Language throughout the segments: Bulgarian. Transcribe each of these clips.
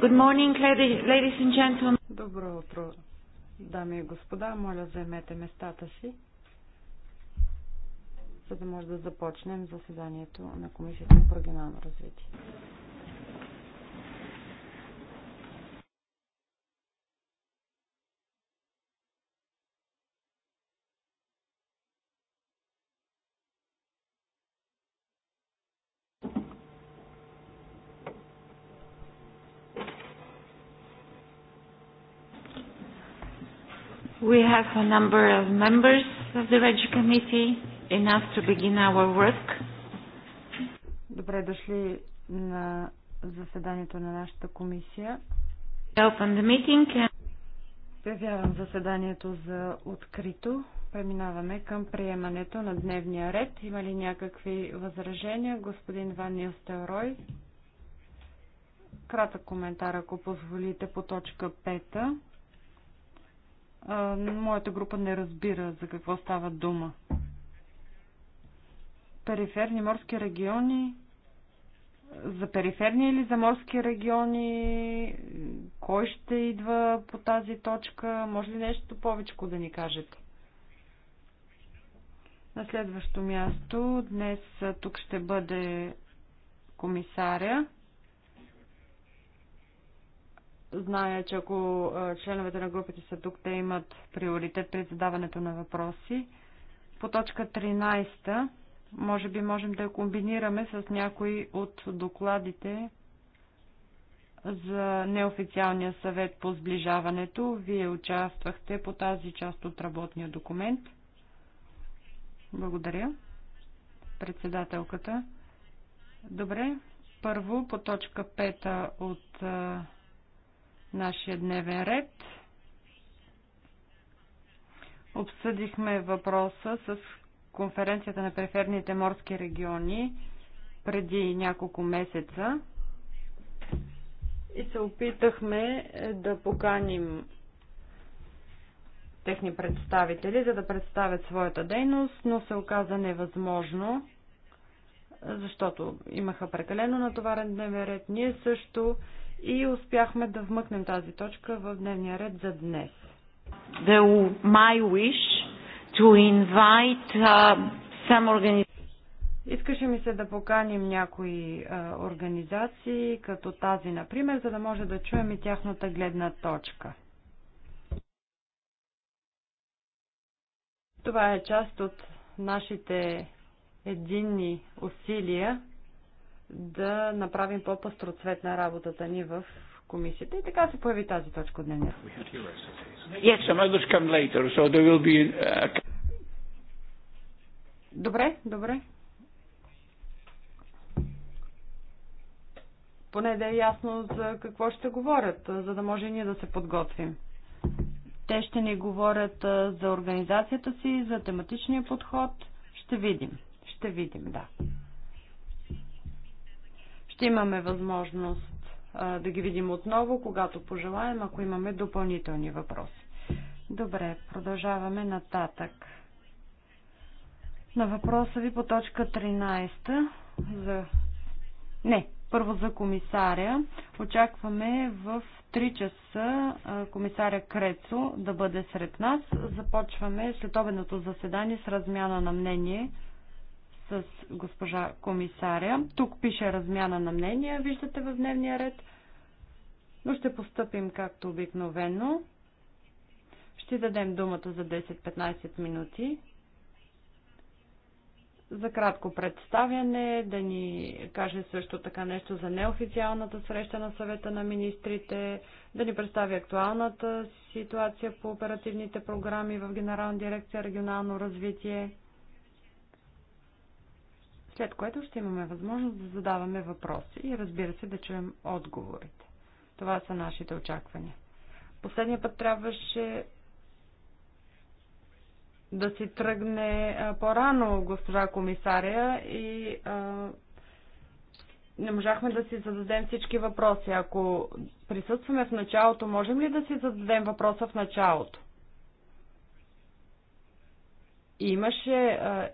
Good morning, ladies and gentlemen. Добро утро, дами и господа. Моля, заемете местата си, за да може да започнем заседанието на Комисията по регионално развитие. We have a number of members of the Regi Committee, enough to begin our work. Добре дошли на заседанието на нашата комисия. Open the meeting. Обявявам заседанието за открито. Преминаваме към приемането на дневния ред. Има ли някакви възражения? Господин Ван Нилстелрой. Кратък коментар, ако позволите, по точка 5 моята група не разбира за какво става дума. Периферни морски региони. За периферни или за морски региони? Кой ще идва по тази точка? Може ли нещо повече да ни кажете? На следващо място днес тук ще бъде комисаря. Зная, че ако членовете на групите са тук, те имат приоритет при задаването на въпроси. По точка 13 може би можем да я комбинираме с някои от докладите за неофициалния съвет по сближаването. Вие участвахте по тази част от работния документ. Благодаря. Председателката. Добре. Първо по точка 5 от нашия дневен ред. Обсъдихме въпроса с конференцията на преферните морски региони преди няколко месеца и се опитахме е, да поканим техни представители, за да представят своята дейност, но се оказа невъзможно, е, защото имаха прекалено натоварен дневен ред. Ние също и успяхме да вмъкнем тази точка в дневния ред за днес. The, my wish to invite uh, some Искаше ми се да поканим някои а, организации, като тази, например, за да може да чуем и тяхната гледна точка. Това е част от нашите единни усилия да направим по-пастроцветна работата ни в комисията. И така се появи тази точка от дневния. Uh, добре, добре. Поне да е ясно за какво ще говорят, за да може ние да се подготвим. Те ще ни говорят за организацията си, за тематичния подход. Ще видим. Ще видим, да. Ще имаме възможност да ги видим отново, когато пожелаем, ако имаме допълнителни въпроси. Добре, продължаваме нататък. На въпроса ви по точка 13 за... Не, първо за комисаря. Очакваме в 3 часа комисаря Крецо да бъде сред нас. Започваме следобедното заседание с размяна на мнение с госпожа комисаря. Тук пише размяна на мнения, виждате в дневния ред, но ще поступим както обикновено. Ще дадем думата за 10-15 минути за кратко представяне, да ни каже също така нещо за неофициалната среща на съвета на министрите, да ни представи актуалната ситуация по оперативните програми в Генерална дирекция регионално развитие след което ще имаме възможност да задаваме въпроси и разбира се да чуем отговорите. Това са нашите очаквания. Последния път трябваше да си тръгне по-рано госпожа комисаря и а, не можахме да си зададем всички въпроси. Ако присъстваме в началото, можем ли да си зададем въпроса в началото? Имаше а,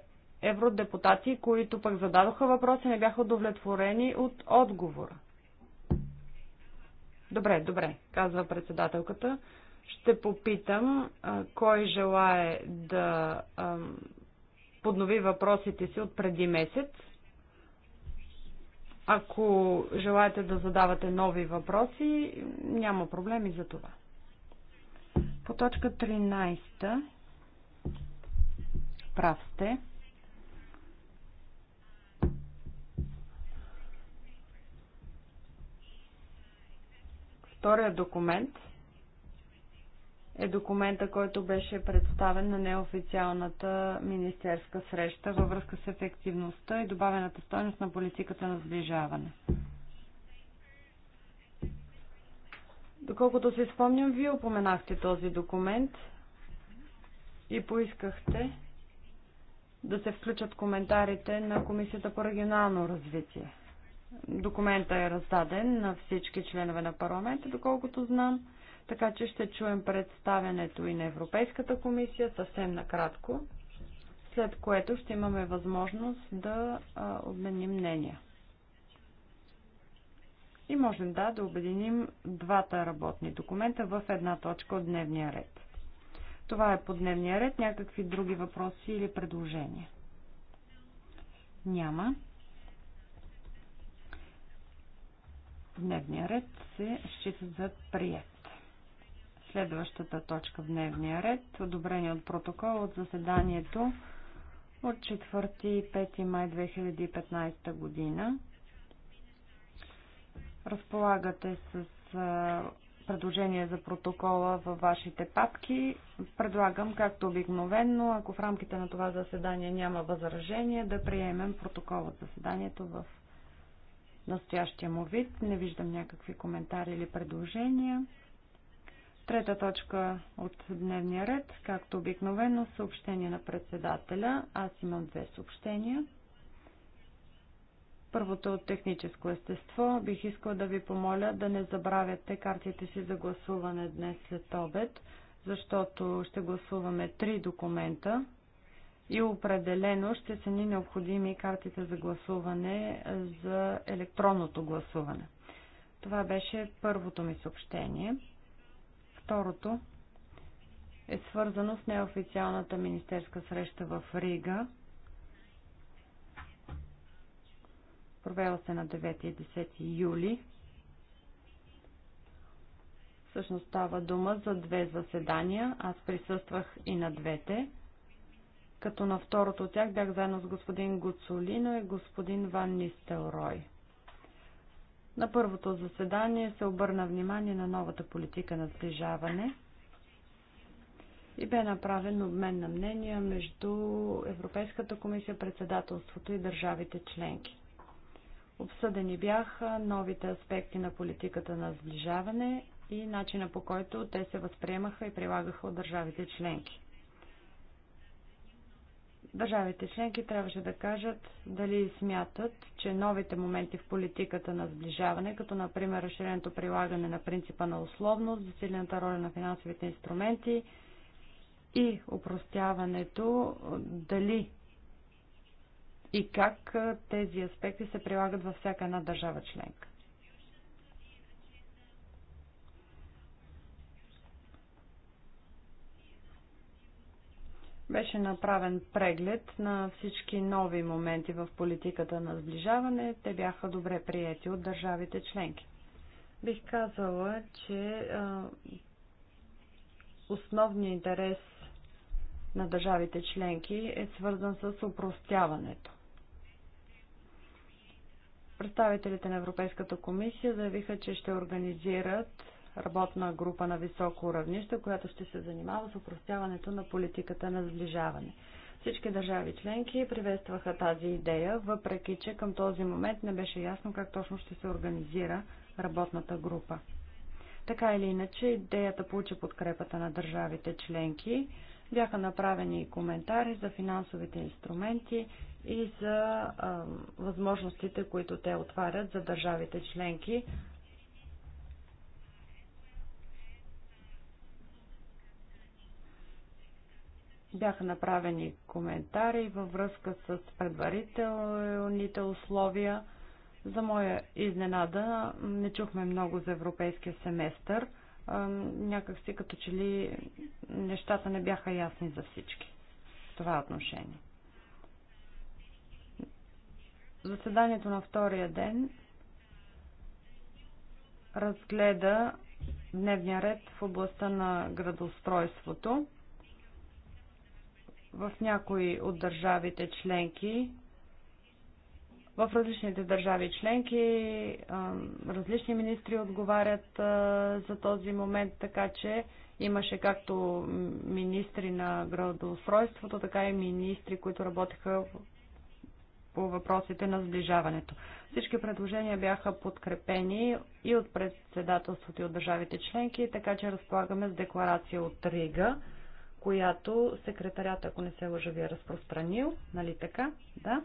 евродепутати, които пък зададоха въпроси, не бяха удовлетворени от отговора. Добре, добре, казва председателката. Ще попитам а, кой желае да а, поднови въпросите си от преди месец. Ако желаете да задавате нови въпроси, няма проблеми за това. По точка 13 прав сте. Втория документ е документа, който беше представен на неофициалната министерска среща във връзка с ефективността и добавената стойност на политиката на сближаване. Доколкото се спомням, вие упоменахте този документ и поискахте да се включат коментарите на Комисията по регионално развитие. Документа е раздаден на всички членове на парламента, доколкото знам, така че ще чуем представянето и на Европейската комисия съвсем накратко, след което ще имаме възможност да а, обменим мнения. И можем да, да обединим двата работни документа в една точка от дневния ред. Това е по дневния ред. Някакви други въпроси или предложения? Няма. дневния ред се счита за прият. Следващата точка в дневния ред – одобрение от протокол от заседанието от 4 и 5 май 2015 година. Разполагате с предложение за протокола във вашите папки. Предлагам, както обикновено, ако в рамките на това заседание няма възражение, да приемем протокол от заседанието в настоящия му вид. Не виждам някакви коментари или предложения. Трета точка от дневния ред, както обикновено, съобщение на председателя. Аз имам две съобщения. Първото от техническо естество. Бих искал да ви помоля да не забравяте картите си за гласуване днес след обед, защото ще гласуваме три документа и определено ще са ни необходими картите за гласуване за електронното гласуване. Това беше първото ми съобщение. Второто е свързано с неофициалната министерска среща в Рига. Провела се на 9 и 10 юли. Всъщност става дума за две заседания. Аз присъствах и на двете като на второто от тях бях заедно с господин Гуцолино и господин Ван Нистелрой. На първото заседание се обърна внимание на новата политика на сближаване и бе направен обмен на мнения между Европейската комисия, председателството и държавите членки. Обсъдени бяха новите аспекти на политиката на сближаване и начина по който те се възприемаха и прилагаха от държавите членки. Държавите членки трябваше да кажат дали смятат, че новите моменти в политиката на сближаване, като например разширеното прилагане на принципа на условност, засилената роля на финансовите инструменти и упростяването, дали и как тези аспекти се прилагат във всяка една държава членка. Беше направен преглед на всички нови моменти в политиката на сближаване. Те бяха добре приети от държавите членки. Бих казала, че основният интерес на държавите членки е свързан с упростяването. Представителите на Европейската комисия заявиха, че ще организират работна група на високо равнище, която ще се занимава с упростяването на политиката на сближаване. Всички държави членки приветстваха тази идея, въпреки че към този момент не беше ясно как точно ще се организира работната група. Така или иначе, идеята получи подкрепата на държавите членки. Бяха направени и коментари за финансовите инструменти и за а, възможностите, които те отварят за държавите членки Бяха направени коментари във връзка с предварителните условия. За моя изненада не чухме много за европейския семестър. Някак си като че ли нещата не бяха ясни за всички в това отношение. Заседанието на втория ден разгледа дневния ред в областта на градоустройството в някои от държавите членки, в различните държави членки, различни министри отговарят за този момент, така че имаше както министри на градоустройството, така и министри, които работеха по въпросите на сближаването. Всички предложения бяха подкрепени и от председателството и от държавите членки, така че разполагаме с декларация от Рига която секретарят, ако не се лъжа, ви е разпространил, нали така? Да.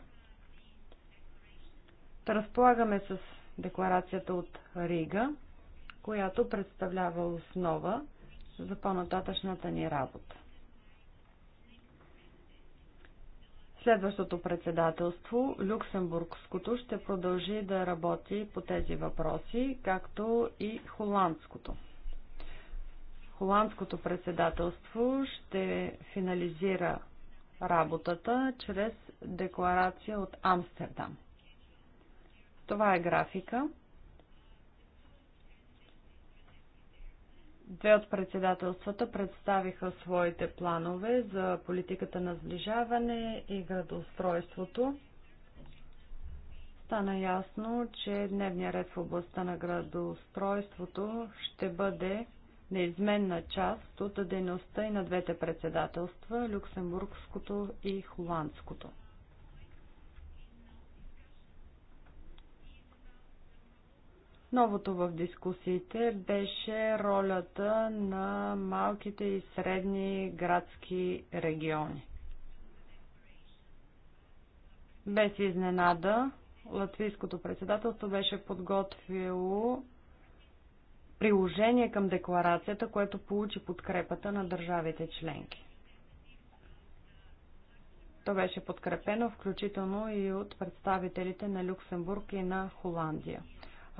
Та разполагаме с декларацията от Рига, която представлява основа за по-нататъчната ни работа. Следващото председателство, Люксембургското, ще продължи да работи по тези въпроси, както и холандското. Холандското председателство ще финализира работата чрез декларация от Амстердам. Това е графика. Две от председателствата представиха своите планове за политиката на сближаване и градоустройството. Стана ясно, че дневният ред в областта на градоустройството ще бъде неизменна част от дейността и на двете председателства люксембургското и холандското. Новото в дискусиите беше ролята на малките и средни градски региони. Без изненада, латвийското председателство беше подготвило приложение към декларацията, което получи подкрепата на държавите членки. То беше подкрепено включително и от представителите на Люксембург и на Холандия.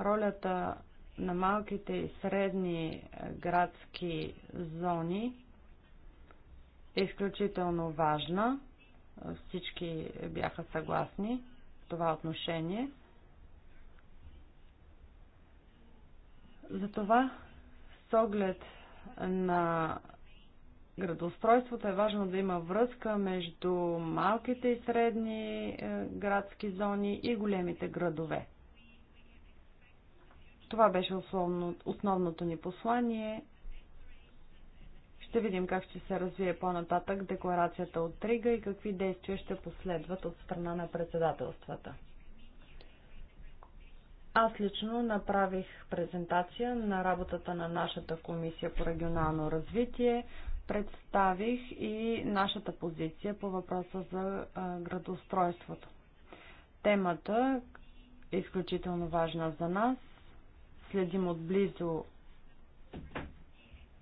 Ролята на малките и средни е, градски зони е изключително важна. Всички бяха съгласни в това отношение – Затова с оглед на градоустройството е важно да има връзка между малките и средни е, градски зони и големите градове. Това беше основно, основното ни послание. Ще видим как ще се развие по-нататък декларацията от Трига и какви действия ще последват от страна на председателствата. Аз лично направих презентация на работата на нашата комисия по регионално развитие. Представих и нашата позиция по въпроса за градоустройството. Темата е изключително важна за нас. Следим отблизо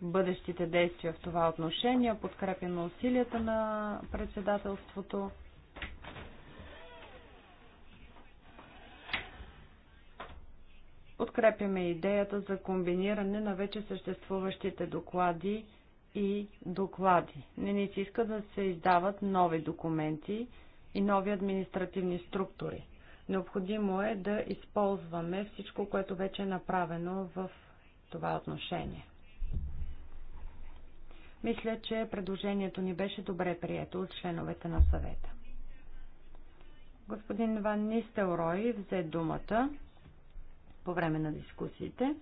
бъдещите действия в това отношение. Подкрепяме усилията на председателството. подкрепяме идеята за комбиниране на вече съществуващите доклади и доклади. Не ни се иска да се издават нови документи и нови административни структури. Необходимо е да използваме всичко, което вече е направено в това отношение. Мисля, че предложението ни беше добре прието от членовете на съвета. Господин Ван Нистелрой взе думата по време на дискусиите.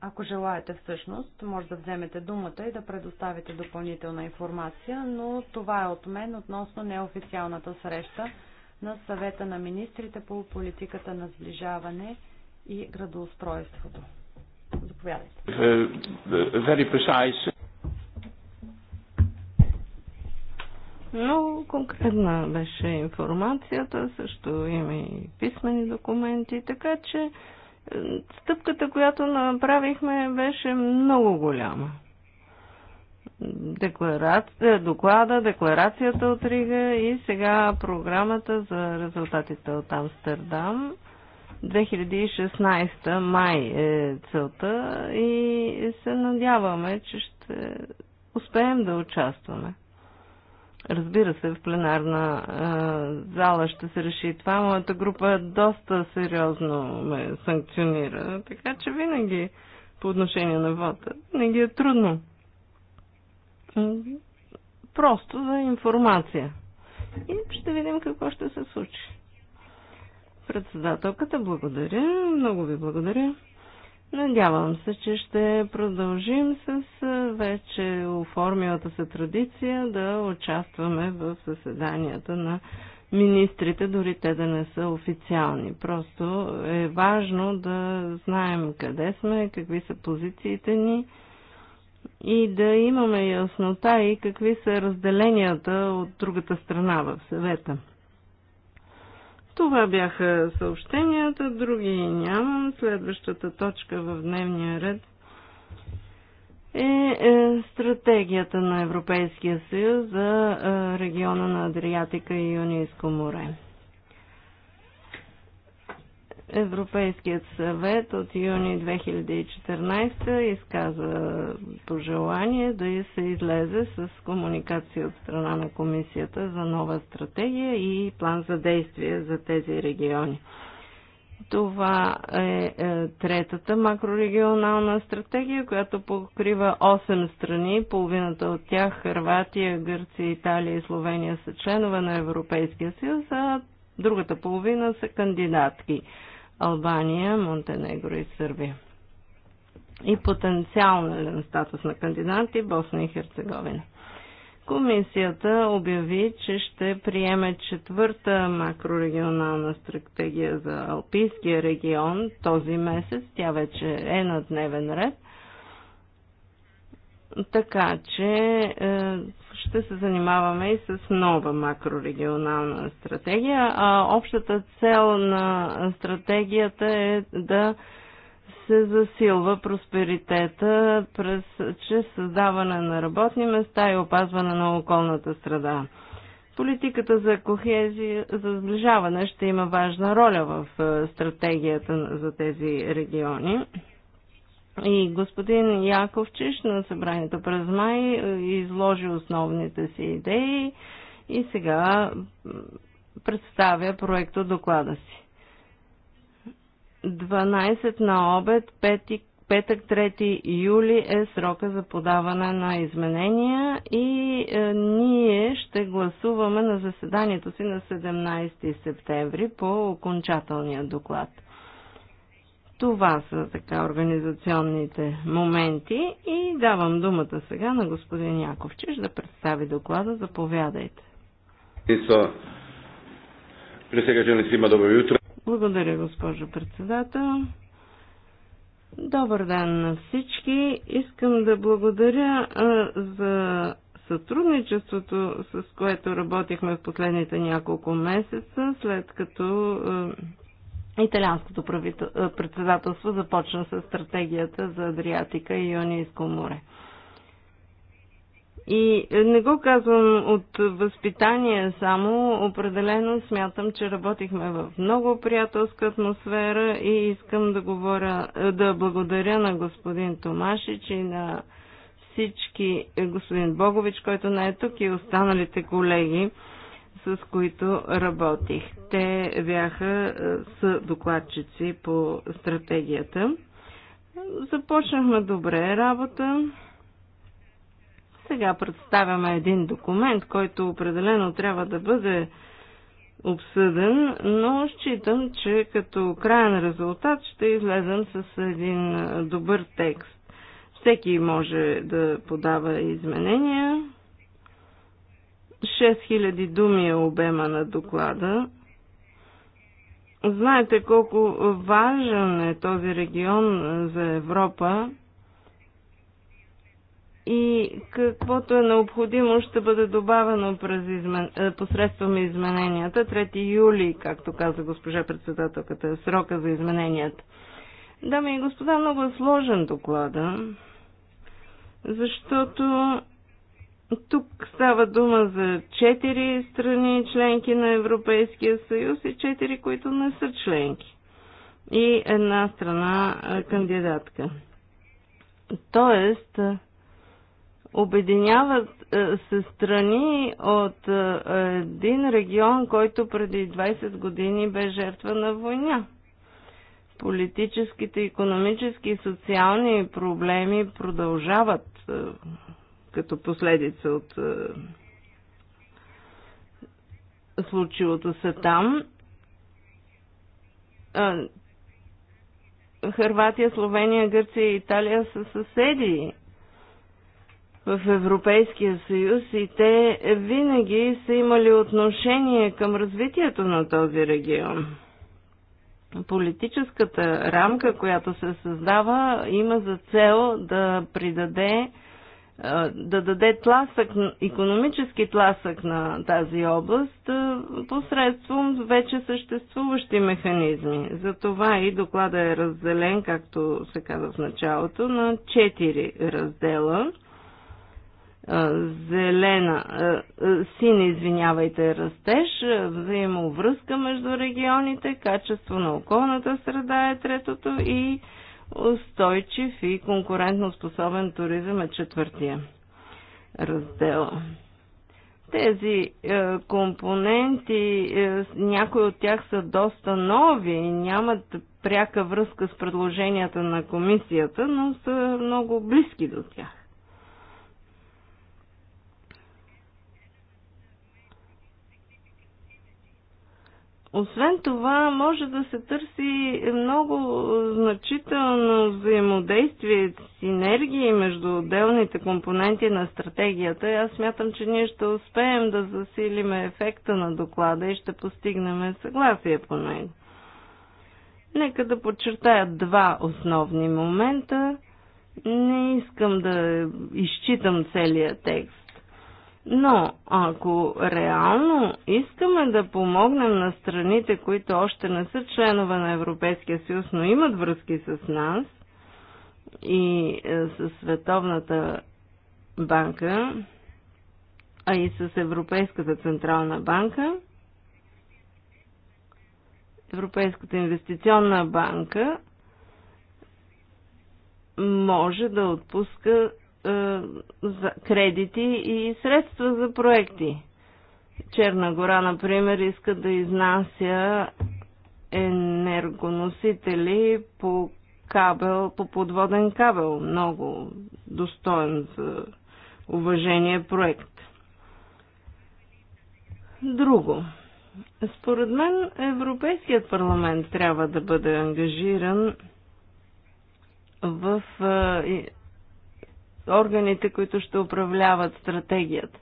Ако желаете всъщност, може да вземете думата и да предоставите допълнителна информация, но това е от мен относно неофициалната среща на съвета на министрите по политиката на сближаване и градоустройството. Заповядайте. Е, е, е, very precise. Много конкретна беше информацията, също има и писмени документи, така че е, стъпката, която направихме, беше много голяма. Декларация, е, доклада, декларацията от Рига и сега програмата за резултатите от Амстердам. 2016 май е целта и се надяваме, че ще успеем да участваме. Разбира се, в пленарна а, зала ще се реши това. Моята група доста сериозно ме санкционира, така че винаги по отношение на вода, винаги е трудно. Просто за информация. И ще видим какво ще се случи. Председателката, благодаря. Много ви благодаря. Надявам се, че ще продължим с вече оформилата се традиция да участваме в съседанията на министрите, дори те да не са официални. Просто е важно да знаем къде сме, какви са позициите ни и да имаме яснота и какви са разделенията от другата страна в съвета. Това бяха съобщенията, други нямам. Следващата точка в дневния ред е, е стратегията на Европейския съюз за е, региона на Адриатика и Юнийско море. Европейският съвет от юни 2014 изказа пожелание да се излезе с комуникация от страна на комисията за нова стратегия и план за действие за тези региони. Това е, е третата макрорегионална стратегия, която покрива 8 страни. Половината от тях Хърватия, Гърция, Италия и Словения са членове на Европейския съюз, а другата половина са кандидатки. Албания, Монтенегро и Сърбия. И потенциален статус на кандидати Босна и Херцеговина. Комисията обяви, че ще приеме четвърта макрорегионална стратегия за Алпийския регион този месец. Тя вече е на дневен ред така че е, ще се занимаваме и с нова макрорегионална стратегия, а общата цел на стратегията е да се засилва просперитета през, чрез създаване на работни места и опазване на околната среда. Политиката за кохезия, за сближаване ще има важна роля в е, стратегията за тези региони. И господин Яковчиш на събранието през май е, изложи основните си идеи и сега представя проекто доклада си. 12 на обед, 5 петък 3 юли е срока за подаване на изменения и е, ние ще гласуваме на заседанието си на 17 септември по окончателния доклад. Това са така организационните моменти и давам думата сега на господин Яковчиш да представи доклада. Заповядайте. Благодаря, госпожо председател. Добър ден на всички. Искам да благодаря а, за сътрудничеството, с което работихме в последните няколко месеца, след като а, Италианското е, председателство започна с стратегията за Адриатика и Ионийско море. И е, не го казвам от възпитание само, определено смятам, че работихме в много приятелска атмосфера и искам да, говоря, е, да благодаря на господин Томашич и на всички, господин Богович, който не е тук и останалите колеги, с които работих. Те бяха е, с докладчици по стратегията. Започнахме добре работа. Сега представяме един документ, който определено трябва да бъде обсъден, но считам, че като крайен резултат ще излезем с един е, добър текст. Всеки може да подава изменения, 6000 думи е обема на доклада. Знаете колко важен е този регион е, за Европа и каквото е необходимо ще бъде добавено през измен... Е, посредством измененията. 3 юли, както каза госпожа председателката, е срока за измененията. Дами и господа, много е сложен доклада, защото тук става дума за четири страни членки на Европейския съюз и четири, които не са членки. И една страна кандидатка. Тоест, обединяват се страни от един регион, който преди 20 години бе жертва на война. Политическите, економически и социални проблеми продължават като последица от е, случилото се там. Хърватия, Словения, Гърция и Италия са съседи в Европейския съюз и те винаги са имали отношение към развитието на този регион. Политическата рамка, която се създава, има за цел да придаде да даде тласък, економически тласък на тази област посредством вече съществуващи механизми. Затова и доклада е разделен, както се каза в началото, на четири раздела. Зелена, син, извинявайте, растеж, взаимовръзка между регионите, качество на околната среда е третото и устойчив и конкурентноспособен туризъм е четвъртия раздел. Тези е, компоненти, е, някои от тях са доста нови и нямат пряка връзка с предложенията на комисията, но са много близки до тях. Освен това, може да се търси много значително взаимодействие, синергии между отделните компоненти на стратегията. Аз смятам, че ние ще успеем да засилим ефекта на доклада и ще постигнем съгласие по него. Нека да подчертая два основни момента. Не искам да изчитам целия текст но ако реално искаме да помогнем на страните, които още не са членове на Европейския съюз, но имат връзки с нас и е, с Световната банка, а и с Европейската централна банка, Европейската инвестиционна банка може да отпуска е, за кредити и средства за проекти. Черна гора, например, иска да изнася енергоносители по кабел, по подводен кабел. Много достоен за уважение проект. Друго. Според мен Европейският парламент трябва да бъде ангажиран в е, органите, които ще управляват стратегията.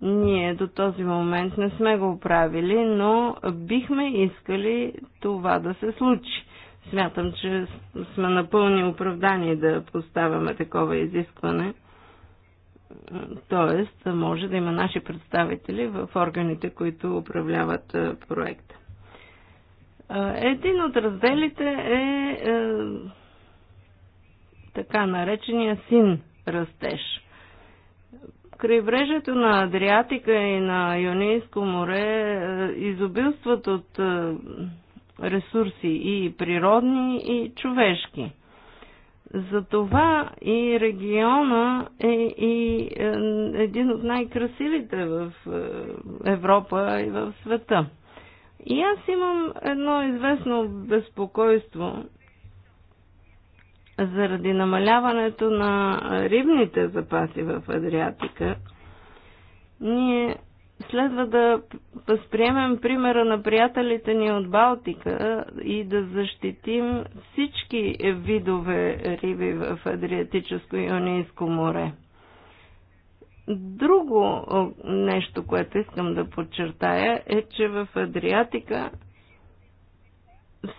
Ние до този момент не сме го правили, но бихме искали това да се случи. Смятам, че сме напълни оправдани да поставяме такова изискване. Тоест, може да има наши представители в органите, които управляват е, проекта. Е, един от разделите е, е така наречения син растеж. Крайбрежието на Адриатика и на Йонейско море е, изобилстват от е, ресурси и природни, и човешки. Затова и региона е и е, един от най-красивите в Европа и в света. И аз имам едно известно безпокойство, заради намаляването на рибните запаси в Адриатика, ние следва да възприемем примера на приятелите ни от Балтика и да защитим всички видове риби в Адриатическо и Ионийско море. Друго нещо, което искам да подчертая е, че в Адриатика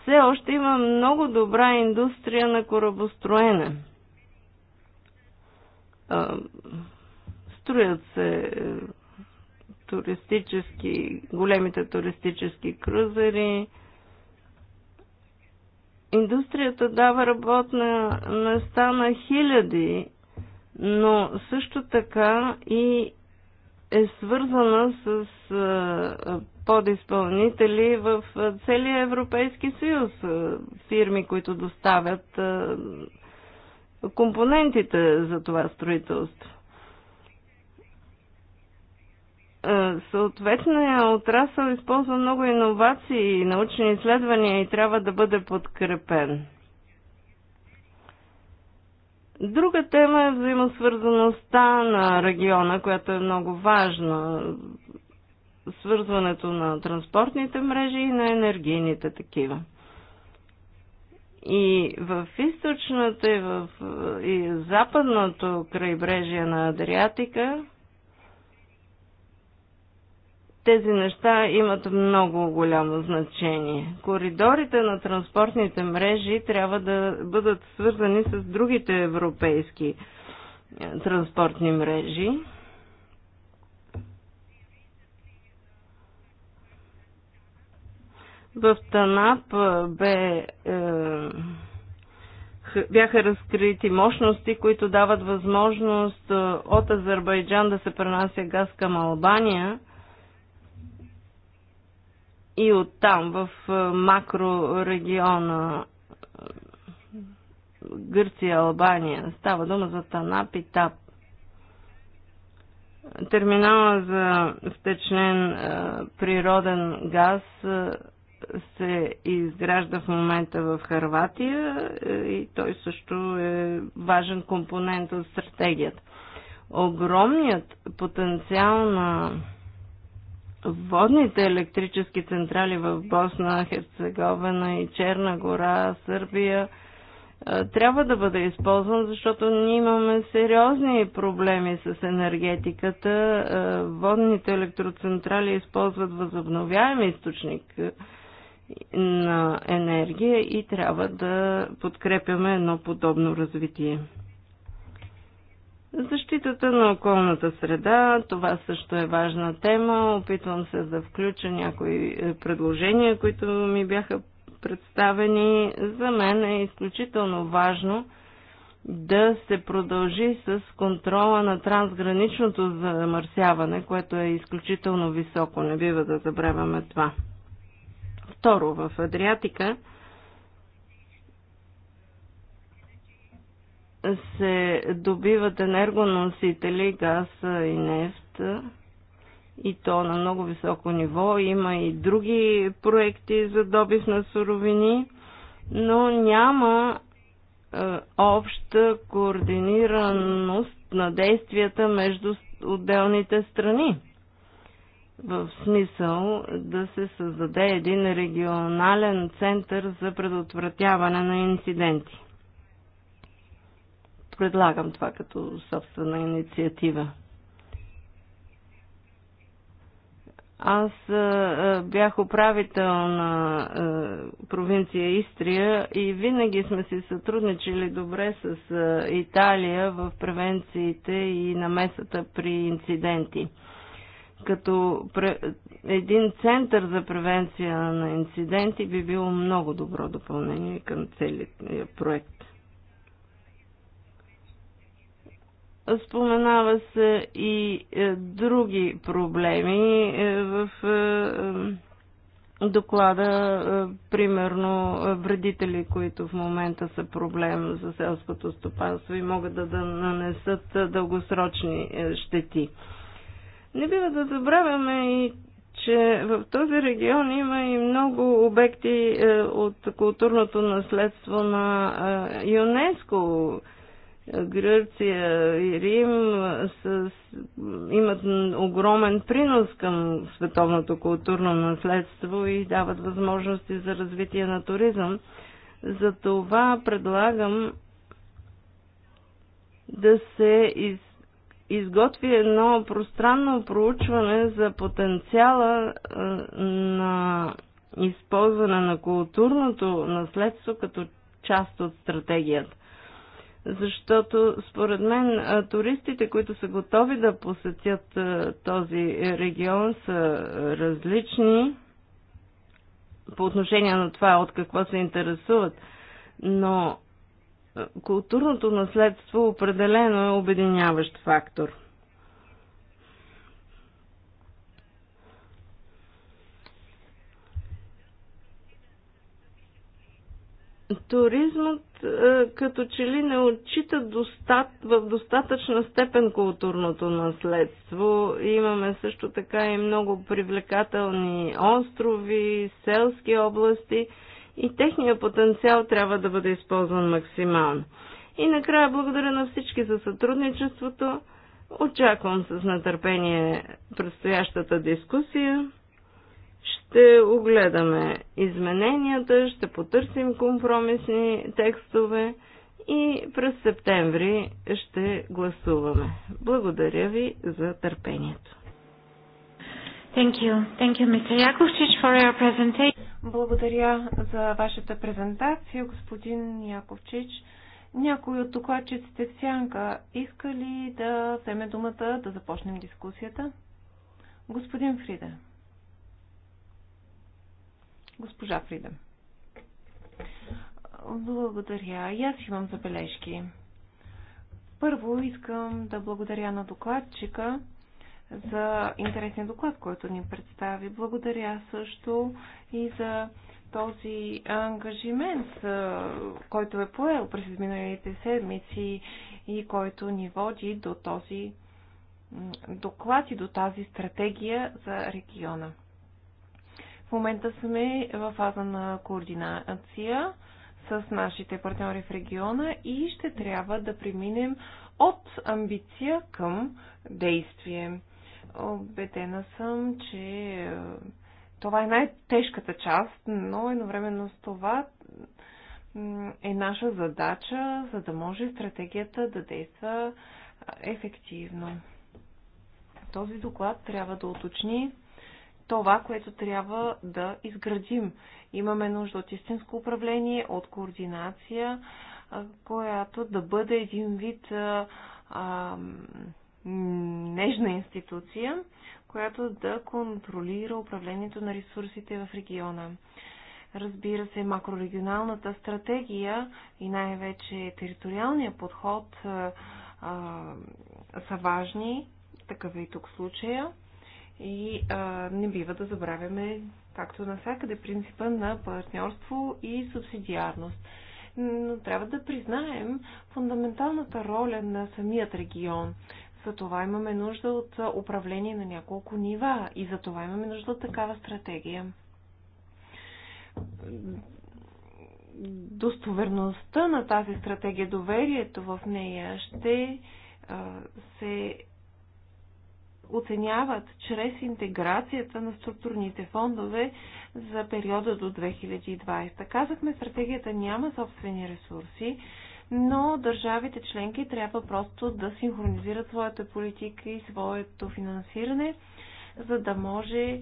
все още има много добра индустрия на корабостроене. Строят се е, туристически, големите туристически крузери. Индустрията дава работна места на хиляди, но също така и е свързана с е, подизпълнители в целия Европейски съюз, фирми, които доставят компонентите за това строителство. Съответния отрасъл използва много иновации и научни изследвания и трябва да бъде подкрепен. Друга тема е взаимосвързаността на региона, която е много важна свързването на транспортните мрежи и на енергийните такива. И в източната и в и западното крайбрежие на Адриатика тези неща имат много голямо значение. Коридорите на транспортните мрежи трябва да бъдат свързани с другите европейски е, транспортни мрежи. В Танап бе, е, бяха разкрити мощности, които дават възможност от Азербайджан да се пренася газ към Албания и оттам в макрорегиона Гърция, Албания. Става дума за Танап и ТАП. Терминала за втечнен природен газ се изгражда в момента в Харватия е, и той също е важен компонент от стратегията. Огромният потенциал на водните електрически централи в Босна, Херцеговина и Черна гора, Сърбия е, трябва да бъде използван, защото ние имаме сериозни проблеми с енергетиката. Е, водните електроцентрали използват възобновяем източник на енергия и трябва да подкрепяме едно подобно развитие. Защитата на околната среда, това също е важна тема. Опитвам се да включа някои е, предложения, които ми бяха представени. За мен е изключително важно да се продължи с контрола на трансграничното замърсяване, което е изключително високо. Не бива да забравяме това. Второ, в Адриатика се добиват енергоносители, газ и нефт и то на много високо ниво. Има и други проекти за добив на суровини, но няма е, обща координираност на действията между отделните страни в смисъл да се създаде един регионален център за предотвратяване на инциденти. Предлагам това като собствена инициатива. Аз бях управител на провинция Истрия и винаги сме си сътрудничили добре с Италия в превенциите и намесата при инциденти като един център за превенция на инциденти би било много добро допълнение към целият проект. Споменава се и е, други проблеми е, в е, доклада, примерно вредители, които в момента са проблем за селското стопанство и могат да нанесат дългосрочни щети. Не бива да забравяме и, че в този регион има и много обекти е, от културното наследство на е, ЮНЕСКО. Гърция и Рим с, имат огромен принос към световното културно наследство и дават възможности за развитие на туризъм. Затова предлагам да се из, изготви едно пространно проучване за потенциала е, на използване на културното наследство като част от стратегията. Защото според мен е, туристите, които са готови да посетят е, този регион, са различни по отношение на това от какво се интересуват. Но Културното наследство определено е обединяващ фактор. туризмът е, като че ли не отчита достат, в достатъчна степен културното наследство. Имаме също така и много привлекателни острови, селски области – и техния потенциал трябва да бъде използван максимално. И накрая благодаря на всички за сътрудничеството. Очаквам с нетърпение предстоящата дискусия. Ще огледаме измененията, ще потърсим компромисни текстове и през септември ще гласуваме. Благодаря ви за търпението. Thank you. Thank you, Mr. for your presentation. Благодаря за вашата презентация, господин Яковчич. Някой от докладчиците в сянка иска ли да вземе думата да започнем дискусията? Господин Фриде. Госпожа Фриде. Благодаря. И аз имам забележки. Първо искам да благодаря на докладчика, за интересния доклад, който ни представи. Благодаря също и за този ангажимент, който е поел през изминалите седмици и който ни води до този доклад и до тази стратегия за региона. В момента сме в фаза на координация с нашите партньори в региона и ще трябва да преминем от амбиция към действие. Обедена съм, че е, това е най-тежката част, но едновременно с това е наша задача, за да може стратегията да действа е, ефективно. Този доклад трябва да уточни това, което трябва да изградим. Имаме нужда от истинско управление, от координация, която да бъде един вид а, а, нежна институция, която да контролира управлението на ресурсите в региона. Разбира се, макрорегионалната стратегия и най-вече териториалния подход а, са важни, такъв е и тук случая. И а, не бива да забравяме, както навсякъде, принципа на партньорство и субсидиарност. Но трябва да признаем фундаменталната роля на самият регион. За това имаме нужда от управление на няколко нива и за това имаме нужда от такава стратегия. Достоверността на тази стратегия, доверието в нея ще се оценяват чрез интеграцията на структурните фондове за периода до 2020. Казахме, стратегията няма собствени ресурси, но държавите членки трябва просто да синхронизират своята политика и своето финансиране, за да може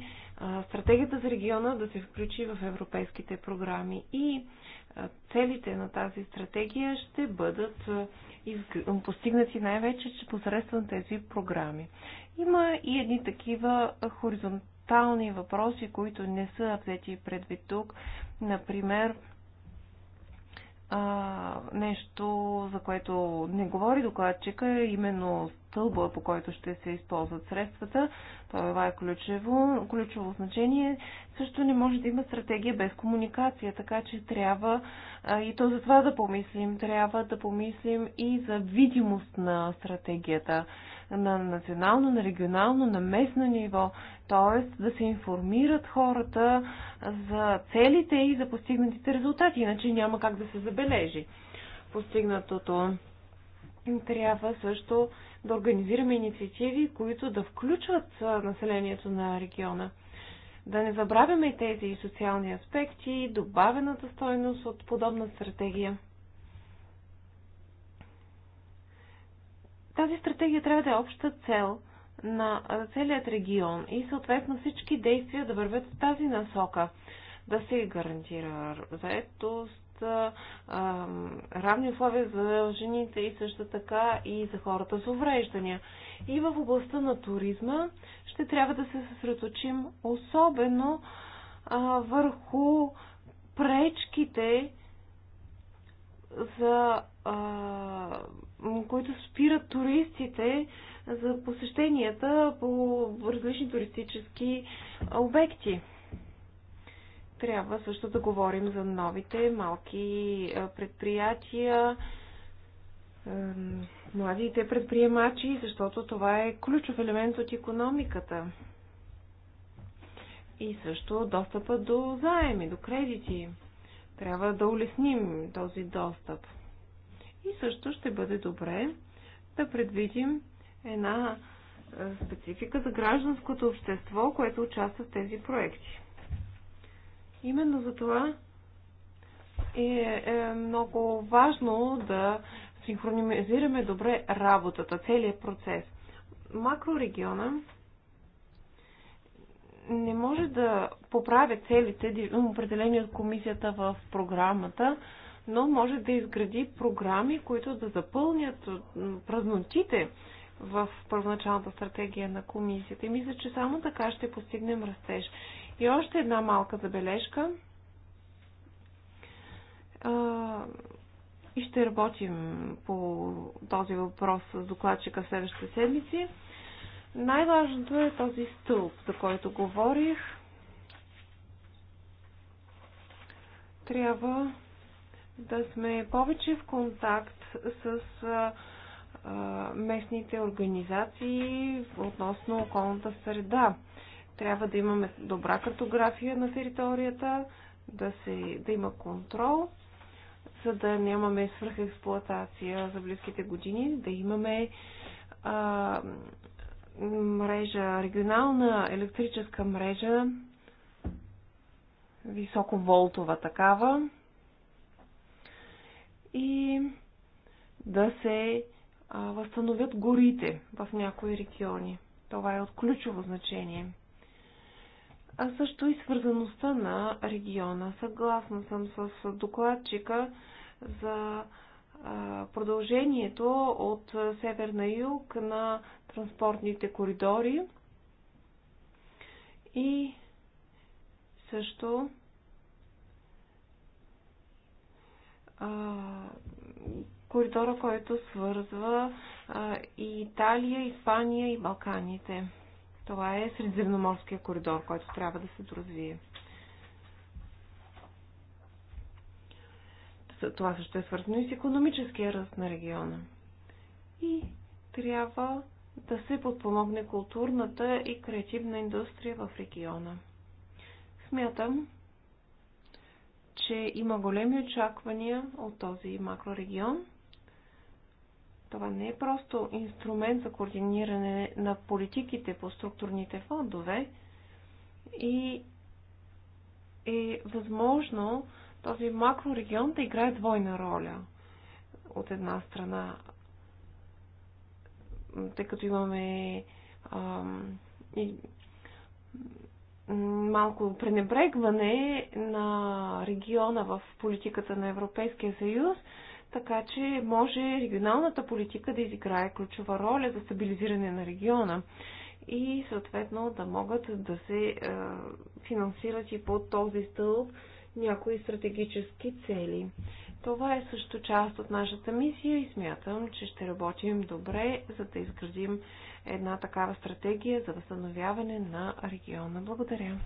стратегията за региона да се включи в европейските програми. И целите на тази стратегия ще бъдат постигнати най-вече посредством тези програми. Има и едни такива хоризонтални въпроси, които не са взети предвид тук. Например, а, нещо, за което не говори докладчика, е именно стълба, по който ще се използват средствата. Това е ключово, ключово значение. Също не може да има стратегия без комуникация, така че трябва а, и то за това да помислим. Трябва да помислим и за видимост на стратегията на национално, на регионално, на местно ниво, т.е. да се информират хората за целите и за постигнатите резултати, иначе няма как да се забележи постигнатото. Трябва също да организираме инициативи, които да включват населението на региона. Да не забравяме тези социални аспекти, добавената стойност от подобна стратегия. Тази стратегия трябва да е обща цел на целият регион и съответно всички действия да вървят в тази насока. Да се гарантира заетост, равни условия за жените и също така и за хората с увреждания. И в областта на туризма ще трябва да се съсредоточим особено върху пречките за които спират туристите за посещенията по различни туристически обекти. Трябва също да говорим за новите малки предприятия, младите предприемачи, защото това е ключов елемент от економиката. И също достъпа до заеми, до кредити. Трябва да улесним този достъп. И също ще бъде добре да предвидим една е, специфика за гражданското общество, което участва в тези проекти. Именно за това е, е много важно да синхронизираме добре работата, целият процес. Макрорегиона не може да поправя целите, определени от комисията в програмата, но може да изгради програми, които да запълнят празнотите в първоначалната стратегия на комисията. И мисля, че само така ще постигнем растеж. И още една малка забележка. И ще работим по този въпрос с докладчика в следващите седмици. Най-важното е този стълб, за който говорих. Трябва да сме повече в контакт с местните организации относно околната среда. Трябва да имаме добра картография на територията, да, се, да има контрол, за да нямаме свръхексплуатация за близките години, да имаме а, мрежа, регионална електрическа мрежа, високоволтова такава, и да се възстановят горите в някои региони. Това е от ключово значение. А също и свързаността на региона. Съгласна съм с докладчика за продължението от север на юг на транспортните коридори и също коридора, който свързва и Италия, Испания и Балканите. Това е Средиземноморския коридор, който трябва да се доразвие. Това също е свързано и с економическия ръст на региона. И трябва да се подпомогне културната и креативна индустрия в региона. Смятам, че има големи очаквания от този макрорегион. Това не е просто инструмент за координиране на политиките по структурните фондове и е възможно този макрорегион да играе двойна роля. От една страна, тъй като имаме ам, и малко пренебрегване на региона в политиката на Европейския съюз, така че може регионалната политика да изиграе ключова роля за стабилизиране на региона и съответно да могат да се е, финансират и под този стълб някои стратегически цели. Това е също част от нашата мисия и смятам, че ще работим добре, за да изградим една такава стратегия за възстановяване на региона. Благодаря.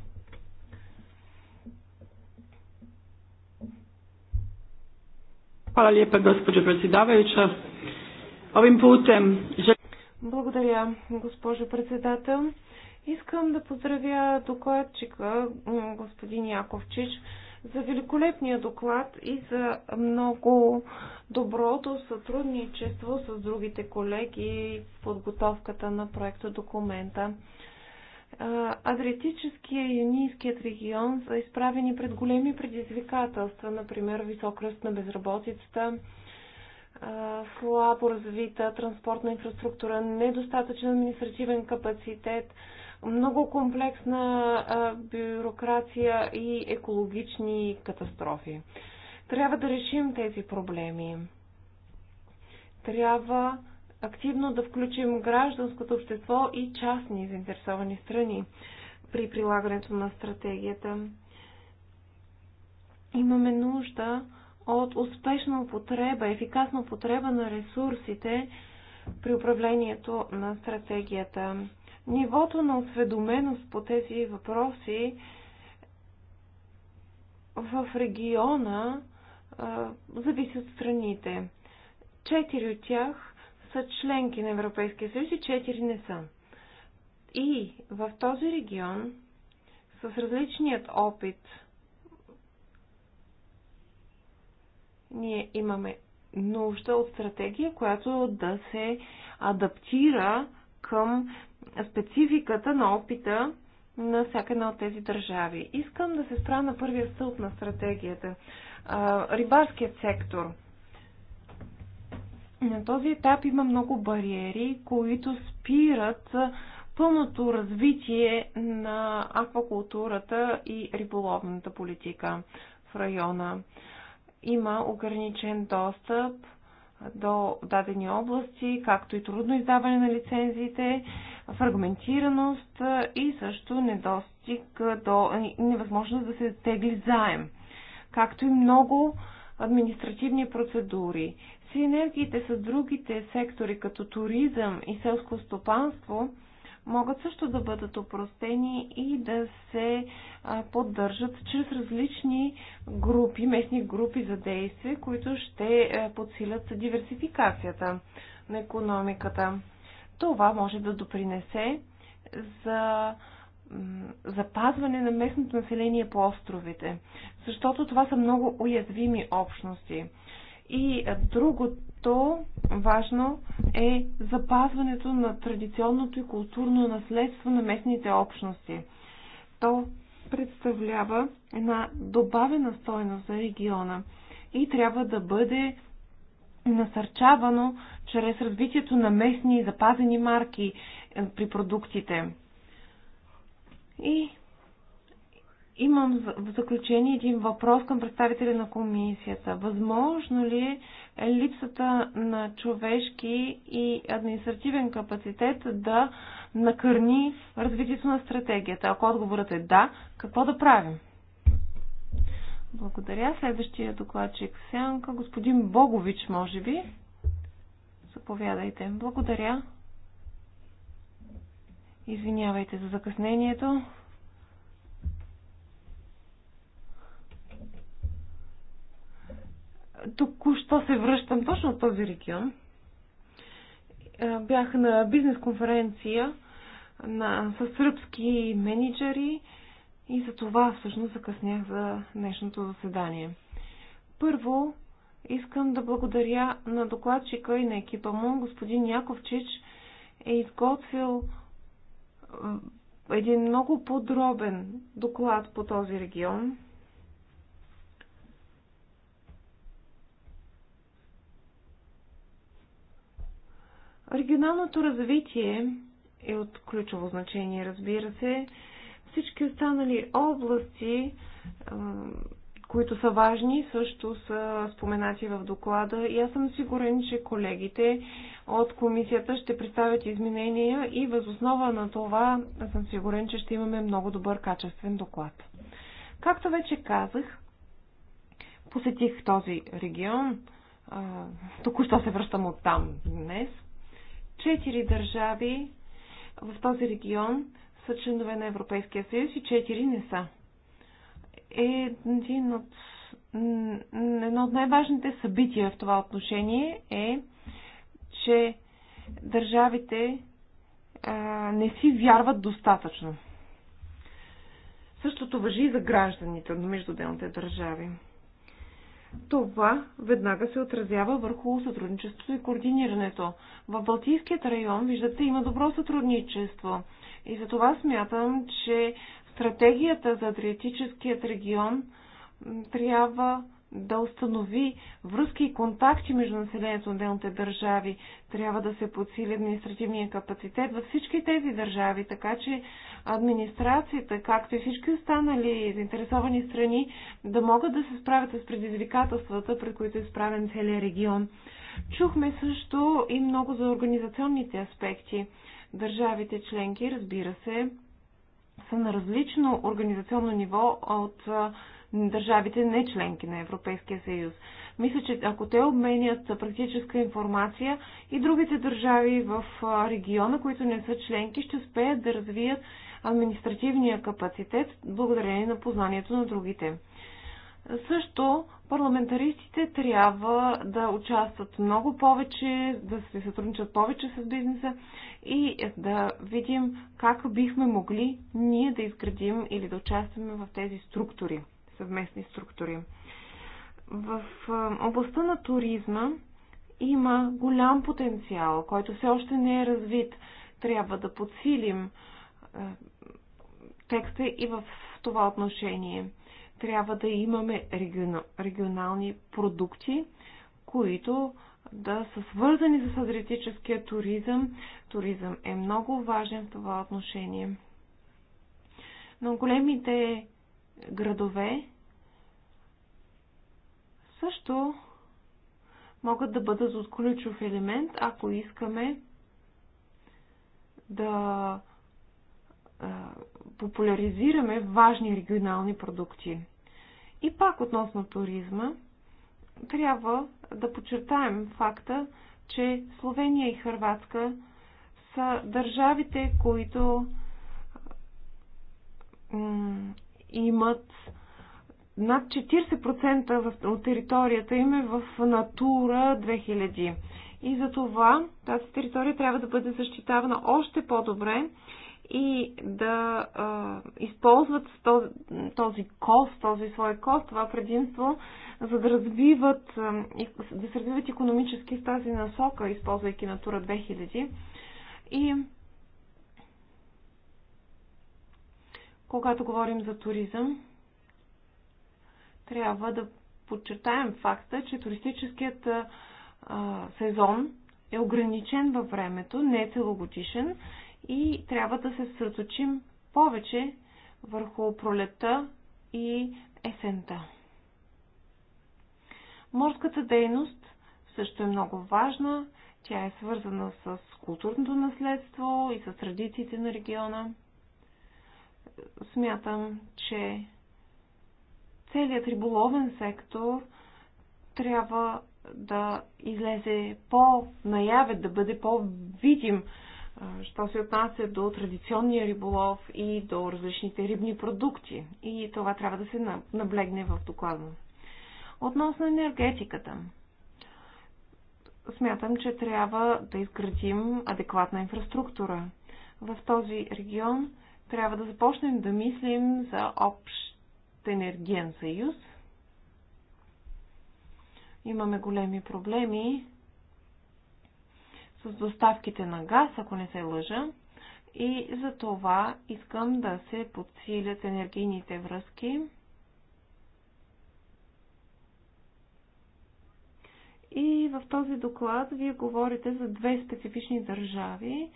Hvala lijepa gospođo predsjedavajuća. Ovim putem Благодаря, госпожо председател. Искам да поздравя докладчика господин Яковчич за великолепния доклад и за много доброто сътрудничество с другите колеги в подготовката на проекта документа. Адриатическия и Юнийският регион са изправени пред големи предизвикателства, например висок ръст на безработицата, слабо развита транспортна инфраструктура, недостатъчен административен капацитет, много комплексна бюрокрация и екологични катастрофи. Трябва да решим тези проблеми. Трябва активно да включим гражданското общество и частни заинтересовани страни при прилагането на стратегията. Имаме нужда от успешна употреба, ефикасна употреба на ресурсите при управлението на стратегията. Нивото на осведоменост по тези въпроси в региона а, зависи от страните. Четири от тях са членки на Европейския съюз и четири не са. И в този регион с различният опит ние имаме нужда от стратегия, която да се адаптира към спецификата на опита на всяка една от тези държави. Искам да се спра на първия стълб на стратегията. Рибарският сектор. На този етап има много бариери, които спират пълното развитие на аквакултурата и риболовната политика в района. Има ограничен достъп до дадени области, както и трудно издаване на лицензиите фрагментираност и също недостиг до невъзможност да се тегли заем, както и много административни процедури. Синергиите с другите сектори, като туризъм и селско стопанство, могат също да бъдат опростени и да се поддържат чрез различни групи, местни групи за действие, които ще е, подсилят диверсификацията на економиката. Това може да допринесе за запазване на местното население по островите, защото това са много уязвими общности. И другото важно е запазването на традиционното и културно наследство на местните общности. То представлява една добавена стойност за региона и трябва да бъде насърчавано чрез развитието на местни запазени марки е, при продуктите. И имам в заключение един въпрос към представителя на комисията. Възможно ли е липсата на човешки и административен капацитет да накърни развитието на стратегията? Ако отговорът е да, какво да правим? Благодаря. Следващия докладчик сянка, господин Богович, може би. Заповядайте. Благодаря. Извинявайте за закъснението. Току-що се връщам точно от този регион. Е, бях на бизнес конференция на, с сръбски менеджери и за това всъщност закъснях за днешното заседание. Първо, искам да благодаря на докладчика и на екипа му. Господин Яковчич е изготвил един много подробен доклад по този регион. Регионалното развитие е от ключово значение, разбира се. Всички останали области, които са важни, също са споменати в доклада и аз съм сигурен, че колегите от комисията ще представят изменения и възоснова на това съм сигурен, че ще имаме много добър качествен доклад. Както вече казах, посетих този регион, току-що се връщам от там днес. Четири държави в този регион са членове на Европейския съюз и 4 не са. Е един от, едно от най-важните събития в това отношение е, че държавите а, не си вярват достатъчно. Същото въжи и за гражданите на междуделните държави. Това веднага се отразява върху сътрудничеството и координирането. В Балтийският район, виждате, има добро сътрудничество. И за това смятам, че стратегията за Адриатическият регион трябва да установи връзки и контакти между населението на отделните държави. Трябва да се подсили административния капацитет във всички тези държави, така че администрацията, както и всички останали заинтересовани страни, да могат да се справят с предизвикателствата, пред които е справен целият регион. Чухме също и много за организационните аспекти. Държавите членки, разбира се, са на различно организационно ниво от държавите не членки на Европейския съюз. Мисля, че ако те обменят практическа информация и другите държави в региона, които не са членки, ще успеят да развият административния капацитет благодарение на познанието на другите. Също парламентаристите трябва да участват много повече, да се сътрудничат повече с бизнеса и да видим как бихме могли ние да изградим или да участваме в тези структури, съвместни структури. В областта на туризма има голям потенциал, който все още не е развит. Трябва да подсилим текста и в това отношение. Трябва да имаме регионални продукти, които да са свързани с адриатическия туризъм. Туризъм е много важен в това отношение. Но големите градове също могат да бъдат от ключов елемент, ако искаме да популяризираме важни регионални продукти. И пак относно туризма, трябва да подчертаем факта, че Словения и Хърватска са държавите, които имат над 40% от територията им е в Натура 2000. И за това тази територия трябва да бъде защитавана още по-добре и да а, използват този, този кост, този свой кост, това предимство, за да развиват, да се развиват економически в тази насока, използвайки Натура 2000. И когато говорим за туризъм, трябва да подчертаем факта, че туристическият а, сезон е ограничен във времето, не е целогодишен и трябва да се съсредоточим повече върху пролета и есента. Морската дейност също е много важна. Тя е свързана с културното наследство и с традициите на региона. Смятам, че целият риболовен сектор трябва да излезе по-наяве, да бъде по-видим що се отнася до традиционния риболов и до различните рибни продукти. И това трябва да се наблегне в доклада. Относно енергетиката, смятам, че трябва да изградим адекватна инфраструктура. В този регион трябва да започнем да мислим за общ енергиен съюз. Имаме големи проблеми с доставките на газ, ако не се лъжа. И за това искам да се подсилят енергийните връзки. И в този доклад вие говорите за две специфични държави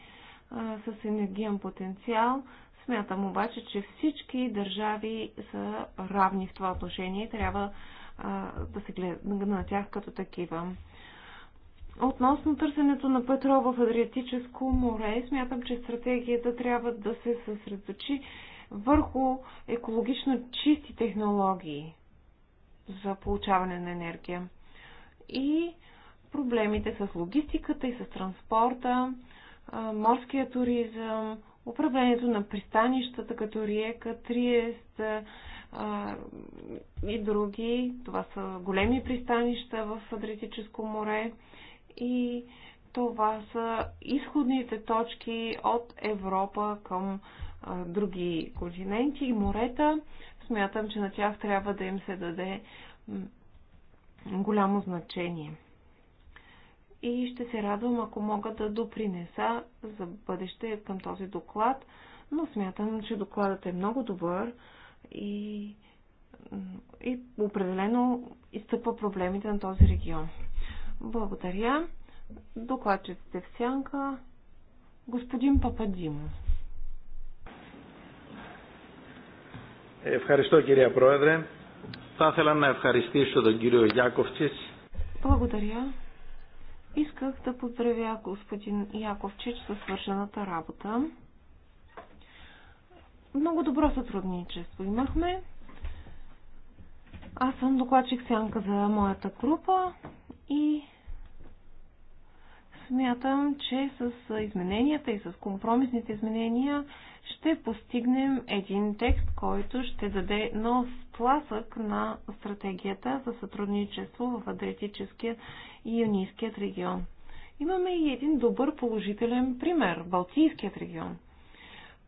а, с енергиен потенциал. Смятам обаче, че всички държави са равни в това отношение и трябва а, да се гледа на тях като такива. Относно търсенето на петрол в Адриатическо море, смятам, че стратегията трябва да се съсредоточи върху екологично чисти технологии за получаване на енергия. И проблемите с логистиката и с транспорта, морския туризъм, управлението на пристанищата като Риека, Триест и други. Това са големи пристанища в Адриатическо море и това са изходните точки от Европа към а, други континенти и морета. Смятам, че на тях трябва да им се даде голямо значение. И ще се радвам, ако мога да допринеса за бъдеще към този доклад, но смятам, че докладът е много добър и, и определено изтъпва проблемите на този регион. Благодаря. Докладчиците в сянка. Господин Пападимов. Ευχαριστώ κυρία Πρόεδρε. Θα ήθελα να ευχαριστήσω τον κύριο Γιάκοφτσης. Благодаря. Исках да поздравя господин Яковчич със свършената работа. Много добро сътрудничество имахме. Аз съм докладчик сянка за моята група и Смятам, че с измененията и с компромисните изменения ще постигнем един текст, който ще даде нов тласък на стратегията за сътрудничество в Адриатическия и Юнийският регион. Имаме и един добър положителен пример – Балтийският регион,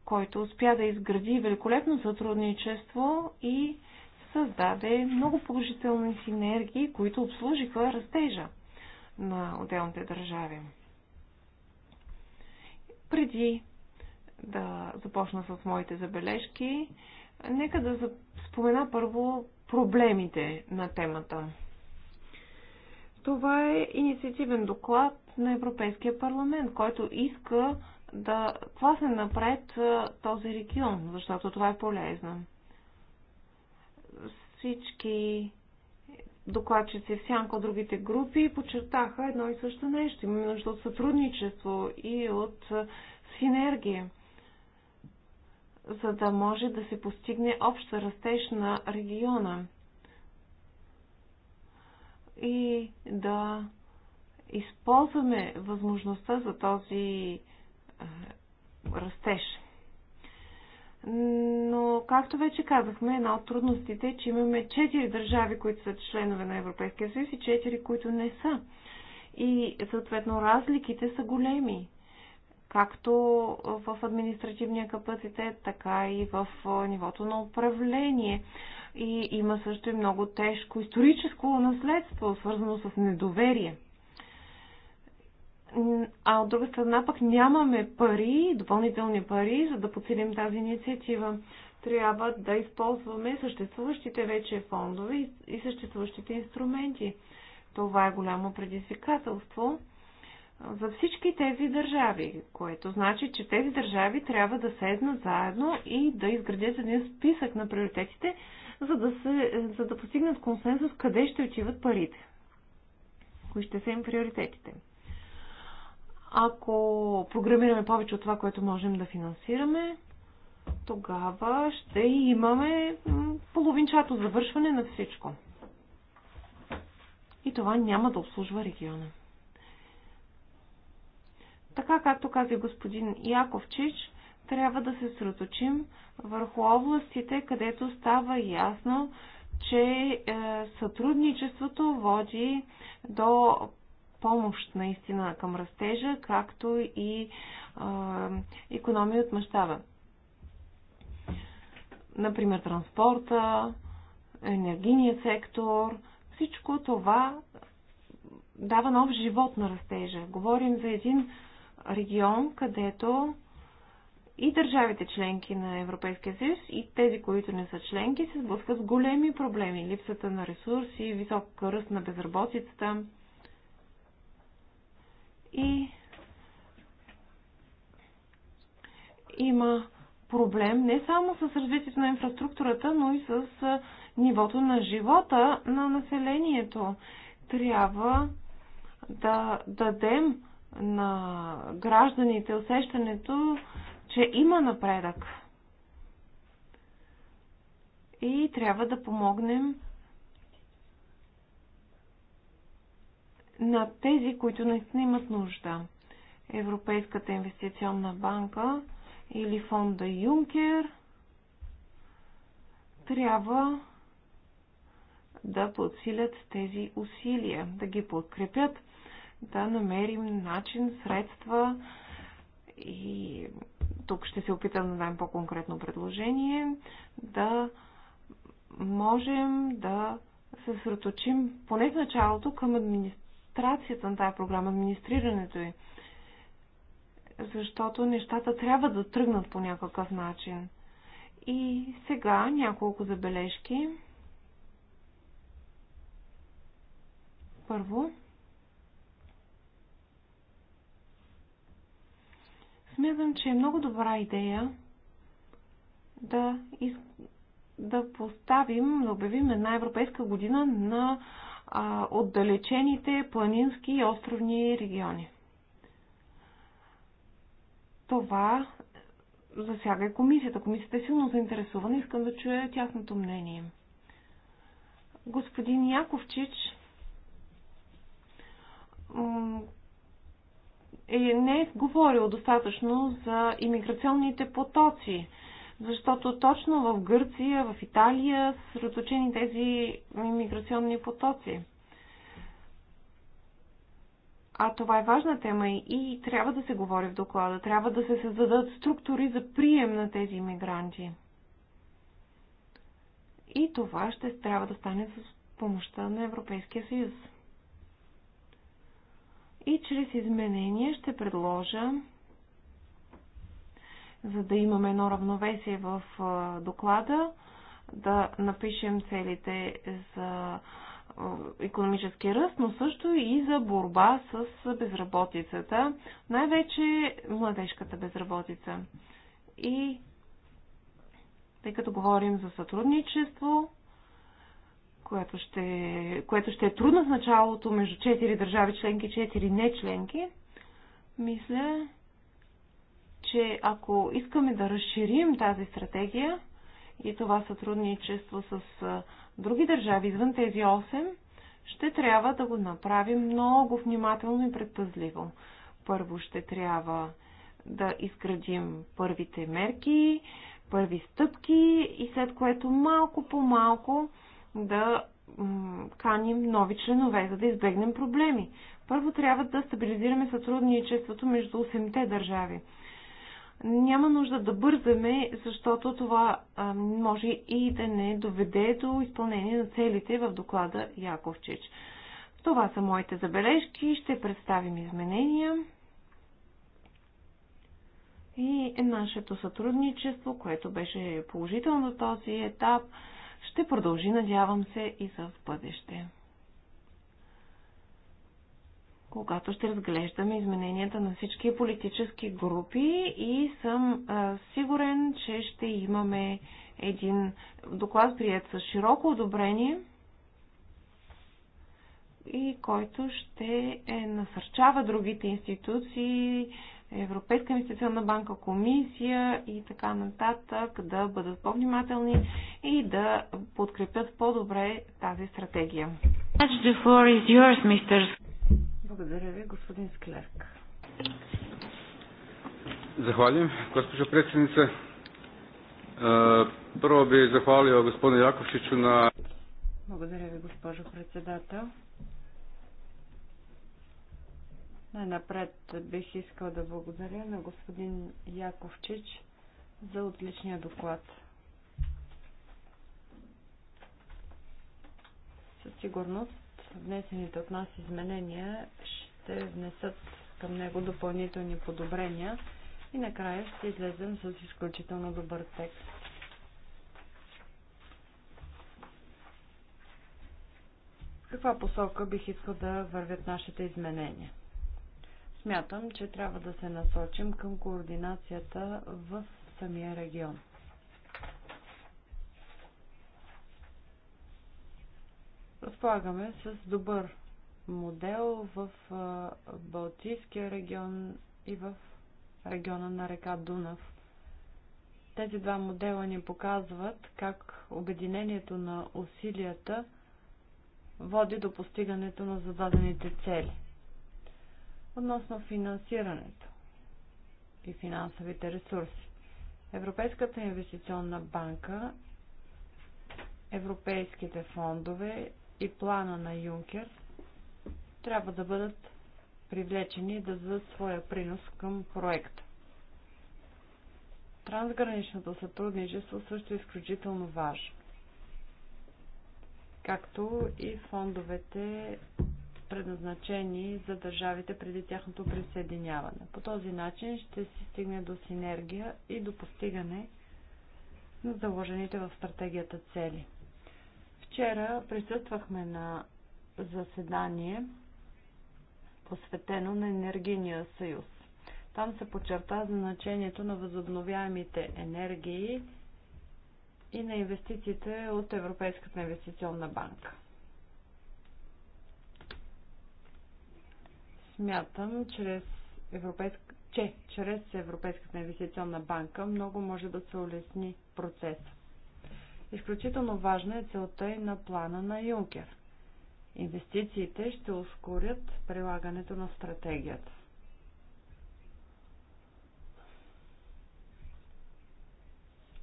който успя да изгради великолепно сътрудничество и създаде много положителни синергии, които обслужиха растежа на отделните държави. Преди да започна с моите забележки, нека да спомена първо проблемите на темата. Това е инициативен доклад на Европейския парламент, който иска да тласне напред този регион, защото това е полезно. Всички докладчици в сянка от другите групи подчертаха едно и също нещо. Имаме нужда от сътрудничество и от синергия, за да може да се постигне обща растеж на региона и да използваме възможността за този растеж. Но, както вече казахме, една от трудностите е, че имаме четири държави, които са членове на Европейския съюз и четири, които не са. И, съответно, разликите са големи. Както в административния капацитет, така и в нивото на управление. И има също и много тежко историческо наследство, свързано с недоверие а от друга страна пък нямаме пари, допълнителни пари, за да подсилим тази инициатива. Трябва да използваме съществуващите вече фондове и съществуващите инструменти. Това е голямо предизвикателство за всички тези държави, което значи, че тези държави трябва да седнат заедно и да изградят един списък на приоритетите, за да, се, за да постигнат консенсус къде ще отиват парите. Кои ще са им приоритетите. Ако програмираме повече от това, което можем да финансираме, тогава ще имаме половинчато завършване на всичко. И това няма да обслужва региона. Така както каза господин Яковчич, трябва да се сръточим върху областите, където става ясно, че е, сътрудничеството води до помощ наистина към растежа, както и а, економия от мащаба. Например, транспорта, енергийния сектор, всичко това дава нов живот на растежа. Говорим за един регион, където и държавите членки на Европейския съюз и тези, които не са членки, се сблъскат с големи проблеми. Липсата на ресурси, висок ръст на безработицата, и има проблем не само с развитието на инфраструктурата, но и с нивото на живота на населението. Трябва да дадем на гражданите усещането, че има напредък. И трябва да помогнем на тези, които наистина имат нужда. Европейската инвестиционна банка или фонда Юнкер трябва да подсилят тези усилия, да ги подкрепят, да намерим начин, средства и тук ще се опитам да дам по-конкретно предложение, да можем да се сръточим поне в началото към администрацията администрацията на тази програма, администрирането й. Защото нещата трябва да тръгнат по някакъв начин. И сега няколко забележки. Първо, смятам, че е много добра идея да, из... да поставим, да обявим една европейска година на а, отдалечените планински и островни региони. Това засяга и комисията. Комисията е силно заинтересована. Искам да чуя тяхното мнение. Господин Яковчич е, не е говорил достатъчно за иммиграционните потоци защото точно в Гърция, в Италия са съсредоточени тези миграционни потоци. А това е важна тема и трябва да се говори в доклада. Трябва да се създадат структури за прием на тези мигранти. И това ще трябва да стане с помощта на Европейския съюз. И чрез изменения ще предложа за да имаме едно равновесие в доклада, да напишем целите за економически ръст, но също и за борба с безработицата, най-вече младежката безработица. И тъй като говорим за сътрудничество, което ще, което ще е трудно в началото между 4 държави членки, 4 не членки, мисля, че ако искаме да разширим тази стратегия и това сътрудничество с други държави извън тези 8, ще трябва да го направим много внимателно и предпазливо. Първо ще трябва да изградим първите мерки, първи стъпки и след което малко по малко да каним нови членове, за да избегнем проблеми. Първо трябва да стабилизираме сътрудничеството между 8-те държави няма нужда да бързаме, защото това може и да не доведе до изпълнение на целите в доклада Яковчич. Това са моите забележки. Ще представим изменения и нашето сътрудничество, което беше положително на този етап, ще продължи, надявам се, и за в бъдеще когато ще разглеждаме измененията на всички политически групи и съм а, сигурен, че ще имаме един доклад прият с широко одобрение и който ще е, насърчава другите институции, Европейска инвестиционна банка, комисия и така нататък да бъдат по-внимателни и да подкрепят по-добре тази стратегия. Yours, благодаря ви, господин Склерк. Zahvaljujem, gospođo predsjednice. Prvo bih zahvalio gospodinu Jakovšiću na... Благодаря ви, госпожо председател. Най-напред бих искал да благодаря на господин Яковчич за отличния доклад. Със сигурност внесените от нас изменения ще внесат към него допълнителни подобрения и накрая ще излезем с изключително добър текст. В каква посока бих искал да вървят нашите изменения? Смятам, че трябва да се насочим към координацията в самия регион. разполагаме с добър модел в Балтийския регион и в региона на река Дунав. Тези два модела ни показват как обединението на усилията води до постигането на зададените цели. Относно финансирането и финансовите ресурси. Европейската инвестиционна банка, европейските фондове и плана на Юнкер трябва да бъдат привлечени да дадат своя принос към проекта. Трансграничното сътрудничество също е изключително важно, както и фондовете предназначени за държавите преди тяхното присъединяване. По този начин ще се стигне до синергия и до постигане на заложените в стратегията цели. Вчера присъствахме на заседание, посветено на енергийния съюз. Там се подчерта значението на възобновяемите енергии и на инвестициите от Европейската инвестиционна банка. Смятам, чрез европейск... че чрез Европейската инвестиционна банка много може да се улесни процеса. Изключително важна е целта и на плана на Юнкер. Инвестициите ще ускорят прилагането на стратегията.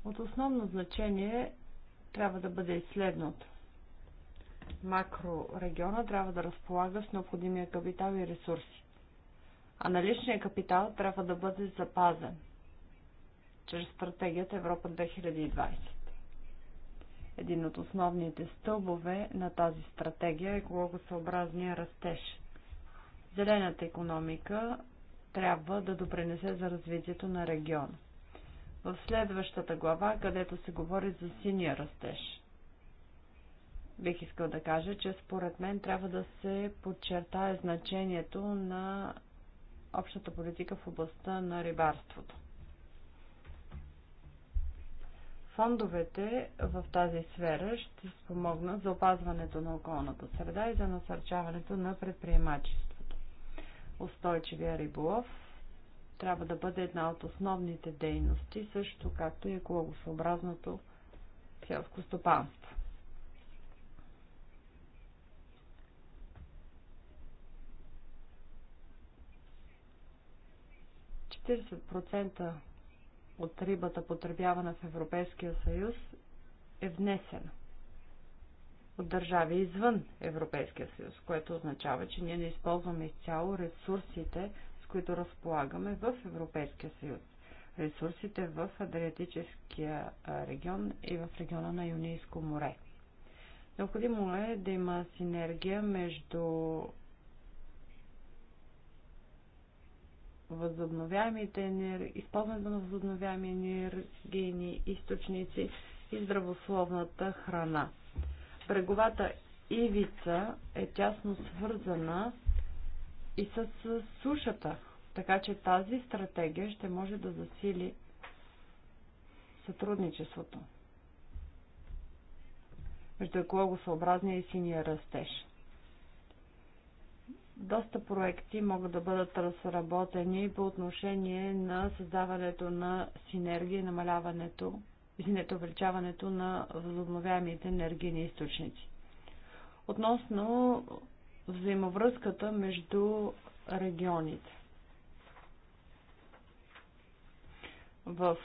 От основно значение трябва да бъде и следното. Макрорегиона трябва да разполага с необходимия капитал и ресурси. А наличният капитал трябва да бъде запазен чрез стратегията Европа 2020. Един от основните стълбове на тази стратегия е екологосъобразния растеж. Зелената економика трябва да допренесе за развитието на регион. В следващата глава, където се говори за синия растеж – бих искал да кажа, че според мен трябва да се подчертае значението на общата политика в областта на рибарството. Фондовете в тази сфера ще спомогнат за опазването на околната среда и за насърчаването на предприемачеството. Устойчивия риболов трябва да бъде една от основните дейности, също както и екологосъобразното селско стопанство. процента от рибата, потребявана в Европейския съюз, е внесена от държави извън Европейския съюз, което означава, че ние не използваме изцяло ресурсите, с които разполагаме в Европейския съюз. Ресурсите в Адриатическия регион и в региона на Юнийско море. Необходимо е да има синергия между възобновяемите енергии, използването на възобновяеми енергийни източници и здравословната храна. Бреговата ивица е тясно свързана и с сушата, така че тази стратегия ще може да засили сътрудничеството между екологосъобразния и синия растеж. Доста проекти могат да бъдат разработени по отношение на създаването на синергия и намаляването, извинете, увеличаването на възобновяемите енергийни източници. Относно взаимовръзката между регионите. В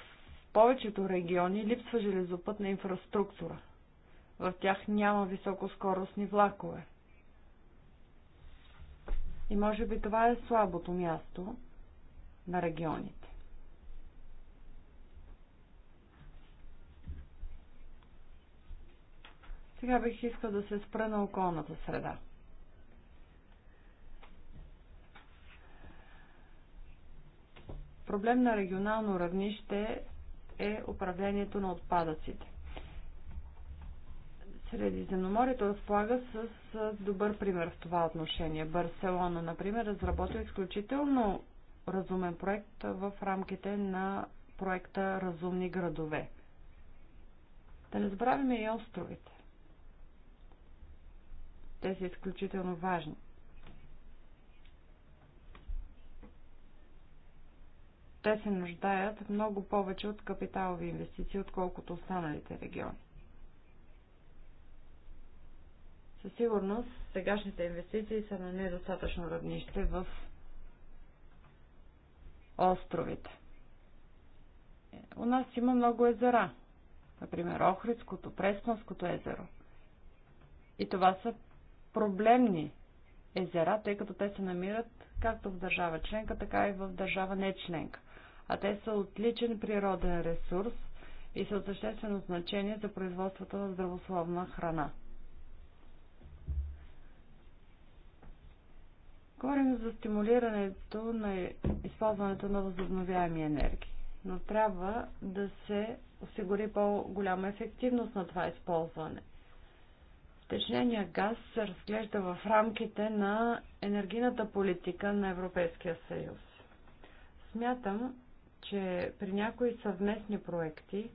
повечето региони липсва железопътна инфраструктура. В тях няма високоскоростни влакове. И може би това е слабото място на регионите. Сега бих искал да се спра на околната среда. Проблем на регионално равнище е управлението на отпадъците. Средиземноморието разполага с добър пример в това отношение. Барселона, например, разработва изключително разумен проект в рамките на проекта Разумни градове. Да не забравяме и островите. Те са изключително важни. Те се нуждаят много повече от капиталови инвестиции, отколкото останалите региони. Със сигурност сегашните инвестиции са на недостатъчно равнище в островите. У нас има много езера. Например, Охридското, Пресманското езеро. И това са проблемни езера, тъй като те се намират както в държава членка, така и в държава не членка. А те са отличен природен ресурс и са от съществено значение за производството на здравословна храна. Говорим за стимулирането на използването на възобновяеми енергии, но трябва да се осигури по-голяма ефективност на това използване. Втечнения газ се разглежда в рамките на енергийната политика на Европейския съюз. Смятам, че при някои съвместни проекти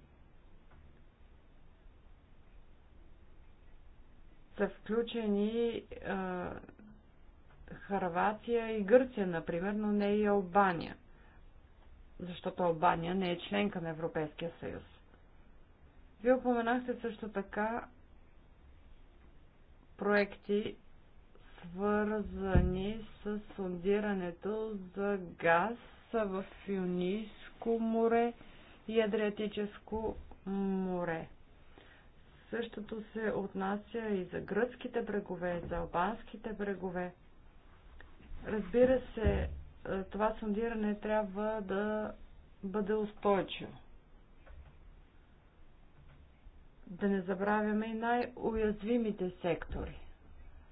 са включени Харватия и Гърция, например, но не и Албания, защото Албания не е членка на Европейския съюз. Вие упоменахте също така проекти, свързани с сондирането за газ в Юнийско море и Адриатическо море. Същото се отнася и за гръцките брегове, за албанските брегове. Разбира се, е, това сондиране трябва да бъде устойчиво. Да не забравяме и най-уязвимите сектори.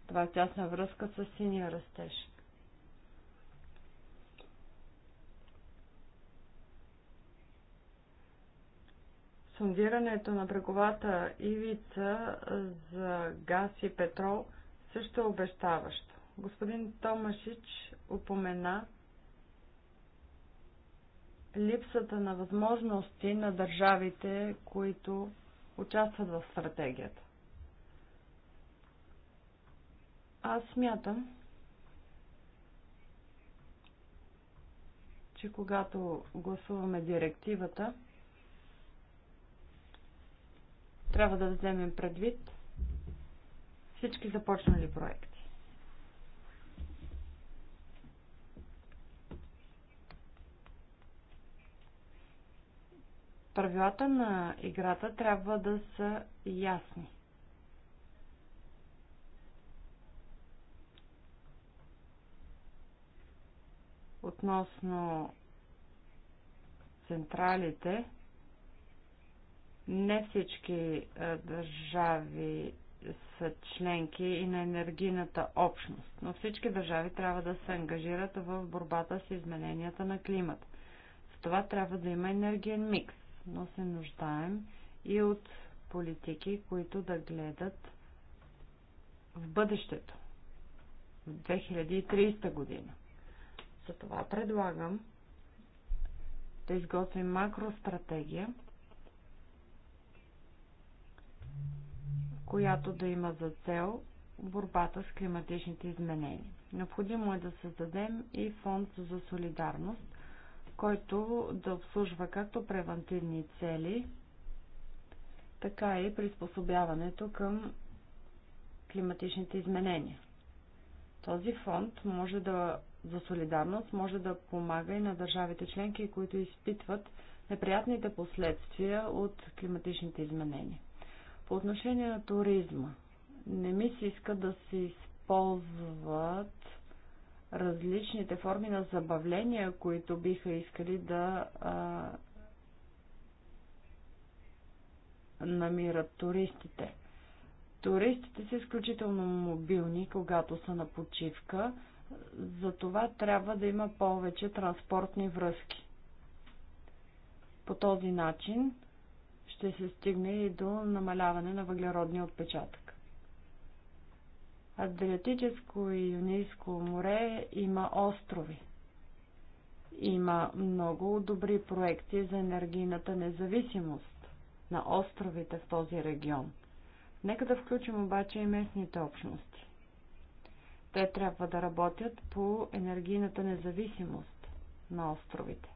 Това е тясна връзка с синия растеж. Сондирането на бреговата ивица за газ и петрол също е обещаващо. Господин Томашич упомена липсата на възможности на държавите, които участват в стратегията. Аз смятам, че когато гласуваме директивата, трябва да вземем предвид всички започнали проекти. Правилата на играта трябва да са ясни. Относно централите, не всички е, държави са членки и на енергийната общност, но всички държави трябва да се ангажират в борбата с измененията на климата. За това трябва да има енергиен микс но се нуждаем и от политики, които да гледат в бъдещето, в 2030 година. Затова предлагам да изготвим макростратегия, която да има за цел борбата с климатичните изменения. Необходимо е да създадем и фонд за солидарност, който да обслужва както превантивни цели, така и приспособяването към климатичните изменения. Този фонд може да, за солидарност може да помага и на държавите членки, които изпитват неприятните последствия от климатичните изменения. По отношение на туризма, не ми се иска да се използват различните форми на забавления, които биха искали да а, намират туристите. Туристите са изключително мобилни, когато са на почивка, затова трябва да има повече транспортни връзки. По този начин ще се стигне и до намаляване на въглеродния отпечатък. Адриатическо и Юнийско море има острови. Има много добри проекти за енергийната независимост на островите в този регион. Нека да включим обаче и местните общности. Те трябва да работят по енергийната независимост на островите.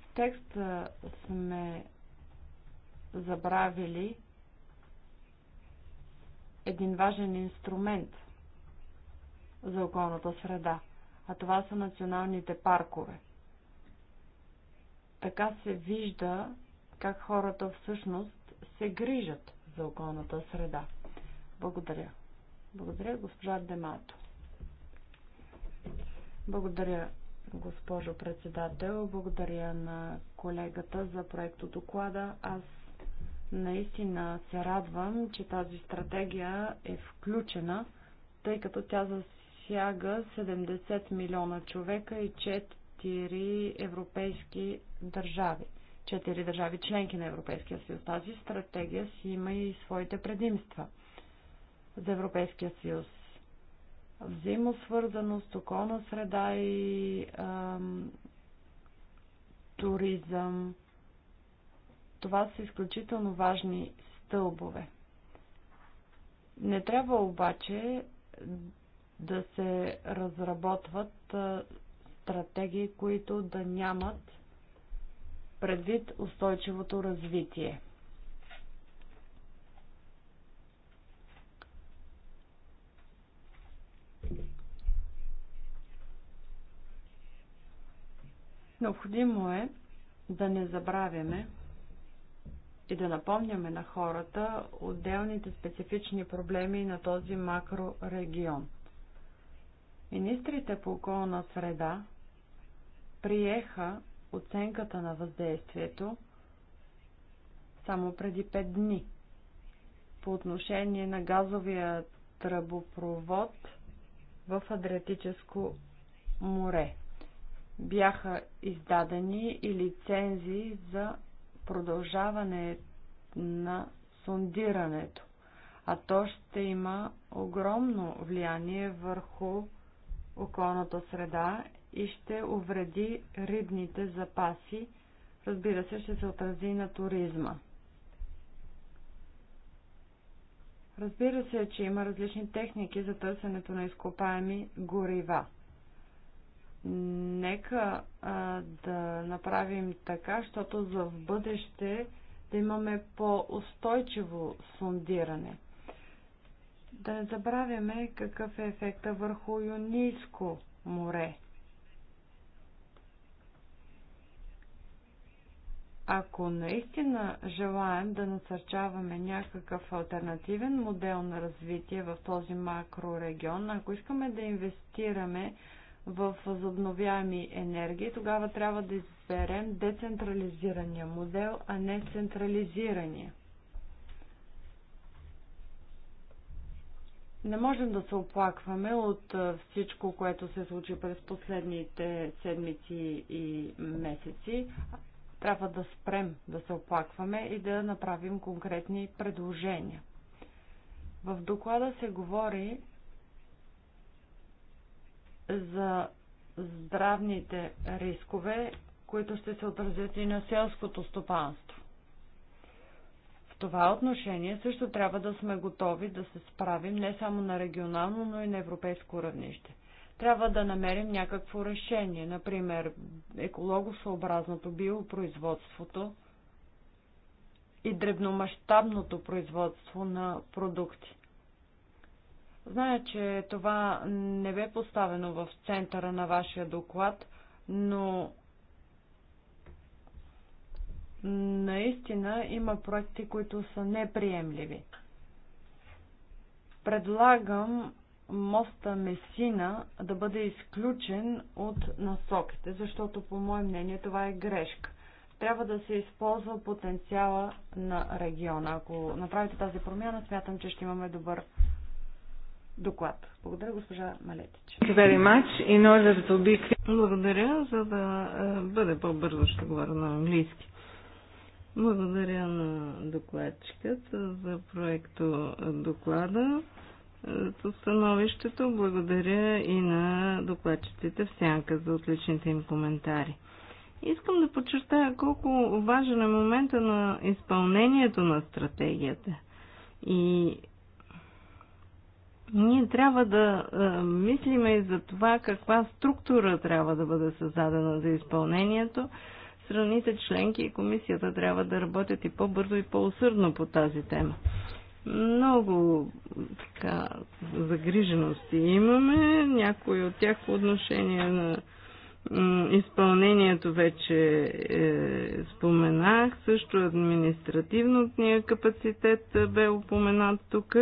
В текста сме забравили един важен инструмент за околната среда, а това са националните паркове. Така се вижда как хората всъщност се грижат за околната среда. Благодаря. Благодаря, госпожа Демато. Благодаря, госпожо председател. Благодаря на колегата за проекто доклада. Аз Наистина се радвам, че тази стратегия е включена, тъй като тя засяга 70 милиона човека и 4 европейски държави. 4 държави членки на Европейския съюз. Тази стратегия си има и своите предимства за Европейския съюз. Взаимосвързаност, околна среда и ам, туризъм това са изключително важни стълбове. Не трябва обаче да се разработват стратегии, които да нямат предвид устойчивото развитие. Необходимо е да не забравяме, и да напомняме на хората отделните специфични проблеми на този макрорегион. Министрите по околна среда приеха оценката на въздействието само преди 5 дни. По отношение на газовия тръбопровод в Адриатическо море бяха издадени и лицензии за продължаване на сондирането, а то ще има огромно влияние върху околната среда и ще увреди рибните запаси. Разбира се, ще се отрази на туризма. Разбира се, че има различни техники за търсенето на изкопаеми горива – Нека а, да направим така, защото за в бъдеще да имаме по-устойчиво сундиране. Да не забравяме какъв е ефекта върху Юнийско море. Ако наистина желаем да насърчаваме някакъв альтернативен модел на развитие в този макрорегион, ако искаме да инвестираме в възобновяеми енергии, тогава трябва да изберем децентрализирания модел, а не централизирания. Не можем да се оплакваме от всичко, което се случи през последните седмици и месеци. Трябва да спрем да се оплакваме и да направим конкретни предложения. В доклада се говори за здравните рискове, които ще се отразят и на селското стопанство. В това отношение също трябва да сме готови да се справим не само на регионално, но и на европейско равнище. Трябва да намерим някакво решение, например екологосъобразното биопроизводството и дребномащабното производство на продукти. Зная, че това не бе поставено в центъра на вашия доклад, но наистина има проекти, които са неприемливи. Предлагам моста Месина да бъде изключен от насоките, защото по мое мнение това е грешка. Трябва да се използва потенциала на региона. Ако направите тази промяна, смятам, че ще имаме добър доклад. Благодаря, госпожа Малетич. Благодаря, за да е, бъде по-бързо, ще говоря на английски. Благодаря на докладчикът за проекто е, доклада. По е, становището благодаря и на докладчиците в сянка за отличните им коментари. Искам да подчертая колко важен е момента на изпълнението на стратегията. И ние трябва да а, е, мислиме и за това каква структура трябва да бъде създадена за изпълнението. Страните членки и комисията трябва да работят и по-бързо и по-усърдно по тази тема. Много така, загрижености имаме, някои от тях по отношение на изпълнението вече е, споменах, също административният капацитет е, бе упоменат тук.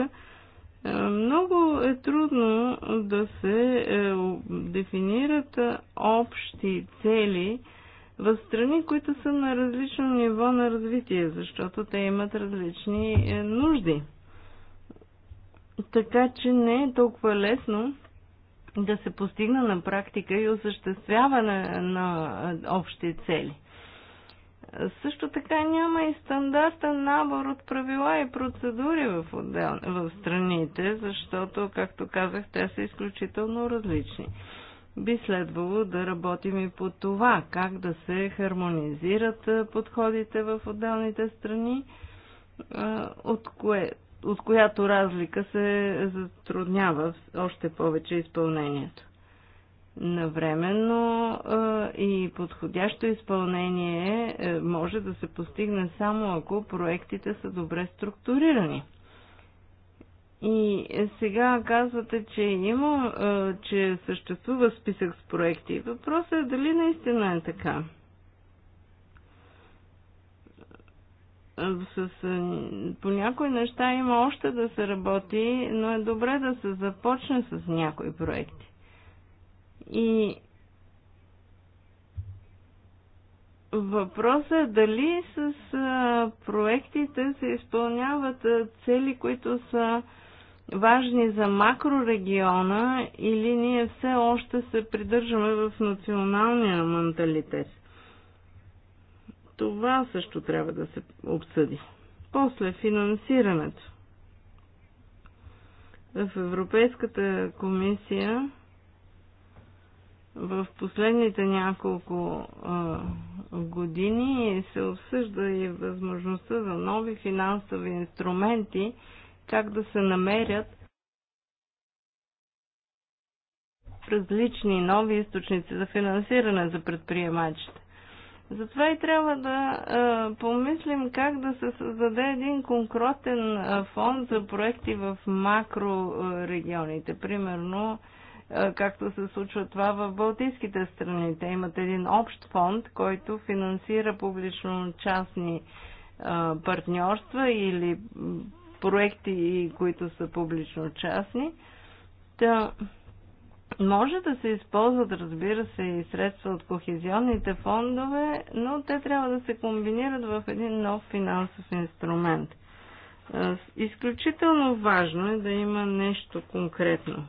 Е, много е трудно да се е, дефинират общи цели в страни, които са на различно ниво на развитие, защото те имат различни е, нужди. Така че не е толкова лесно да се постигна на практика и осъществяване на общи цели. Също така няма и стандартен набор от правила и процедури в, отдел... в страните, защото, както казах, те са изключително различни. Би следвало да работим и по това, как да се хармонизират подходите в отделните страни, от, кое... от която разлика се затруднява още повече изпълнението навременно и подходящо изпълнение е, може да се постигне само ако проектите са добре структурирани. И сега казвате, че има, че съществува списък с проекти. Въпросът е дали наистина е така. С, по някои неща има още да се работи, но е добре да се започне с някои проекти. И въпросът е дали с проектите се изпълняват цели, които са важни за макрорегиона или ние все още се придържаме в националния менталитет. Това също трябва да се обсъди. После финансирането. В Европейската комисия в последните няколко а, години се обсъжда и възможността за нови финансови инструменти, как да се намерят различни нови източници за финансиране за предприемачите. Затова и трябва да а, помислим как да се създаде един конкретен а, фонд за проекти в макрорегионите. Примерно, а, както се случва това в Балтийските страни. Те имат един общ фонд, който финансира публично-частни партньорства или проекти, които са публично-частни. Та, може да се използват, разбира се, и средства от кохезионните фондове, но те трябва да се комбинират в един нов финансов инструмент. Изключително важно е да има нещо конкретно.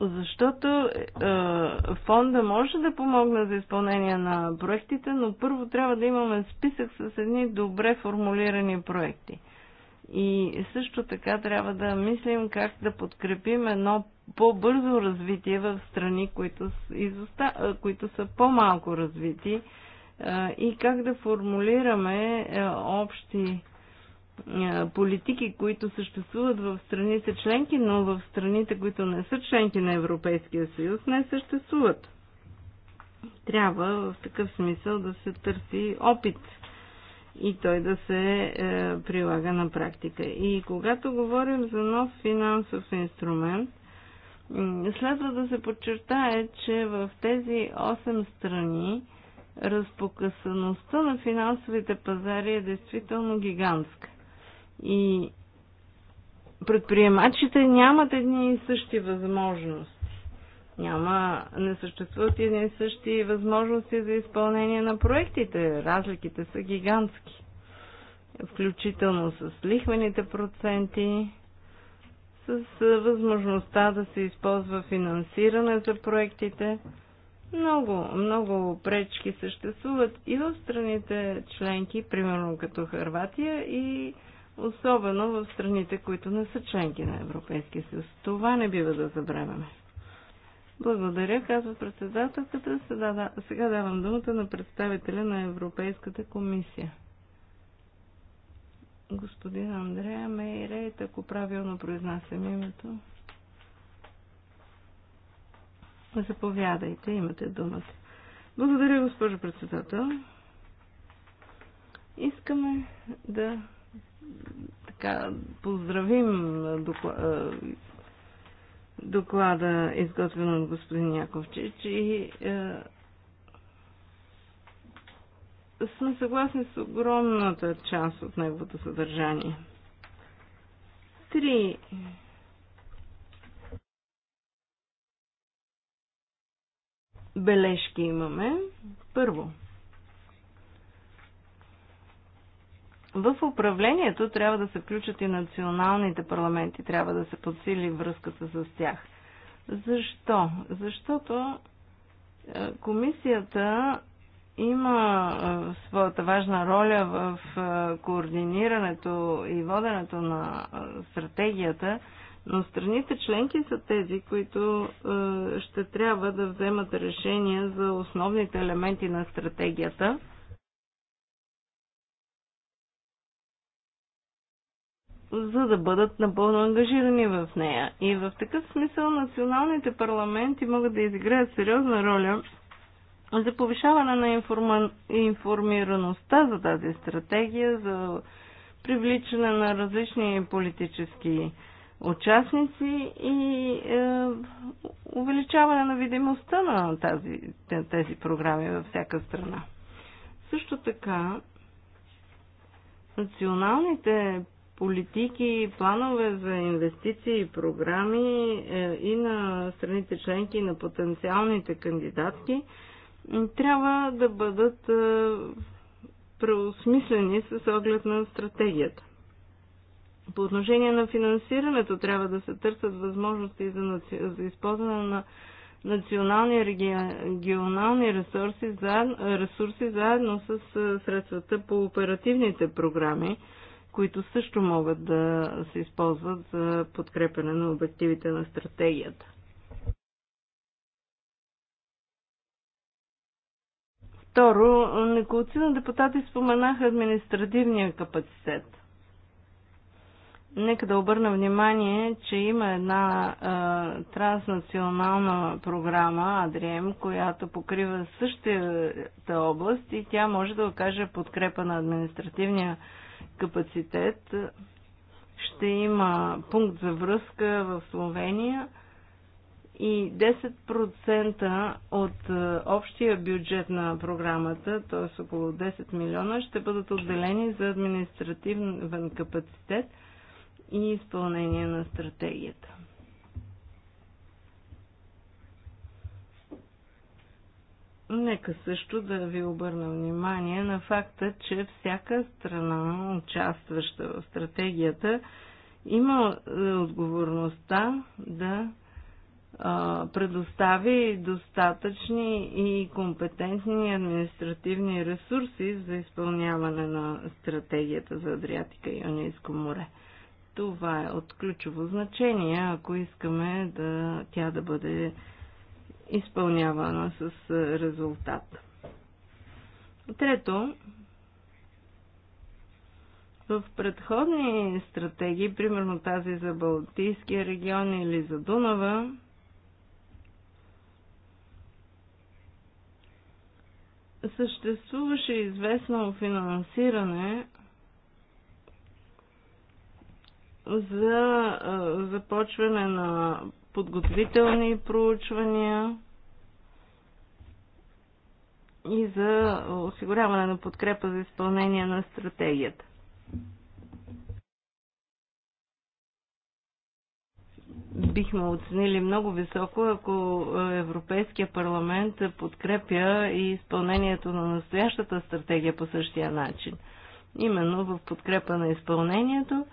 Защото е, е, фонда може да помогне за изпълнение на проектите, но първо трябва да имаме списък с едни добре формулирани проекти. И също така трябва да мислим как да подкрепим едно по-бързо развитие в страни, които, изоста... Е, които са по-малко развити е, и как да формулираме общи политики, които съществуват в страните членки, но в страните, които не са членки на Европейския съюз, не съществуват. Трябва в такъв смисъл да се търси опит и той да се е, прилага на практика. И когато говорим за нов финансов инструмент, следва да се подчертае, че в тези 8 страни разпокъсаността на финансовите пазари е действително гигантска и предприемачите нямат едни и същи възможности. Няма, не съществуват едни и същи възможности за изпълнение на проектите. Разликите са гигантски. Включително с лихвените проценти, с възможността да се използва финансиране за проектите. Много, много пречки съществуват и в страните членки, примерно като Харватия и особено в страните, които не са членки на Европейския съюз. Това не бива да забравяме. Благодаря, казва председателката. Сега давам думата на представителя на Европейската комисия. Господин Андрея Мейрейт, ако правилно произнасям името. Заповядайте, имате думата. Благодаря, госпожо председател. Искаме да така, поздравим доклада, доклада изготвен от господин Яковчич и е, сме съгласни с огромната част от неговото съдържание. Три бележки имаме. Първо, В управлението трябва да се включат и националните парламенти, трябва да се подсили връзката с тях. Защо? Защото е, комисията има е, своята важна роля в е, координирането и воденето на стратегията, но страните членки са тези, които ще трябва да вземат решения за основните елементи на стратегията – за да бъдат напълно ангажирани в нея. И в такъв смисъл националните парламенти могат да изиграят сериозна роля за повишаване на информа... информираността за тази стратегия, за привличане на различни политически участници и е, увеличаване на видимостта на тази, тези програми във всяка страна. Също така, националните политики, и планове за инвестиции и програми е, и на страните членки, и на потенциалните кандидатки трябва да бъдат е, преосмислени с оглед на стратегията. По отношение на финансирането трябва да се търсят възможности за, наци... за използване на национални регионални ресурси, заедно, ресурси заедно с е, средствата по оперативните програми които също могат да се използват за подкрепене на обективите на стратегията. Второ, неколцина депутати споменаха административния капацитет. Нека да обърна внимание, че има една е, транснационална програма Адрием, която покрива същата област и тя може да окаже подкрепа на административния капацитет. Ще има пункт за връзка в Словения и 10% от е, общия бюджет на програмата, т.е. около 10 милиона, ще бъдат отделени за административен капацитет и изпълнение на стратегията. Нека също да ви обърна внимание на факта, че всяка страна, участваща в стратегията, има е, отговорността да предостави достатъчни и компетентни административни ресурси за изпълняване на стратегията за Адриатика и Ионийско море. Това е от ключово значение, ако искаме да тя да бъде изпълнявана с е, резултат. Трето, в предходни стратегии, примерно тази за Балтийския регион или за Дунава, съществуваше известно финансиране за е, започване на подготвителни проучвания и за осигуряване на подкрепа за изпълнение на стратегията. бихме оценили много високо, ако Европейския парламент подкрепя и изпълнението на настоящата стратегия по същия начин. Именно в подкрепа на изпълнението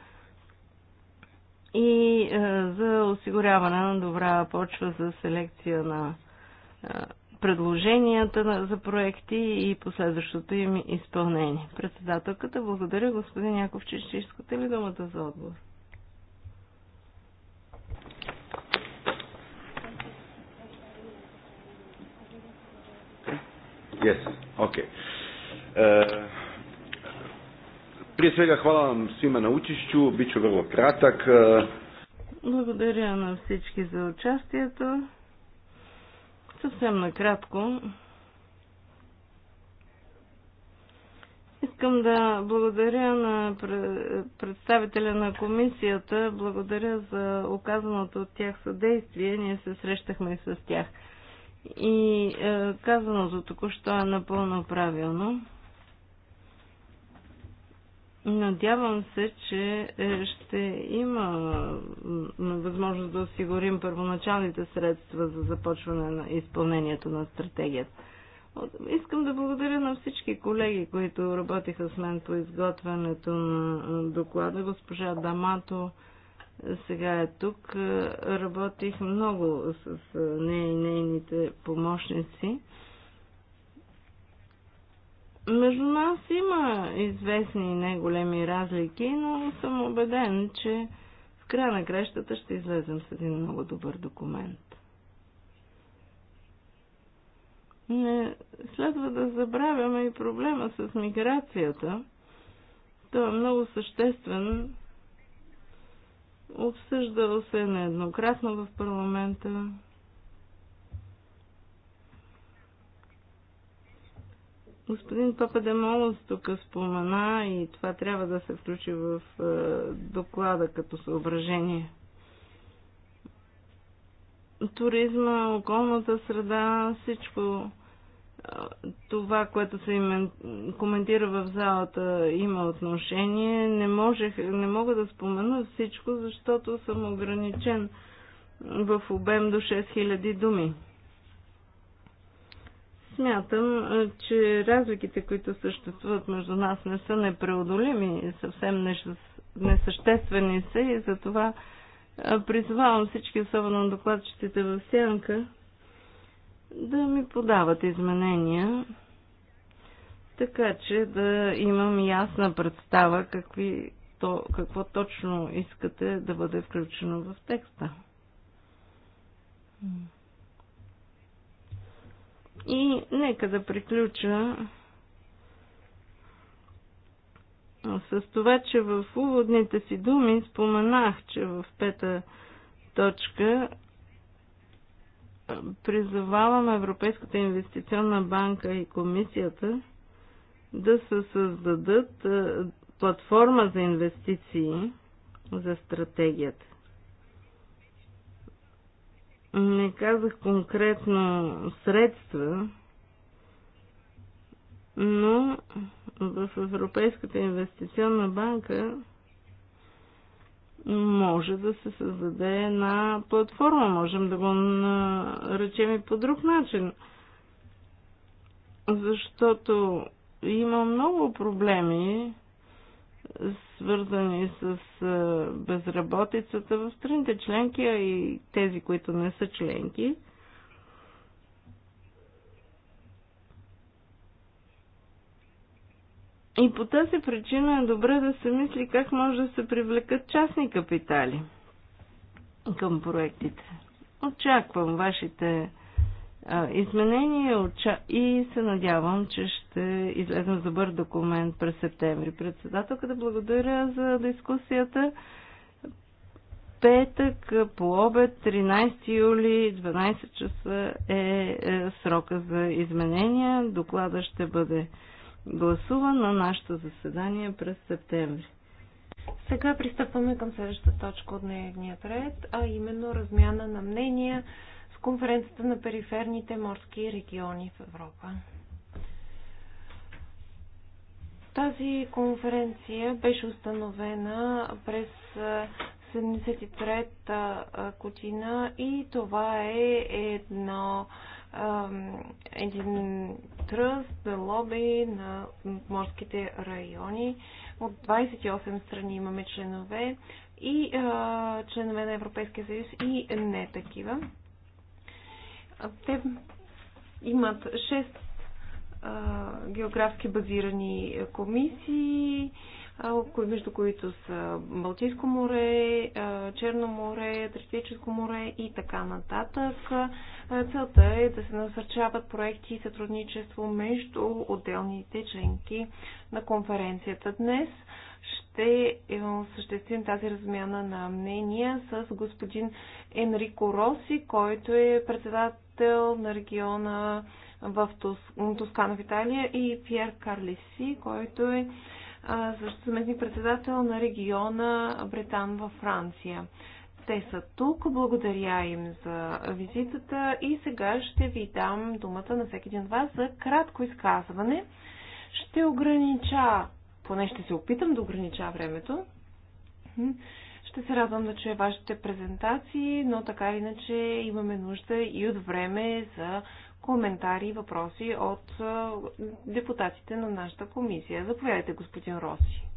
и е, за осигуряване на добра почва за селекция на е, предложенията за проекти и последващото им изпълнение. Председателката, благодаря господин Яков, ще искате ли думата за отговор? Yes, okay. Uh... Prije svega hvala vam svima na učišću, bit ću vrlo kratak. E. Благодаря на всички за участието. Съвсем накратко. Искам да благодаря на представителя на комисията, благодаря за оказаното от тях съдействие. Ние се срещахме и с тях. И казано е, казаното току-що е напълно правилно. Надявам се, че е, ще има възможност да осигурим първоначалните средства за започване на изпълнението на стратегията. Искам да благодаря на всички колеги, които работиха с мен по изготвянето на доклада. Госпожа Дамато е, сега е тук. Е, работих много с нея и нейните помощници. Между нас има известни и неголеми разлики, но съм убеден, че в края на крещата ще излезем с един много добър документ. Не следва да забравяме и проблема с миграцията. Той е много съществен. Обсъждал се нееднократно в парламента. Господин Пападемолос тук спомена и това трябва да се включи в е, доклада като съображение. Туризма, околната среда, всичко е, това, което се коментира в залата, има отношение. Не, можех, не мога да спомена всичко, защото съм ограничен в обем до 6000 думи. Смятам, че разликите, които съществуват между нас, не са непреодолими, и съвсем несъществени са и затова призовавам всички, особено докладчетите в сянка, да ми подават изменения, така че да имам ясна представа какви, то, какво точно искате да бъде включено в текста. Mm. И нека да приключа с това, че в уводните си думи споменах, че в пета точка призовавам Европейската инвестиционна банка и комисията да се създадат платформа за инвестиции за стратегията. Не казах конкретно средства, но в Европейската инвестиционна банка може да се създаде една платформа. Можем да го наречем и по друг начин. Защото има много проблеми, свързани с безработицата в страните членки, а и тези, които не са членки. И по тази причина е добре да се мисли как може да се привлекат частни капитали към проектите. Очаквам вашите изменения и се надявам, че ще излезем за добър документ през септември. Председателката да благодаря за дискусията. Петък по обед 13 юли 12 часа е, е срока за изменения. Доклада ще бъде гласуван на нашето заседание през септември. Сега пристъпваме към следващата точка от дневния ред, а именно размяна на мнения конференцията на периферните морски региони в Европа. Тази конференция беше установена през 73-та година и това е едно един тръст, лоби на морските райони. От 28 страни имаме членове и а, членове на Европейския съюз и не такива те имат 6 а, географски базирани комисии, а, между които са Балтийско море, а, Черно море, Третическо море и така нататък. Целта е да се насърчават проекти и сътрудничество между отделните членки на конференцията днес. Ще е, осъществим тази размяна на мнения с господин Енрико Роси, който е председател представител на региона в Тоскана в Италия и Пьер Карлеси, който е също съместник председател на региона Бретан във Франция. Те са тук. Благодаря им за визитата и сега ще ви дам думата на всеки един от вас за кратко изказване. Ще огранича, поне ще се опитам да огранича времето. Ще се радвам да чуя вашите презентации, но така или иначе имаме нужда и от време за коментари и въпроси от депутатите на нашата комисия. Заповядайте, господин Роси.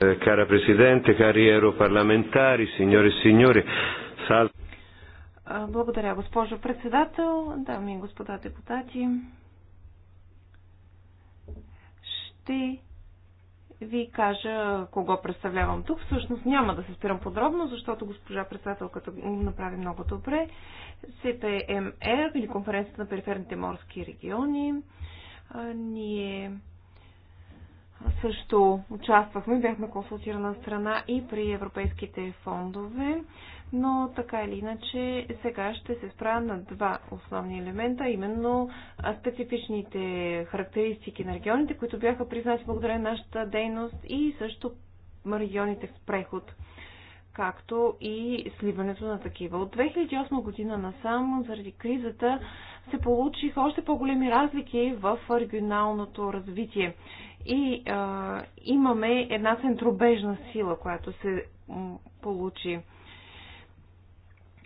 Е, кара президенте, кари европарламентари, сеньори e Благодаря, госпожо председател, дами и господа депутати. Ще ви кажа кого представлявам тук. Всъщност няма да се спирам подробно, защото госпожа председателката направи много добре. CPMR или Конференцията на периферните морски региони. Ние също участвахме, бяхме консултирана страна и при европейските фондове но така или иначе сега ще се справя на два основни елемента, именно специфичните характеристики на регионите, които бяха признати благодаря на нашата дейност и също регионите в преход както и сливането на такива. От 2008 година насам, заради кризата, се получиха още по-големи разлики в регионалното развитие. И а, имаме една центробежна сила, която се получи.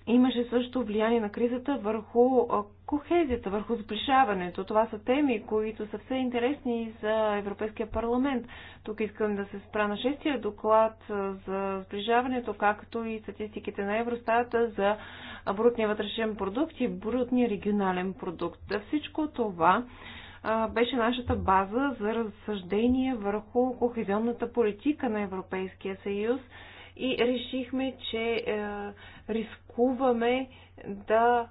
Имаше също влияние на кризата върху кохезията, върху сближаването. Това са теми, които са все интересни за Европейския парламент. Тук искам да се спра на шестия доклад за сближаването, както и статистиките на Евростата за брутния вътрешен продукт и брутния регионален продукт. Всичко това беше нашата база за разсъждение върху кохезионната политика на Европейския съюз и решихме, че е, риск рискуваме да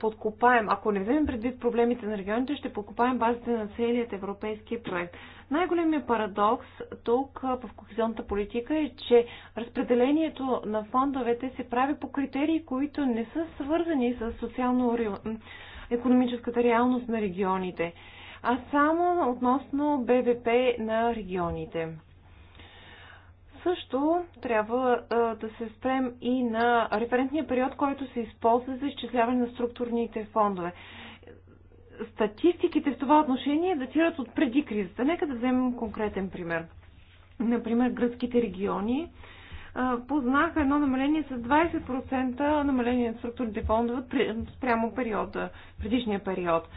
подкопаем, ако не вземем предвид проблемите на регионите, ще подкопаем базите на целият европейски проект. Най-големият парадокс тук в кохезионната политика е, че разпределението на фондовете се прави по критерии, които не са свързани с социално-економическата реалност на регионите, а само относно БВП на регионите. Също трябва а, да се спрем и на референтния период, който се използва за изчисляване на структурните фондове. Статистиките в това отношение датират от преди кризата. Нека да вземем конкретен пример. Например, гръцките региони а, познаха едно намаление с 20% намаление на структурните фондове спрямо периода, предишния период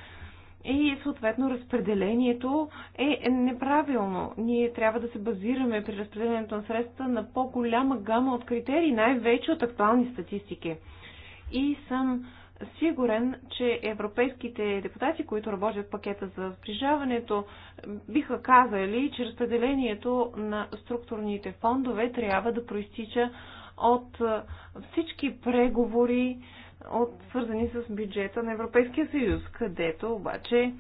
и съответно разпределението е неправилно. Ние трябва да се базираме при разпределението на средства на по-голяма гама от критерии, най-вече от актуални статистики. И съм сигурен, че европейските депутати, които работят в пакета за сближаването, биха казали, че разпределението на структурните фондове трябва да проистича от всички преговори, от, свързани с бюджета на Европейския съюз, където обаче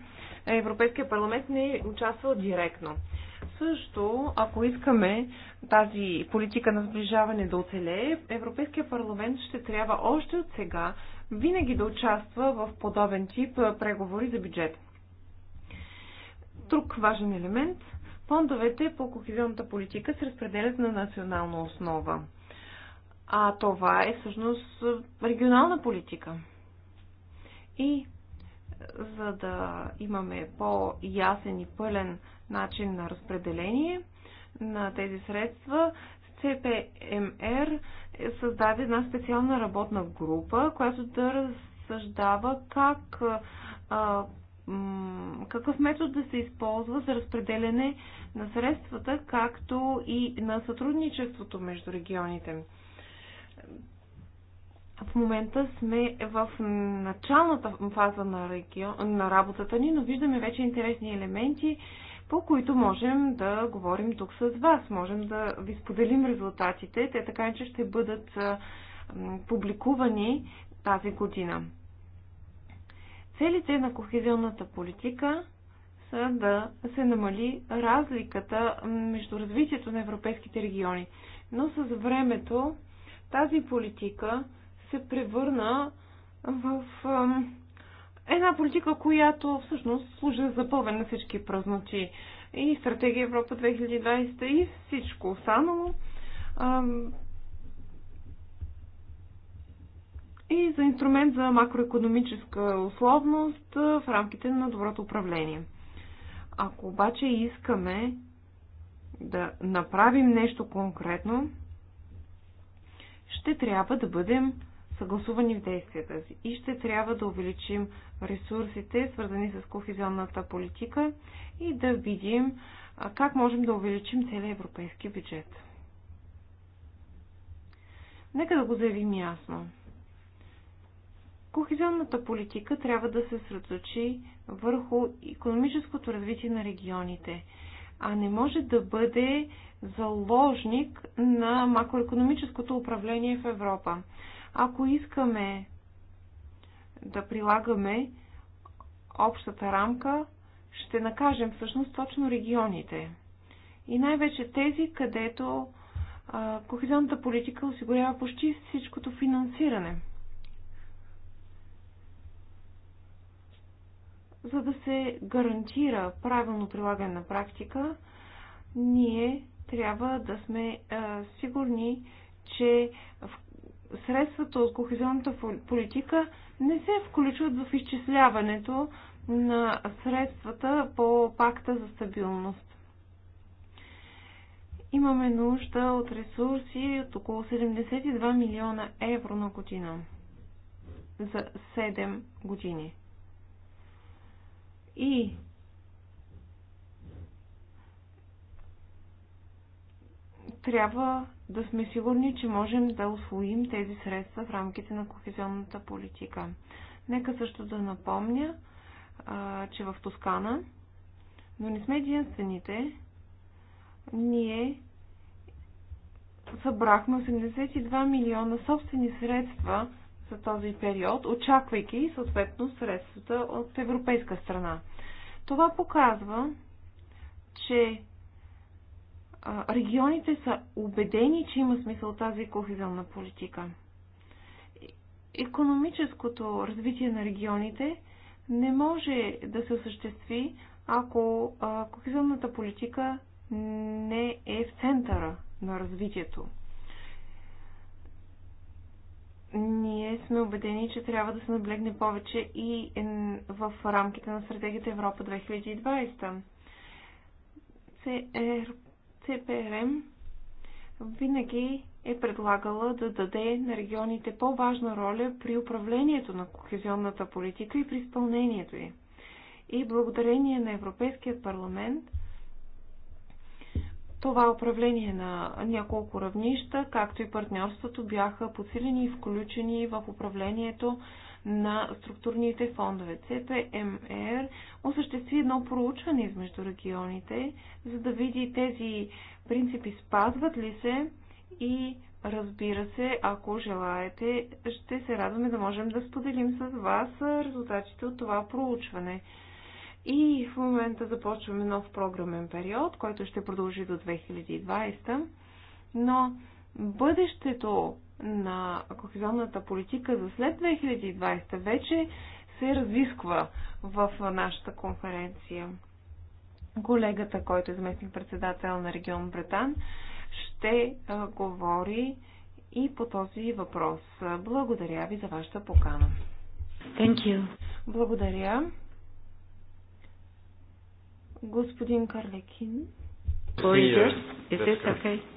Европейския парламент не е участвал директно. Също, ако искаме тази политика на сближаване да оцелее, Европейския парламент ще трябва още от сега винаги да участва в подобен тип преговори за бюджет. Друг важен елемент фондовете по кохезионната политика се разпределят на национална основа. А това е всъщност регионална политика. И е, за да имаме по-ясен и пълен начин на разпределение на тези средства, CPMR създаде една специална работна група, която да разсъждава как, е, а, какъв метод да се използва за разпределене на средствата, както и на сътрудничеството между регионите. В момента сме в началната фаза на, регион, на работата ни, но виждаме вече интересни елементи, по които можем да говорим тук с вас. Можем да ви споделим резултатите. Те така че ще бъдат публикувани тази година. Целите на кохезионната политика са да се намали разликата между развитието на европейските региони. Но с времето тази политика се превърна в една политика, която всъщност служи за пълвен на всички празноти. И стратегия Европа 2020 и всичко останало. И за инструмент за макроекономическа условност в рамките на доброто управление. Ако обаче искаме да направим нещо конкретно, ще трябва да бъдем съгласувани в действията си и ще трябва да увеличим ресурсите, свързани с кохезионната политика и да видим как можем да увеличим целият европейски бюджет. Нека да го заявим ясно. Кохезионната политика трябва да се средоточи върху економическото развитие на регионите, а не може да бъде заложник на макроекономическото управление в Европа. Ако искаме да прилагаме общата рамка, ще накажем всъщност точно регионите. И най-вече тези, където а, кохезионната политика осигурява почти всичкото финансиране. За да се гарантира правилно прилагане на практика, ние трябва да сме а, сигурни, че в средствата от кохезионната политика не се включват в изчисляването на средствата по пакта за стабилност. Имаме нужда от ресурси от около 72 милиона евро на година за 7 години. И трябва да сме сигурни, че можем да освоим тези средства в рамките на кохезионната политика. Нека също да напомня, а, че в Тоскана, но не сме единствените, ние събрахме 82 милиона собствени средства за този период, очаквайки съответно средствата от европейска страна. Това показва, че регионите са убедени, че има смисъл тази кохезионна политика. Економическото развитие на регионите не може да се осъществи, ако кохезионната политика не е в центъра на развитието. Ние сме убедени, че трябва да се наблегне повече и в рамките на стратегията Европа 2020. ЦРП е ЦПРМ винаги е предлагала да даде на регионите по-важна роля при управлението на кохезионната политика и при изпълнението й. И благодарение на Европейския парламент това управление на няколко равнища, както и партньорството, бяха подсилени и включени в управлението на структурните фондове. ЦПМР осъществи едно проучване измежду регионите, за да види тези принципи спазват ли се и разбира се, ако желаете, ще се радваме да можем да споделим с вас резултатите от това проучване. И в момента започваме нов програмен период, който ще продължи до 2020, но бъдещето на кохезионната политика за след 2020 вече се разисква в нашата конференция. Колегата, който е заместник председател на регион Бретан, ще говори и по този въпрос. Благодаря ви за вашата покана. Thank you. Благодаря. Господин Карлекин. Euh,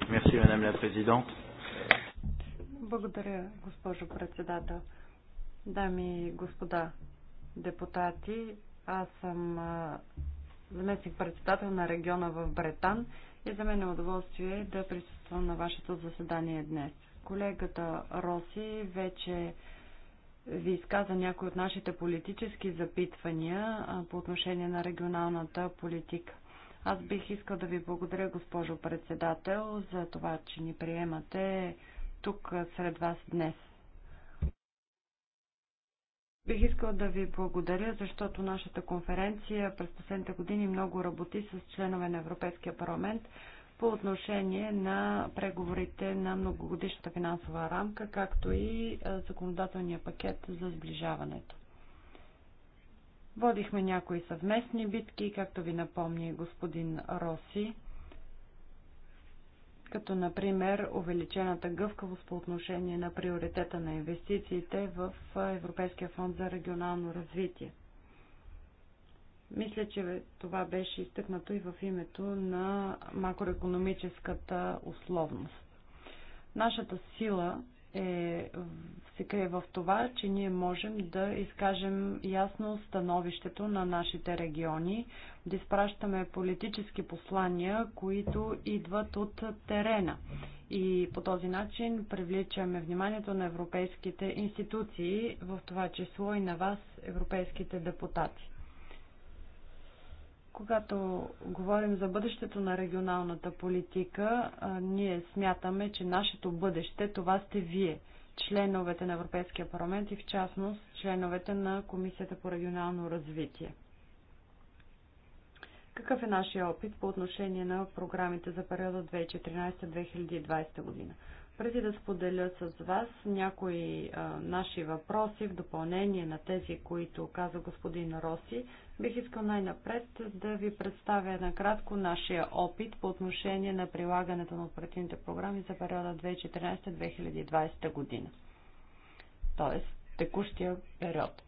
merci, Madame la Présidente. Благодаря, госпожо председател. Дами и господа депутати, аз съм заместник председател на региона в Бретан и за мен е удоволствие да присъствам на вашето заседание днес. Колегата Роси вече ви изказа някои от нашите политически запитвания по отношение на регионалната политика. Аз бих искал да ви благодаря, госпожо председател, за това, че ни приемате тук сред вас днес. Бих искал да ви благодаря, защото нашата конференция през последните години много работи с членове на Европейския парламент по отношение на преговорите на многогодишната финансова рамка, както и законодателния пакет за сближаването. Водихме някои съвместни битки, както ви напомни господин Роси като например увеличената гъвкавост по отношение на приоритета на инвестициите в Европейския фонд за регионално развитие. Мисля, че това беше изтъкнато и в името на макроекономическата условност. Нашата сила е, се крие в това, че ние можем да изкажем ясно становището на нашите региони, да изпращаме политически послания, които идват от терена. И по този начин привличаме вниманието на европейските институции, в това число и на вас, европейските депутати. Когато говорим за бъдещето на регионалната политика, ние смятаме, че нашето бъдеще това сте вие, членовете на Европейския парламент и в частност членовете на Комисията по регионално развитие. Какъв е нашия опит по отношение на програмите за периода 2014-2020 година? Преди да споделя с вас някои а, наши въпроси в допълнение на тези, които каза господин Роси, Бих искал най-напред да ви представя накратко нашия опит по отношение на прилагането на оперативните програми за периода 2014-2020 година, т.е. текущия период.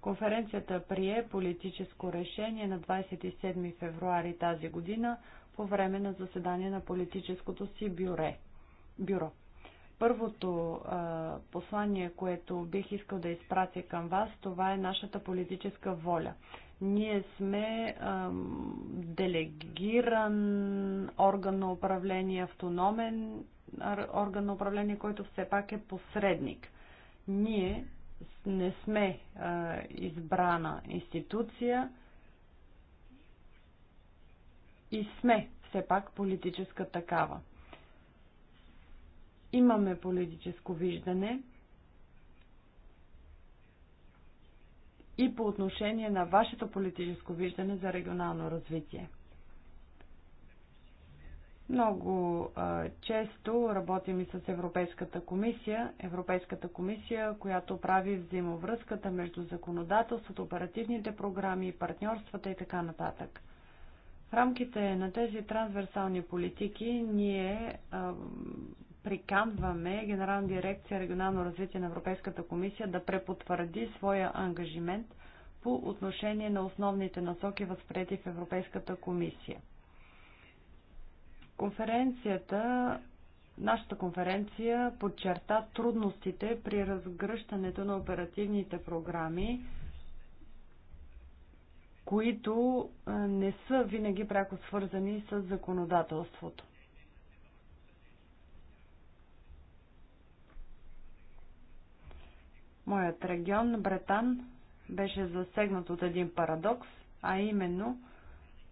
Конференцията прие политическо решение на 27 февруари тази година по време на заседание на политическото си бюре, бюро. Първото а, послание, което бих искал да изпратя към вас, това е нашата политическа воля. Ние сме ам, делегиран орган на управление, автономен орган на управление, който все пак е посредник. Ние не сме а, избрана институция и сме все пак политическа такава. Имаме политическо виждане, и по отношение на вашето политическо виждане за регионално развитие. Много а, често работим и с Европейската комисия. Европейската комисия, която прави взаимовръзката между законодателството, оперативните програми, партньорствата и така нататък. В рамките на тези трансверсални политики ние а, приканваме Генерална дирекция регионално развитие на Европейската комисия да препотвърди своя ангажимент по отношение на основните насоки, възприяти в Европейската комисия. Конференцията, нашата конференция подчерта трудностите при разгръщането на оперативните програми, които не са винаги пряко свързани с законодателството. Моят регион, Бретан, беше засегнат от един парадокс, а именно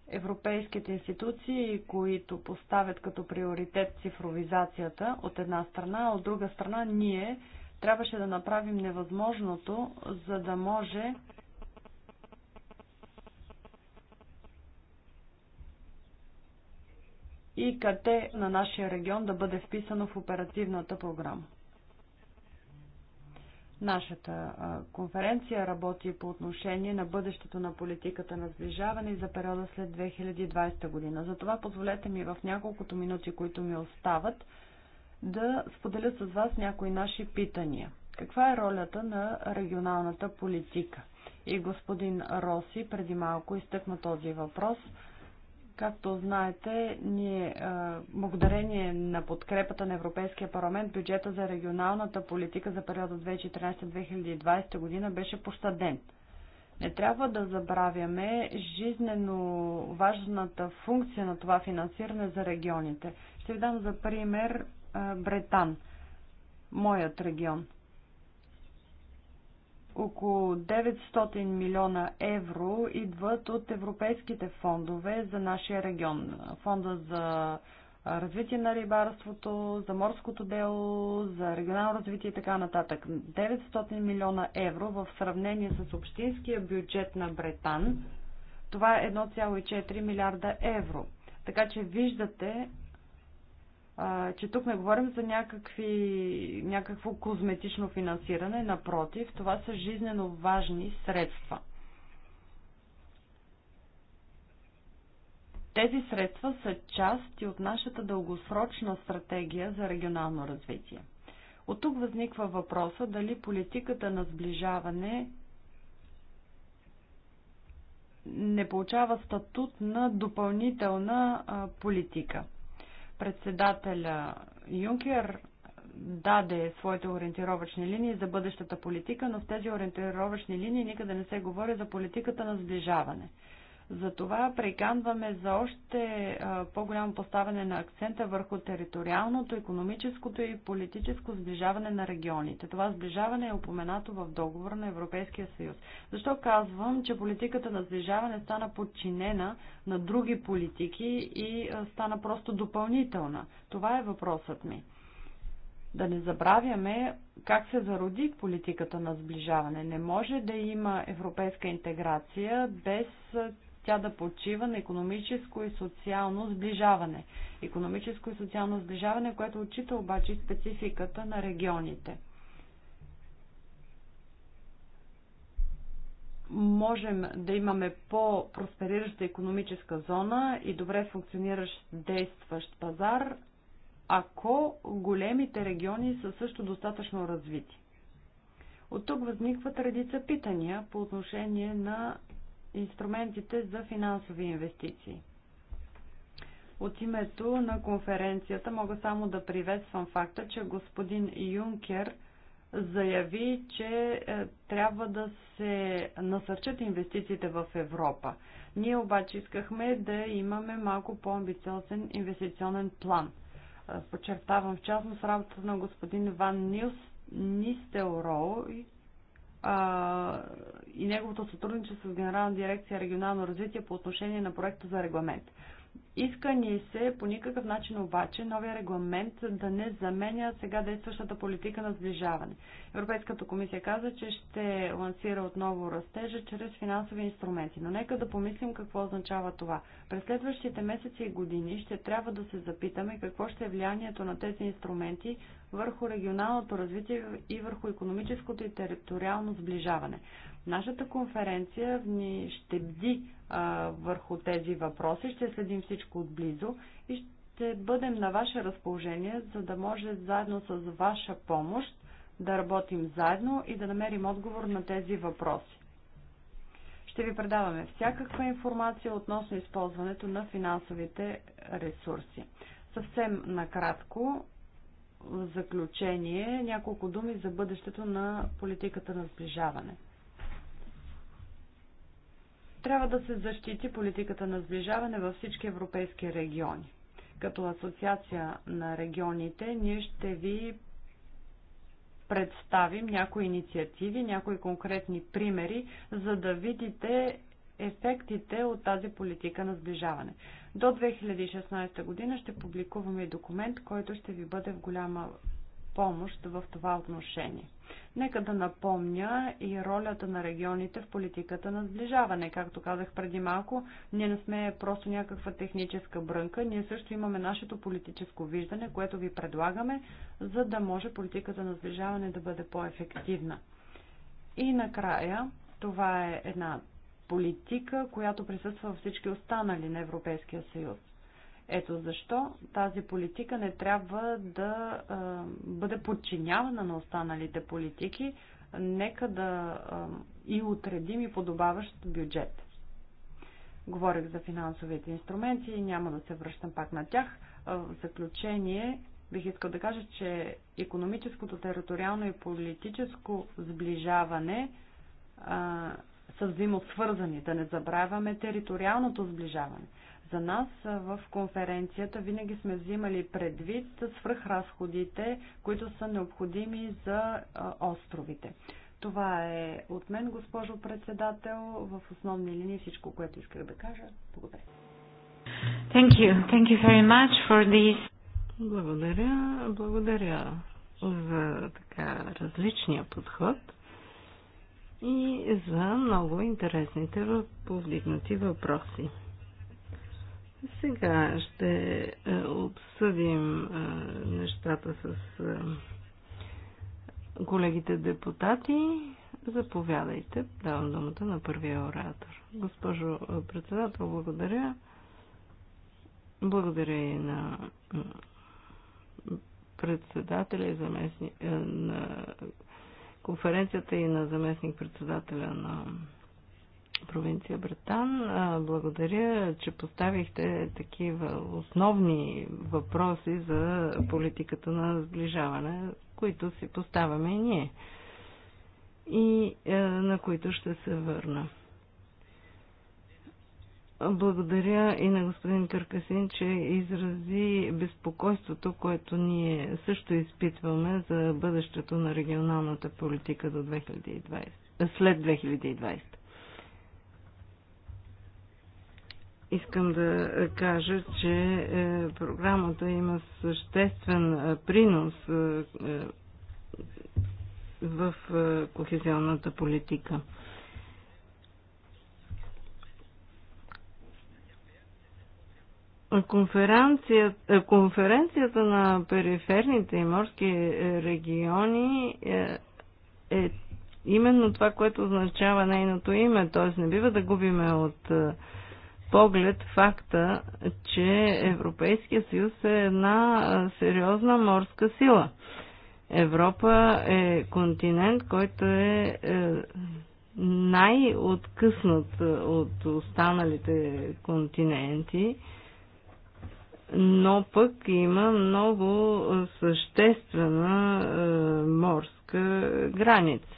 европейските институции, които поставят като приоритет цифровизацията от една страна, а от друга страна ние трябваше да направим невъзможното, за да може и къде на нашия регион да бъде вписано в оперативната програма. Нашата конференция работи по отношение на бъдещето на политиката на сближаване за периода след 2020 година. Затова позволете ми в няколкото минути, които ми остават, да споделя с вас някои наши питания. Каква е ролята на регионалната политика? И господин Роси преди малко изтъкна този въпрос – Както знаете, ние, е, благодарение на подкрепата на Европейския парламент, бюджета за регионалната политика за периода 2014-2020 година беше пощаден. Не трябва да забравяме жизнено важната функция на това финансиране за регионите. Ще ви дам за пример е, Бретан, моят регион – около 900 милиона евро идват от европейските фондове за нашия регион. Фонда за развитие на рибарството, за морското дело, за регионално развитие и така нататък. 900 милиона евро в сравнение с общинския бюджет на Бретан. Това е 1,4 милиарда евро. Така че виждате че тук не говорим за някакви, някакво козметично финансиране, напротив, това са жизнено важни средства. Тези средства са част и от нашата дългосрочна стратегия за регионално развитие. От тук възниква въпроса дали политиката на сближаване не получава статут на допълнителна политика – Председателя Юнкер даде своите ориентировъчни линии за бъдещата политика, но в тези ориентировъчни линии никъде не се говори за политиката на сближаване. Затова приканваме за още по-голямо поставяне на акцента върху териториалното, економическото и политическо сближаване на регионите. Това сближаване е упоменато в договор на Европейския съюз. Защо казвам, че политиката на сближаване стана подчинена на други политики и стана просто допълнителна? Това е въпросът ми. Да не забравяме как се зароди политиката на сближаване. Не може да има европейска интеграция без тя да почива на економическо и социално сближаване. Економическо и социално сближаване, което отчита обаче спецификата на регионите. можем да имаме по-просперираща економическа зона и добре функциониращ действащ пазар, ако големите региони са също достатъчно развити. От тук възникват редица питания по отношение на инструментите за финансови инвестиции. От името на конференцията мога само да приветствам факта, че господин Юнкер заяви, че е, трябва да се насърчат инвестициите в Европа. Ние обаче искахме да имаме малко по-амбициозен инвестиционен план. Е, подчертавам в частност работата на господин Ван Нилс Нистелроу а, и неговото сътрудничество с Генерална дирекция регионално развитие по отношение на проекта за регламент. Иска ни се по никакъв начин обаче новия регламент да не заменя сега действащата политика на сближаване. Европейската комисия каза, че ще лансира отново растежа чрез финансови инструменти, но нека да помислим какво означава това. През следващите месеци и години ще трябва да се запитаме какво ще е влиянието на тези инструменти върху регионалното развитие и върху економическото и териториално сближаване. Нашата конференция ни ще бди а, върху тези въпроси, ще следим всичко отблизо и ще бъдем на ваше разположение, за да може заедно с ваша помощ да работим заедно и да намерим отговор на тези въпроси. Ще ви предаваме всякаква информация относно използването на финансовите ресурси. Съвсем накратко, в заключение, няколко думи за бъдещето на политиката на сближаване. Трябва да се защити политиката на сближаване във всички европейски региони. Като асоциация на регионите ние ще ви представим някои инициативи, някои конкретни примери, за да видите ефектите от тази политика на сближаване. До 2016 година ще публикуваме и документ, който ще ви бъде в голяма помощ в това отношение. Нека да напомня и ролята на регионите в политиката на сближаване. Както казах преди малко, ние не сме просто някаква техническа брънка, ние също имаме нашето политическо виждане, което ви предлагаме, за да може политиката на сближаване да бъде по-ефективна. И накрая, това е една политика, която присъства във всички останали на Европейския съюз. Ето защо тази политика не трябва да а, бъде подчинявана на останалите политики. Нека да а, и отредим и подобаващ бюджет. Говорих за финансовите инструменти и няма да се връщам пак на тях. В заключение бих искал да кажа, че економическото, териториално и политическо сближаване а, са взаимосвързани. Да не забравяме териториалното сближаване. За нас в конференцията винаги сме взимали предвид свръхразходите, които са необходими за островите. Това е от мен, госпожо председател. В основни линии всичко, което исках да кажа. Благодаря. Thank you. Thank you very much for this. Благодаря. Благодаря за така различния подход и за много интересните повдигнати въпроси. Сега ще е, обсъдим е, нещата с е, колегите депутати. Заповядайте. Давам думата на първия оратор. Госпожо председател, благодаря. Благодаря и на председателя и заместник, на конференцията и на заместник председателя на провинция Братан. Благодаря, че поставихте такива основни въпроси за политиката на сближаване, които си поставяме и ние и е, на които ще се върна. Благодаря и на господин Къркасин, че изрази безпокойството, което ние също изпитваме за бъдещето на регионалната политика до 2020, след 2020. Искам да кажа, че е, програмата има съществен е, принос е, в кохезионната политика. Конференцията, конференцията на периферните и морски региони е, е именно това, което означава нейното име, т.е. не бива да губиме от поглед факта, че Европейския съюз е една сериозна морска сила. Европа е континент, който е, е най-откъснат е, от останалите континенти, но пък има много съществена е, морска граница.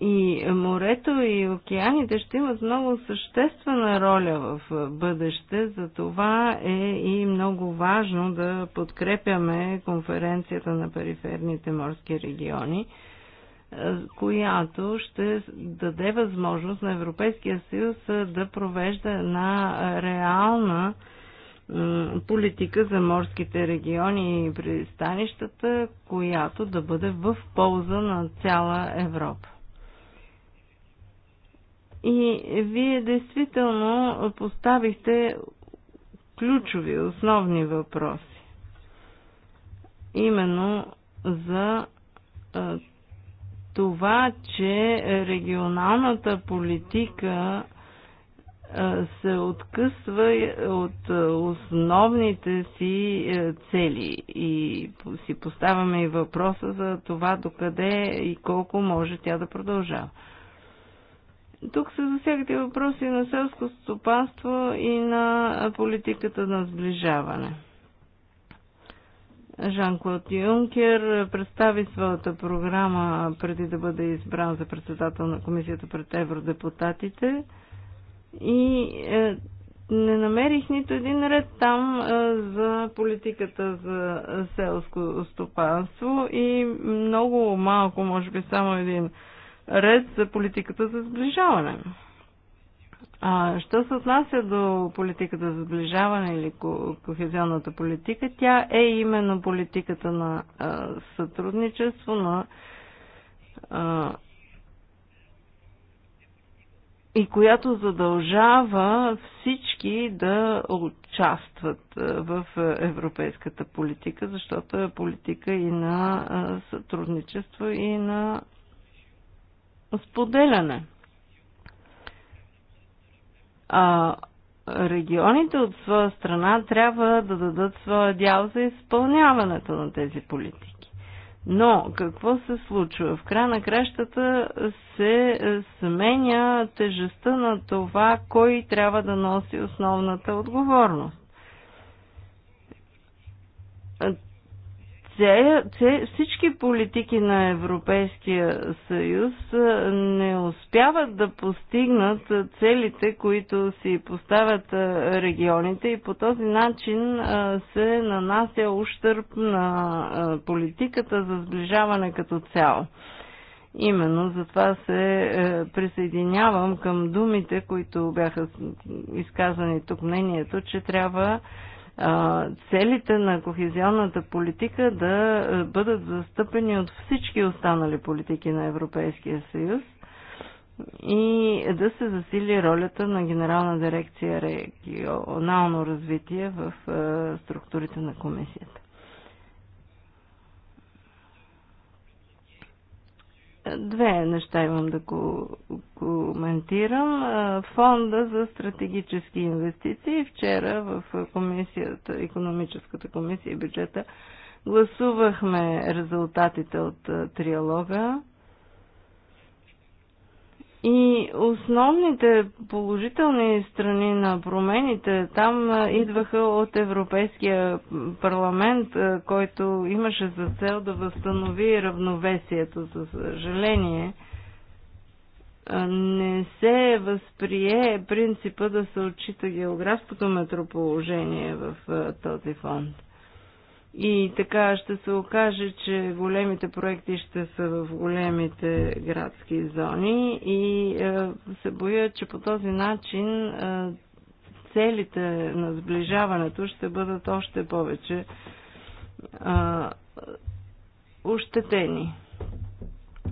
И морето и океаните ще имат много съществена роля в бъдеще, за това е и много важно да подкрепяме конференцията на периферните морски региони, която ще даде възможност на Европейския съюз да провежда една реална политика за морските региони и пристанищата, която да бъде в полза на цяла Европа. И вие действително поставихте ключови, основни въпроси. Именно за това, че регионалната политика се откъсва от основните си цели и си поставяме и въпроса за това докъде и колко може тя да продължава. Тук се засягате въпроси на селско стопанство и на политиката на сближаване. Жан-Клод Юнкер представи своята програма преди да бъде избран за председател на комисията пред евродепутатите и е, не намерих нито един ред там е, за политиката за селско стопанство и много малко, може би само един ред за политиката за сближаване. А, що се отнася до политиката за сближаване или ко- кохезионната политика, тя е именно политиката на а, сътрудничество, на а, и която задължава всички да участват в европейската политика, защото е политика и на сътрудничество, и на споделяне. А регионите от своя страна трябва да дадат своя дял за изпълняването на тези политики. Но какво се случва? В края на кращата се е, сменя тежестта на това, кой трябва да носи основната отговорност всички политики на Европейския съюз не успяват да постигнат целите, които си поставят регионите и по този начин се нанася ущърп на политиката за сближаване като цяло. Именно затова се е, присъединявам към думите, които бяха изказани тук мнението, че трябва целите на кохезионната политика да бъдат застъпени от всички останали политики на Европейския съюз и да се засили ролята на Генерална дирекция регионално развитие в структурите на комисията. Две неща имам да ко- коментирам. Фонда за стратегически инвестиции. Вчера в комисията, економическата комисия и бюджета гласувахме резултатите от триалога. И основните положителни страни на промените там идваха от Европейския парламент, който имаше за цел да възстанови равновесието. За съжаление, не се възприе принципа да се отчита географското метроположение в този фонд. И така ще се окаже, че големите проекти ще са в големите градски зони и е, се боя, че по този начин е, целите на сближаването ще бъдат още повече е, ощетени.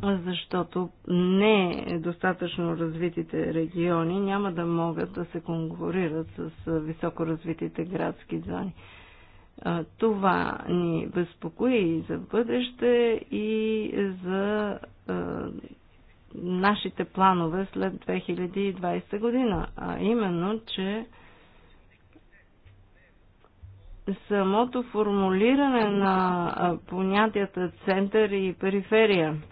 Защото не достатъчно развитите региони няма да могат да се конкурират с високо развитите градски зони. Това ни безпокои и за бъдеще, и за нашите планове след 2020 година, а именно, че самото формулиране на понятията център и периферия.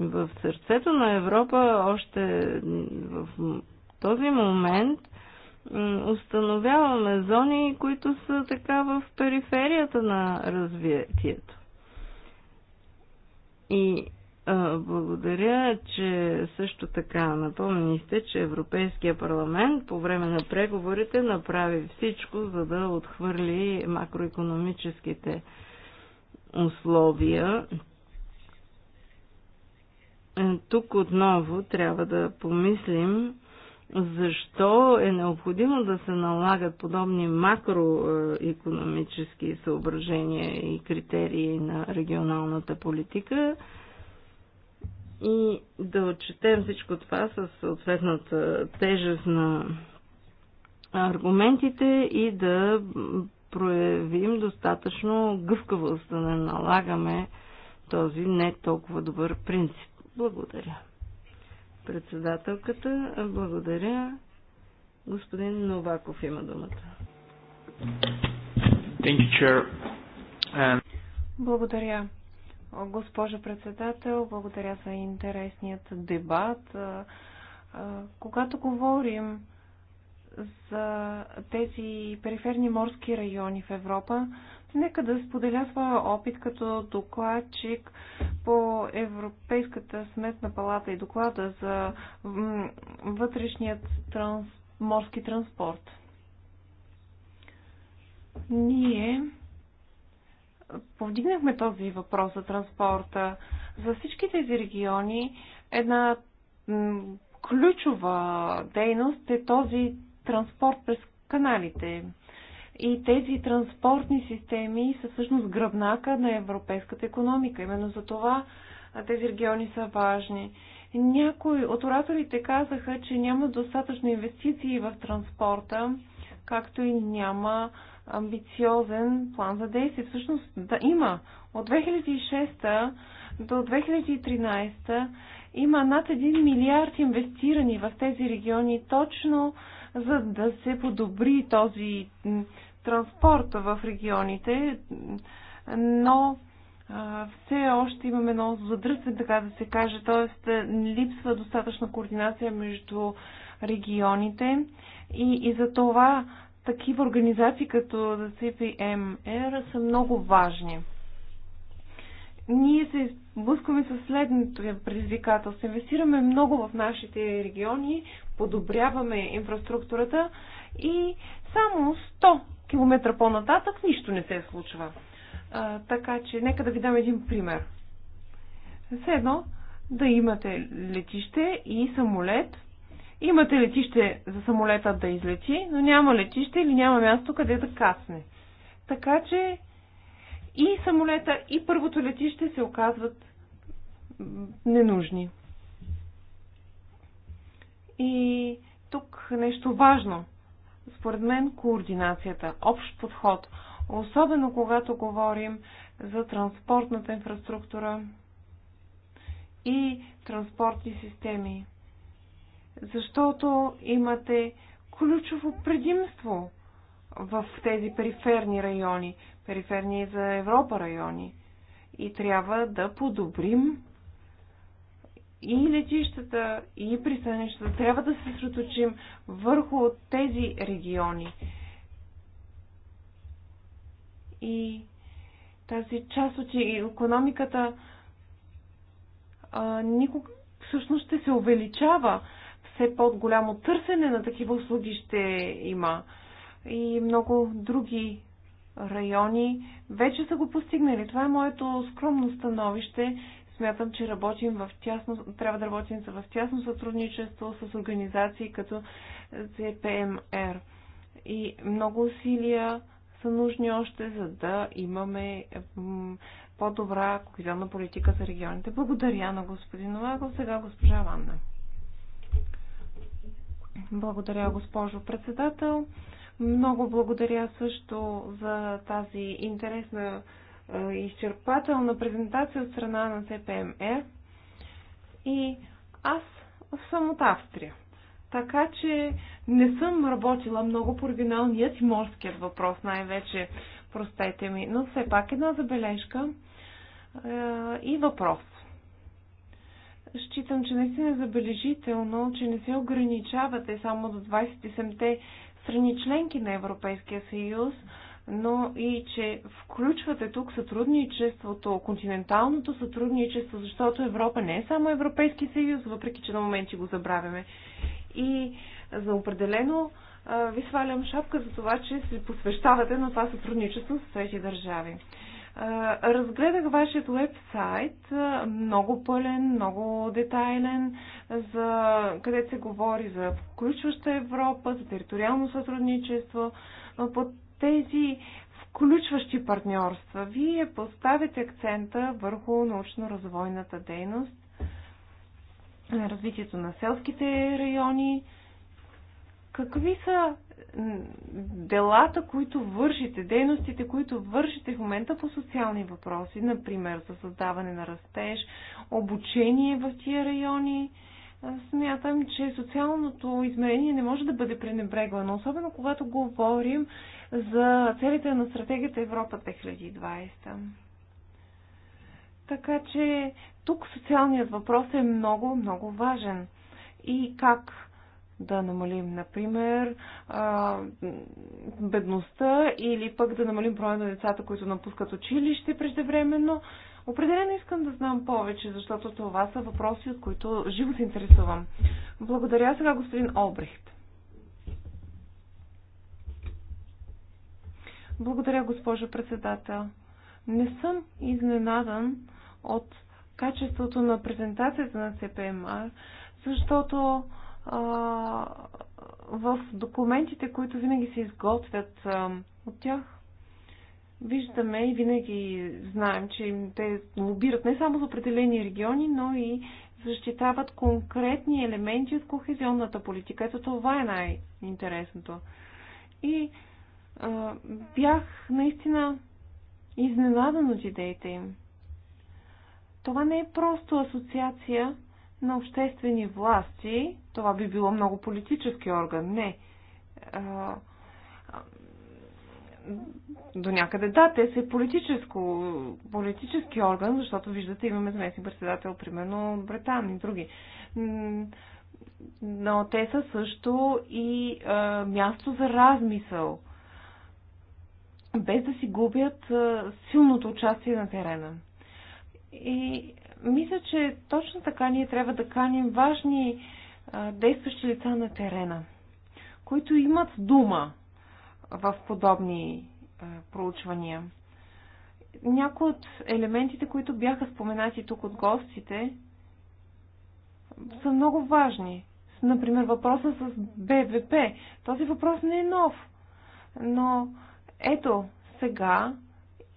В сърцето на Европа още в този момент установяваме зони, които са така в периферията на развитието. И а, благодаря, че също така напомнихте, че Европейския парламент по време на преговорите направи всичко, за да отхвърли макроекономическите условия. Тук отново трябва да помислим защо е необходимо да се налагат подобни макроекономически съображения и критерии на регионалната политика и да отчетем всичко това с съответната тежест на аргументите и да проявим достатъчно гъвкавост, да не налагаме този не толкова добър принцип. Благодаря. Председателката, благодаря. Господин Новаков има думата. Благодаря. Госпожо председател, благодаря за интересният дебат. Когато говорим за тези периферни морски райони в Европа, Нека да споделя своя опит като докладчик по Европейската сметна палата и доклада за вътрешният транс... морски транспорт. Ние повдигнахме този въпрос за транспорта. За всички тези региони една ключова дейност е този транспорт през каналите. И тези транспортни системи са всъщност гръбнака на европейската економика. Именно за това тези региони са важни. Някои от ораторите казаха, че няма достатъчно инвестиции в транспорта, както и няма амбициозен план за действие. Всъщност да има. От 2006 до 2013 има над 1 милиард инвестирани в тези региони точно за да се подобри този транспорт в регионите, но все още имаме много задръстен, така да се каже, т.е. липсва достатъчна координация между регионите и, и за това такива организации като CPMR са много важни ние се блъскваме със следното предизвикателство. Инвестираме много в нашите региони, подобряваме инфраструктурата и само 100 км по-нататък нищо не се случва. А, така че, нека да ви дам един пример. Все едно да имате летище и самолет. Имате летище за самолета да излети, но няма летище или няма място къде да касне. Така че и самолета, и първото летище се оказват ненужни. И тук нещо важно. Според мен координацията, общ подход, особено когато говорим за транспортната инфраструктура и транспортни системи. Защото имате ключово предимство в тези периферни райони периферни за Европа райони. И трябва да подобрим и летищата, и пристанищата. Трябва да се съсредоточим върху тези региони. И тази част от економиката а, никога всъщност ще се увеличава. Все по-голямо търсене на такива услуги ще има. И много други райони вече са го постигнали. Това е моето скромно становище. Смятам, че работим в тясно, трябва да работим в тясно сътрудничество с организации като CPMR. И много усилия са нужни още, за да имаме по-добра кохезионна политика за регионите. Благодаря на господин Новаков. Сега госпожа Ванна. Благодаря, госпожо председател. Много благодаря също за тази интересна и изчерпателна презентация от страна на ЦПМЕ. И аз съм от Австрия. Така че не съм работила много по оригиналният и морският въпрос, най-вече, простете ми. Но все пак една забележка е, и въпрос. Считам, че наистина е забележително, че не се ограничавате само до 27-те страни членки на Европейския съюз, но и че включвате тук сътрудничеството, континенталното сътрудничество, защото Европа не е само Европейски съюз, въпреки че на моменти го забравяме. И за определено ви свалям шапка за това, че се посвещавате на това сътрудничество с трети държави. Разгледах вашият вебсайт, много пълен, много детайлен, за, където се говори за включваща Европа, за териториално сътрудничество. но Под тези включващи партньорства, вие поставите акцента върху научно-развойната дейност, развитието на селските райони. Какви са делата, които вършите, дейностите, които вършите в момента по социални въпроси, например за създаване на растеж, обучение в тия райони. Смятам, че социалното измерение не може да бъде пренебрегвано, особено когато говорим за целите на стратегията Европа 2020. Така че тук социалният въпрос е много, много важен. И как да намалим, например, бедността или пък да намалим броя на децата, които напускат училище преждевременно. Определено искам да знам повече, защото това са въпроси, от които живо се интересувам. Благодаря сега господин Обрехт. Благодаря, госпожо председател. Не съм изненадан от качеството на презентацията на ЦПМА, защото в документите, които винаги се изготвят от тях, виждаме и винаги знаем, че те лобират не само за определени региони, но и защитават конкретни елементи от кохезионната политика. Ето това е най-интересното. И а, бях наистина изненадан от идеите им. Това не е просто асоциация на обществени власти, това би било много политически орган. Не. А, до някъде да, те са политическо, политически орган, защото виждате, имаме заместни председател, примерно Британ и други. Но те са също и а, място за размисъл, без да си губят а, силното участие на терена. И мисля, че точно така ние трябва да каним важни действащи лица на терена, които имат дума в подобни проучвания. Някои от елементите, които бяха споменати тук от гостите, са много важни. Например, въпроса с БВП. Този въпрос не е нов. Но ето, сега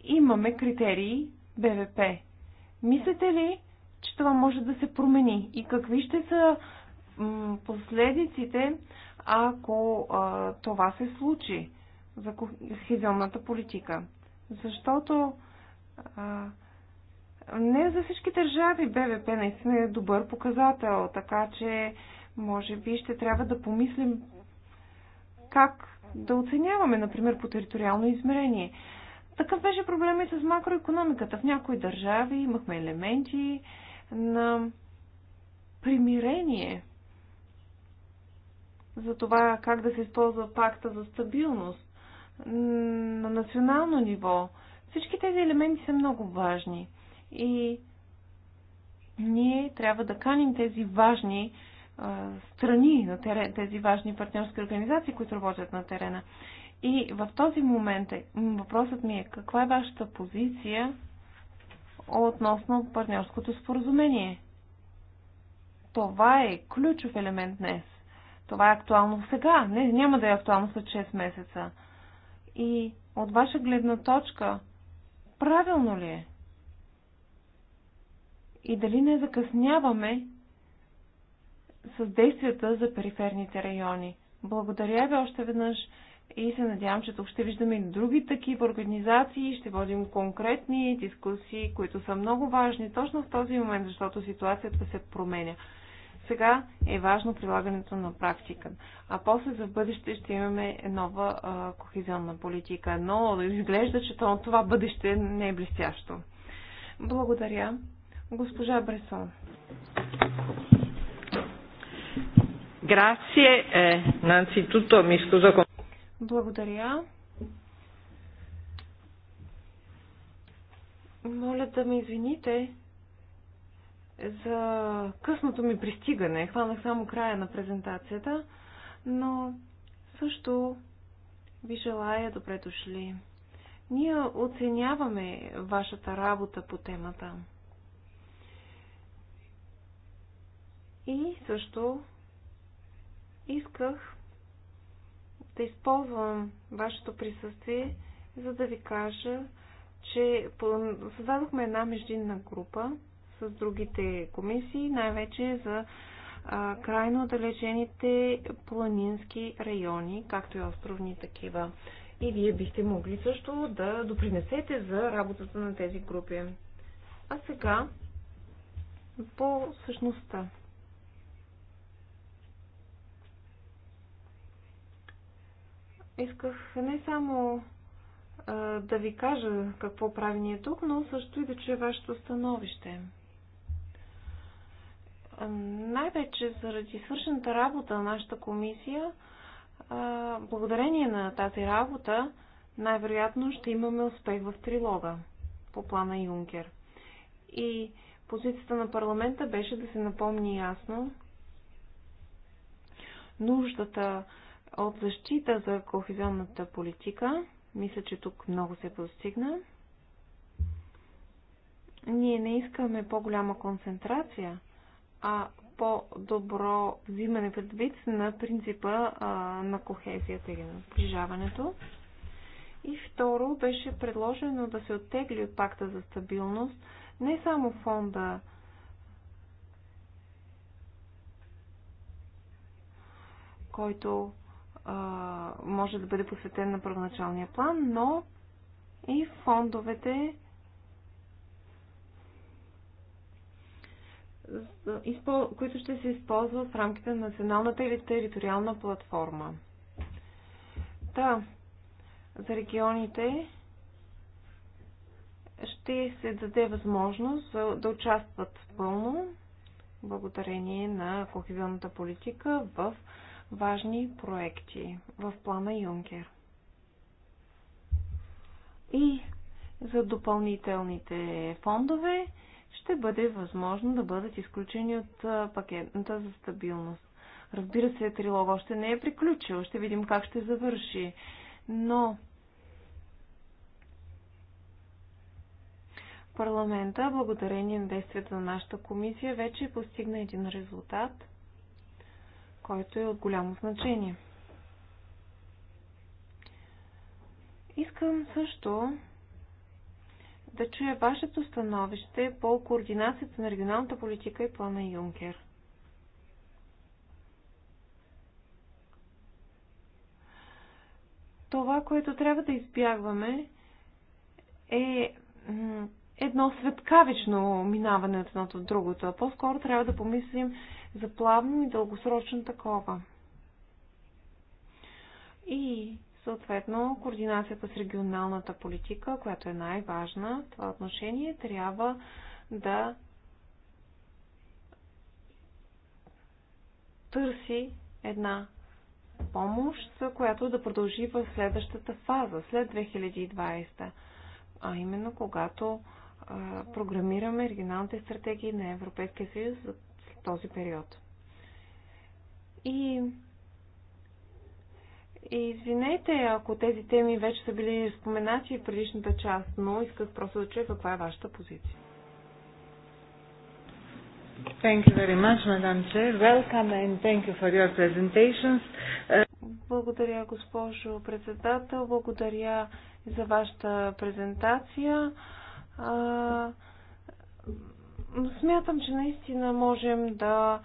имаме критерии БВП Мислите ли, че това може да се промени и какви ще са последиците, ако а, това се случи за хизионната политика? Защото а, не за всички държави БВП наистина е добър показател, така че може би ще трябва да помислим как да оценяваме, например, по териториално измерение. Такъв беше проблем и с макроекономиката. В някои държави имахме елементи на примирение за това как да се използва пакта за стабилност на национално ниво. Всички тези елементи са много важни и ние трябва да каним тези важни страни на терен, тези важни партньорски организации, които работят на терена. И в този момент е, въпросът ми е каква е вашата позиция относно партньорското споразумение? Това е ключов елемент днес. Това е актуално сега. Не, няма да е актуално след 6 месеца. И от ваша гледна точка, правилно ли е? И дали не закъсняваме с действията за периферните райони? Благодаря ви още веднъж и се надявам, че тук ще виждаме и други такива организации, ще водим конкретни дискусии, които са много важни точно в този момент, защото ситуацията се променя. Сега е важно прилагането на практика, а после за бъдеще ще имаме нова а, кохезионна политика, но изглежда, че то, това бъдеще не е блестящо. Благодаря. Госпожа Бресон. Grazie, eh, innanzitutto mi scuso con... Благодаря. Моля да ме извините за късното ми пристигане. Хванах само края на презентацията, но също ви желая добре дошли. Ние оценяваме вашата работа по темата. И също исках да използвам вашето присъствие, за да ви кажа, че създадохме една междинна група с другите комисии, най-вече за а, крайно отдалечените планински райони, както и островни такива. И вие бихте могли също да допринесете за работата на тези групи. А сега по същността. Исках не само а, да ви кажа какво прави ние тук, но също и да чуя вашето становище. Най-вече заради свършената работа на нашата комисия, а, благодарение на тази работа, най-вероятно ще имаме успех в трилога по плана Юнкер. И позицията на парламента беше да се напомни ясно нуждата от защита за кохезионната политика. Мисля, че тук много се постигна. Ние не искаме по-голяма концентрация, а по-добро взимане предвид на принципа а, на кохезията и на сближаването. И второ, беше предложено да се оттегли от пакта за стабилност не само фонда който може да бъде посветен на първоначалния план, но и фондовете които ще се използват в рамките на националната или териториална платформа. Та за регионите ще се даде възможност да участват пълно благодарение на кохезионната политика в важни проекти в плана Юнкер. И за допълнителните фондове ще бъде възможно да бъдат изключени от пакетната за стабилност. Разбира се, трилог още не е приключил. Ще видим как ще завърши. Но парламента, благодарение на действията на нашата комисия, вече постигна един резултат – който е от голямо значение. Искам също да чуя вашето становище по координацията на регионалната политика и плана Юнкер. Това, което трябва да избягваме е едно светкавично минаване от едното от другото, а по-скоро трябва да помислим за плавно и дългосрочно такова. И съответно координацията с регионалната политика, която е най-важна в това отношение, трябва да търси една помощ, която да продължи в следващата фаза, след 2020, а именно когато а, програмираме регионалните стратегии на Европейския съюз за този период. И, и извинете, ако тези теми вече са били споменати в предишната част, но исках просто да чуя каква е вашата позиция. Thank you very much, Madam Chair. Welcome and thank you for your presentations. Благодаря, госпожо председател. Благодаря за вашата презентация смятам, че наистина можем да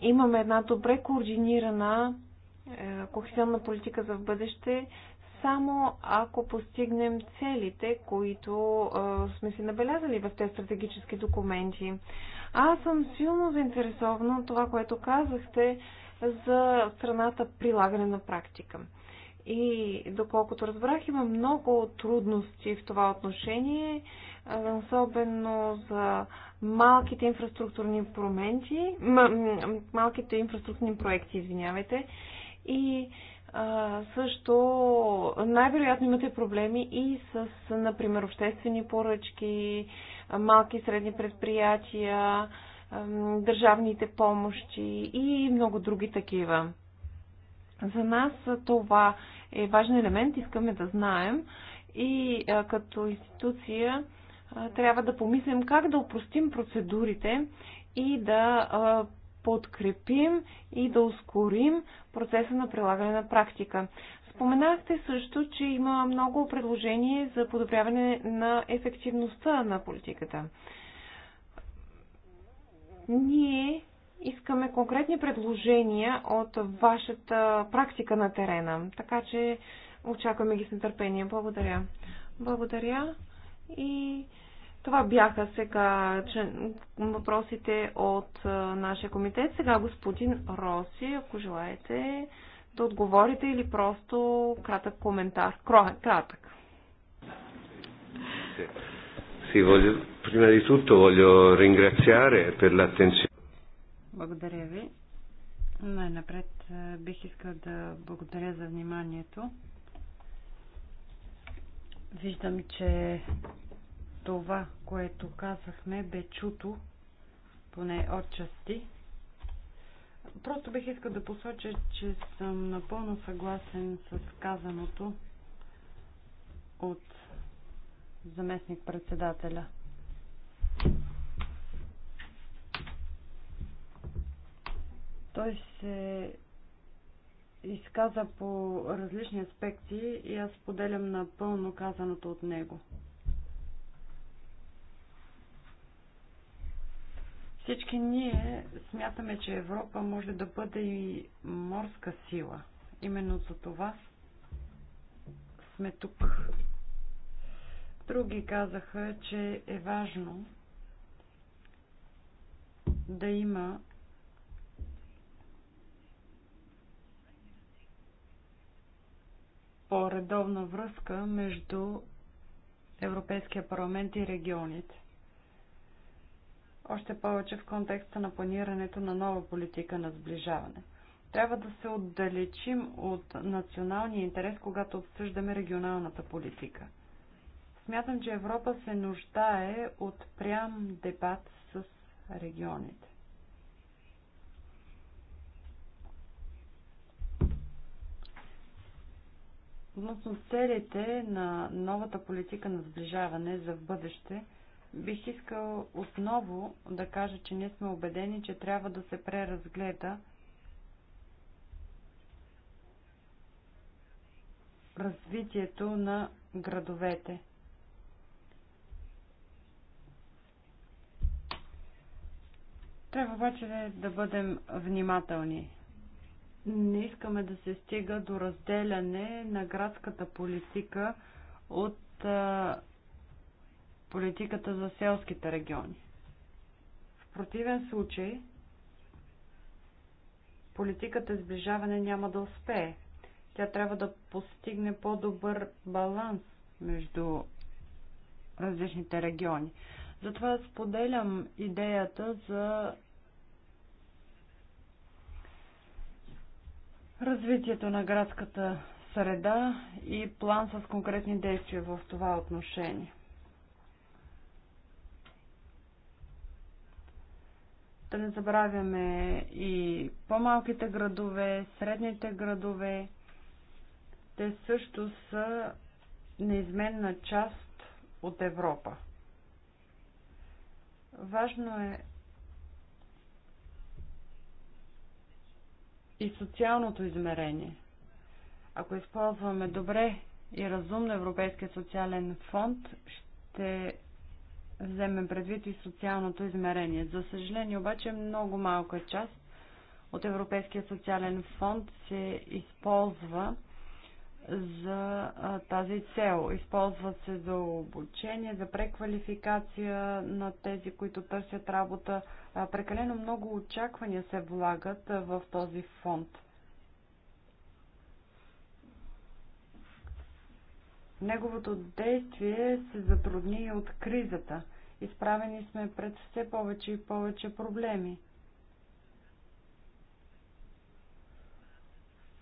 имаме една добре координирана е, кохезионна политика за в бъдеще, само ако постигнем целите, които е, сме си набелязали в тези стратегически документи. Аз съм силно заинтересована от това, което казахте за страната прилагане на практика. И доколкото разбрах, има много трудности в това отношение, особено за малките инфраструктурни променти, малките инфраструктурни проекти, извинявайте. И а, също най-вероятно имате проблеми и с, например, обществени поръчки, малки и средни предприятия, държавните помощи и много други такива. За нас това е важен елемент, искаме да знаем и а, като институция а, трябва да помислим как да упростим процедурите и да а, подкрепим и да ускорим процеса на прилагане на практика. Споменахте също, че има много предложения за подобряване на ефективността на политиката. Ние искаме конкретни предложения от вашата практика на терена. Така че очакваме ги с нетърпение. Благодаря. Благодаря. И това бяха сега въпросите от нашия комитет. Сега господин Роси, ако желаете да отговорите или просто кратък коментар. Кратък. Sì, voglio, prima di tutto voglio ringraziare per l'attenzione. Благодаря ви. Най-напред бих искал да благодаря за вниманието. Виждам, че това, което казахме, бе чуто, поне отчасти. Просто бих искал да посоча, че съм напълно съгласен с казаното от заместник-председателя. Той се изказа по различни аспекти и аз поделям напълно казаното от него. Всички ние смятаме, че Европа може да бъде и морска сила. Именно за това сме тук. Други казаха, че е важно да има по-редовна връзка между Европейския парламент и регионите. Още повече в контекста на планирането на нова политика на сближаване. Трябва да се отдалечим от националния интерес, когато обсъждаме регионалната политика. Смятам, че Европа се нуждае от прям дебат с регионите. Относно целите на новата политика на сближаване за в бъдеще, бих искал отново да кажа, че ние сме убедени, че трябва да се преразгледа развитието на градовете. Трябва обаче да бъдем внимателни не искаме да се стига до разделяне на градската политика от политиката за селските региони. В противен случай политиката сближаване няма да успее. Тя трябва да постигне по-добър баланс между различните региони. Затова споделям идеята за развитието на градската среда и план с конкретни действия в това отношение. Да не забравяме и по-малките градове, средните градове. Те също са неизменна част от Европа. Важно е и социалното измерение. Ако използваме добре и разумно Европейския социален фонд, ще вземем предвид и социалното измерение. За съжаление обаче много малка част от Европейския социален фонд се използва за а, тази цел. Използват се за обучение, за преквалификация на тези, които търсят работа. А, прекалено много очаквания се влагат а, в този фонд. Неговото действие се затрудни от кризата. Изправени сме пред все повече и повече проблеми.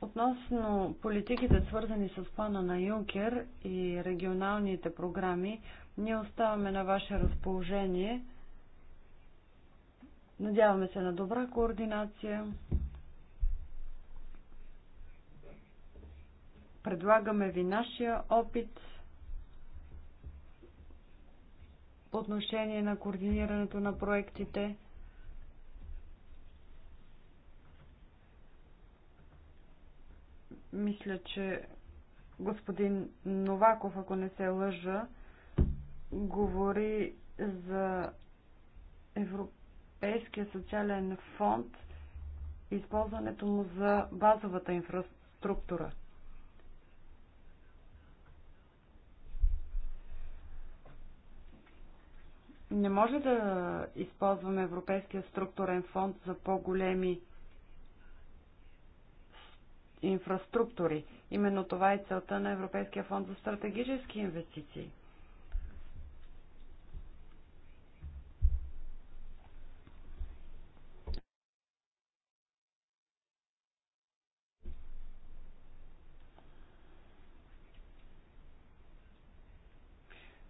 Относно политиките, свързани с плана на Юнкер и регионалните програми, ние оставаме на ваше разположение. Надяваме се на добра координация. Предлагаме ви нашия опит по отношение на координирането на проектите. Мисля, че господин Новаков, ако не се лъжа, говори за Европейския социален фонд и използването му за базовата инфраструктура. Не може да използваме Европейския структурен фонд за по-големи инфраструктури. Именно това е целта на Европейския фонд за стратегически инвестиции.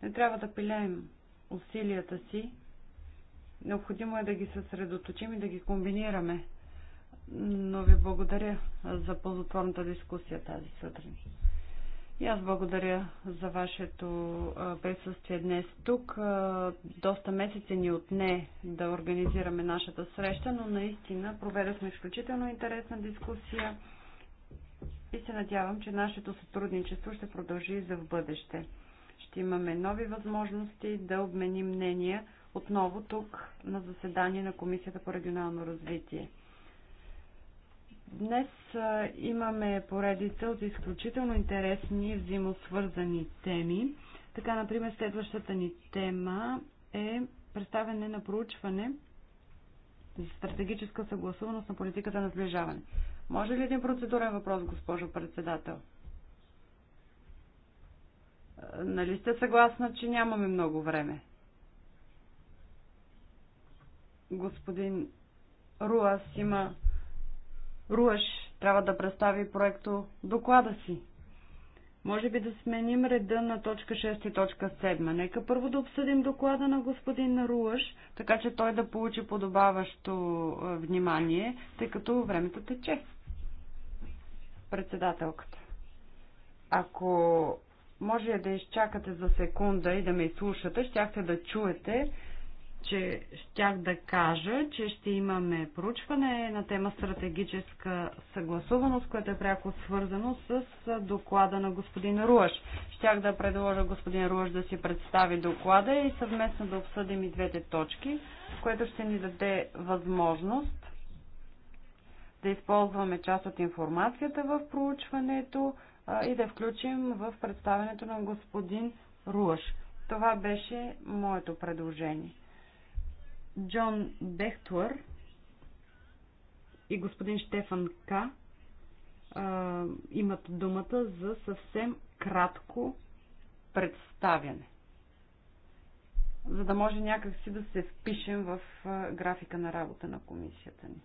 Не трябва да пилеем усилията си. Необходимо е да ги съсредоточим и да ги комбинираме но ви благодаря за ползотворната дискусия тази сутрин. И аз благодаря за вашето присъствие днес тук. Доста месеци ни отне да организираме нашата среща, но наистина проведохме изключително интересна дискусия и се надявам, че нашето сътрудничество ще продължи и за в бъдеще. Ще имаме нови възможности да обменим мнения отново тук на заседание на Комисията по регионално развитие. Днес имаме поредица от изключително интересни взаимосвързани теми. Така, например, следващата ни тема е представяне на проучване за стратегическа съгласуваност на политиката на сближаване. Може ли един процедурен въпрос, госпожо председател? Нали сте съгласна, че нямаме много време? Господин Руас има Руаш трябва да представи проекто доклада си. Може би да сменим реда на точка 6 и точка 7. Нека първо да обсъдим доклада на господин Руаш, така че той да получи подобаващо е, внимание, тъй като времето тече. Председателката. Ако може да изчакате за секунда и да ме изслушате, щяхте да чуете, че щях да кажа, че ще имаме проучване на тема стратегическа съгласуваност, което е пряко свързано с доклада на господин Руаш. Щях да предложа господин Руаш да си представи доклада и съвместно да обсъдим и двете точки, което ще ни даде възможност да използваме част от информацията в проучването и да включим в представенето на господин Руаш. Това беше моето предложение. Джон Бехтуър и господин Штефан К. А, имат думата за съвсем кратко представяне, за да може някакси да се впишем в графика на работа на комисията ни.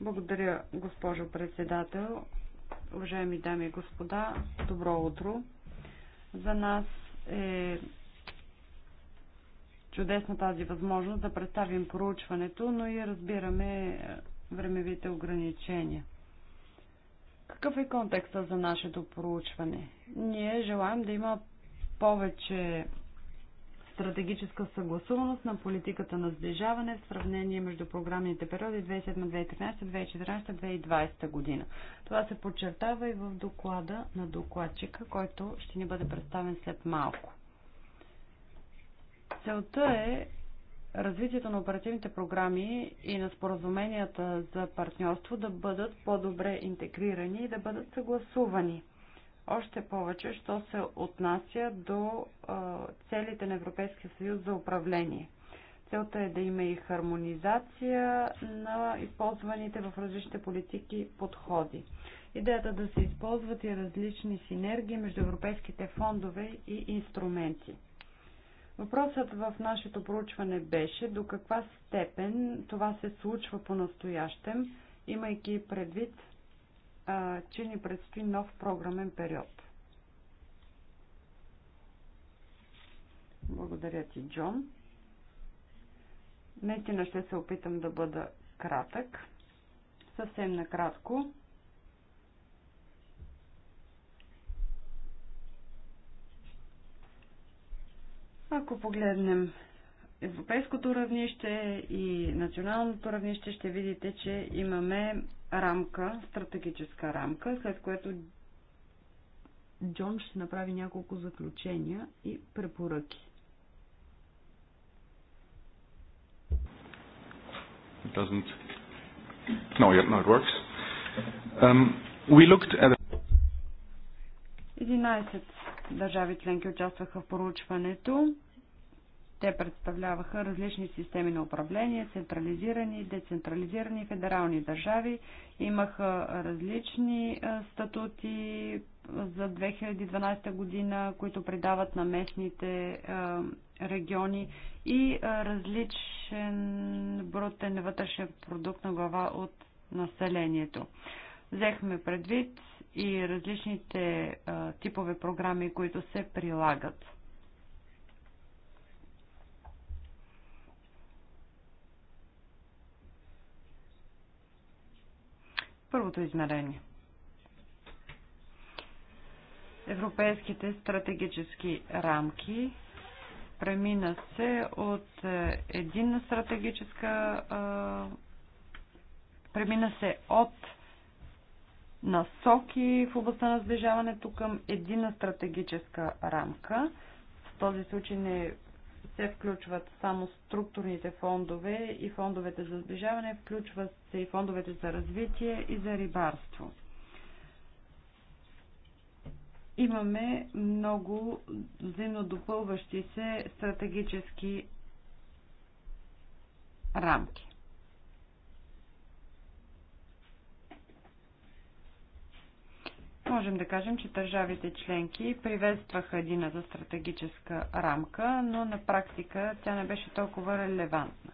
Благодаря, госпожо председател. Уважаеми дами и господа, добро утро. За нас е чудесна тази възможност да представим проучването, но и разбираме е, времевите ограничения. Какъв е контекста за нашето проучване? Ние желаем да има повече стратегическа съгласуваност на политиката на сближаване в сравнение между програмните периоди 2007-2013, 2014-2020 година. Това се подчертава и в доклада на докладчика, който ще ни бъде представен след малко. Целта е развитието на оперативните програми и на споразуменията за партньорство да бъдат по-добре интегрирани и да бъдат съгласувани. Още повече, що се отнася до целите на Европейския съюз за управление. Целта е да има и хармонизация на използваните в различните политики подходи. Идеята да се използват и различни синергии между европейските фондове и инструменти. Въпросът в нашето проучване беше до каква степен това се случва по-настоящем, имайки предвид, а, че ни предстои нов програмен период. Благодаря ти, Джон. Наистина ще се опитам да бъда кратък. Съвсем накратко Ако погледнем европейското равнище и националното равнище, ще видите, че имаме рамка, стратегическа рамка, след което Джон ще направи няколко заключения и препоръки. It doesn't. No, yet no, it works. Um, we looked at. 11 държави членки участваха в проучването. Те представляваха различни системи на управление, централизирани, децентрализирани федерални държави. Имаха различни статути за 2012 година, които придават на местните региони и различен брутен вътрешен продукт на глава от населението. Взехме предвид и различните а, типове програми, които се прилагат. Първото измерение. Европейските стратегически рамки премина се от единна стратегическа премина се от насоки в областта на сближаването към едина стратегическа рамка. В този случай не се включват само структурните фондове и фондовете за сближаване, включват се и фондовете за развитие и за рибарство. Имаме много взаимно допълващи се стратегически рамки. Можем да кажем, че държавите членки приветстваха за стратегическа рамка, но на практика тя не беше толкова релевантна.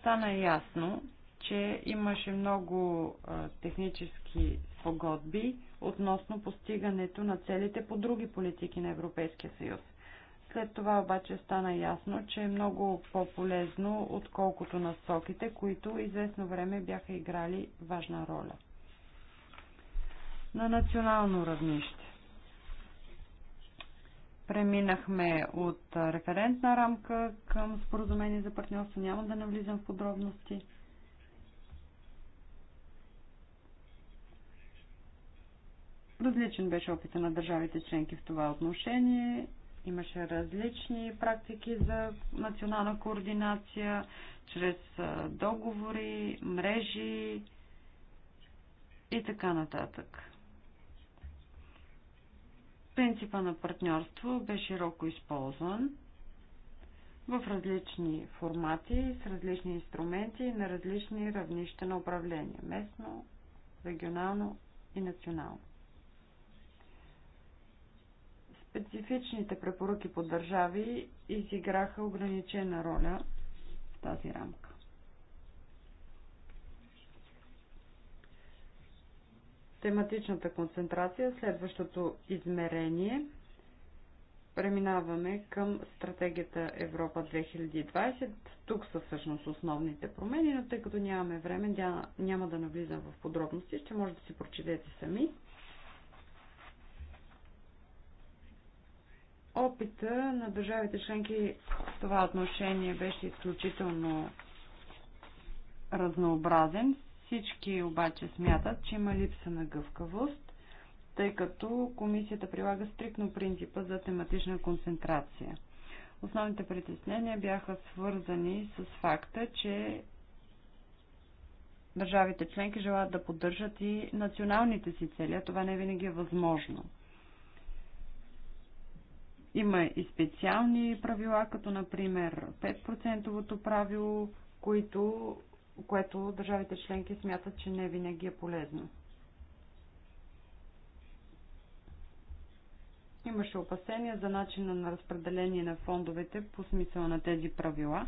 Стана ясно, че имаше много технически погодби относно постигането на целите по други политики на Европейския съюз. След това обаче стана ясно, че е много по-полезно, отколкото насоките, които известно време бяха играли важна роля на национално равнище. Преминахме от референтна рамка към споразумение за партньорство. Няма да навлизам в подробности. Различен беше опита на държавите членки в това отношение. Имаше различни практики за национална координация, чрез договори, мрежи и така нататък. Принципа на партньорство бе широко използван в различни формати, с различни инструменти и на различни равнища на управление – местно, регионално и национално. Специфичните препоръки по държави изиграха ограничена роля в тази рамка. Тематичната концентрация, следващото измерение. Преминаваме към стратегията Европа 2020. Тук са всъщност основните промени, но тъй като нямаме време, няма да навлизам в подробности, ще може да си прочетете сами. Опита на държавите членки в това отношение беше изключително разнообразен. Всички обаче смятат, че има липса на гъвкавост, тъй като комисията прилага стрикно принципа за тематична концентрация. Основните притеснения бяха свързани с факта, че държавите членки желаят да поддържат и националните си цели, а това не винаги е възможно. Има и специални правила, като например 5 правило, които което държавите членки смятат, че не винаги е полезно. Имаше опасения за начина на разпределение на фондовете по смисъла на тези правила.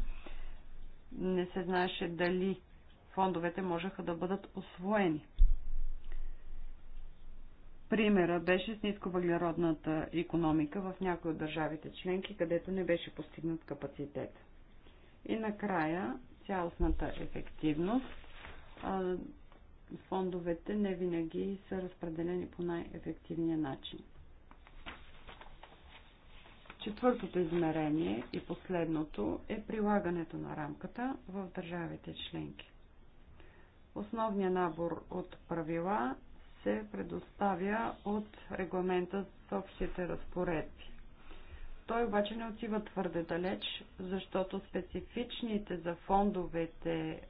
Не се знаеше дали фондовете можеха да бъдат освоени. Примера беше с нисковъглеродната економика в някои от държавите членки, където не беше постигнат капацитет. И накрая цялостната ефективност. Фондовете не винаги са разпределени по най-ефективния начин. Четвъртото измерение и последното е прилагането на рамката в държавите членки. Основният набор от правила се предоставя от регламента с общите разпоредби. Той обаче не отива твърде далеч, защото специфичните за фондовете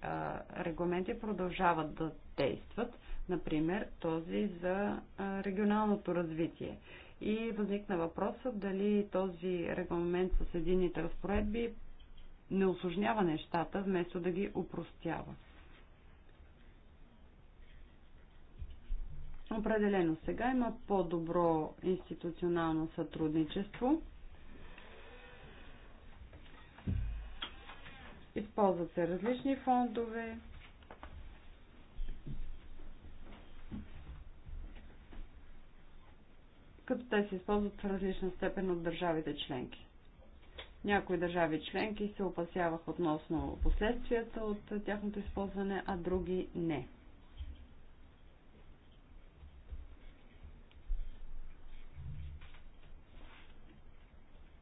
регламенти продължават да действат, например този за регионалното развитие. И възникна въпроса дали този регламент с едините разпоредби не осложнява нещата, вместо да ги упростява. Определено сега има по-добро институционално сътрудничество Използват се различни фондове. като те се използват в различна степен от държавите членки. Някои държави членки се опасявах относно последствията от тяхното използване, а други не.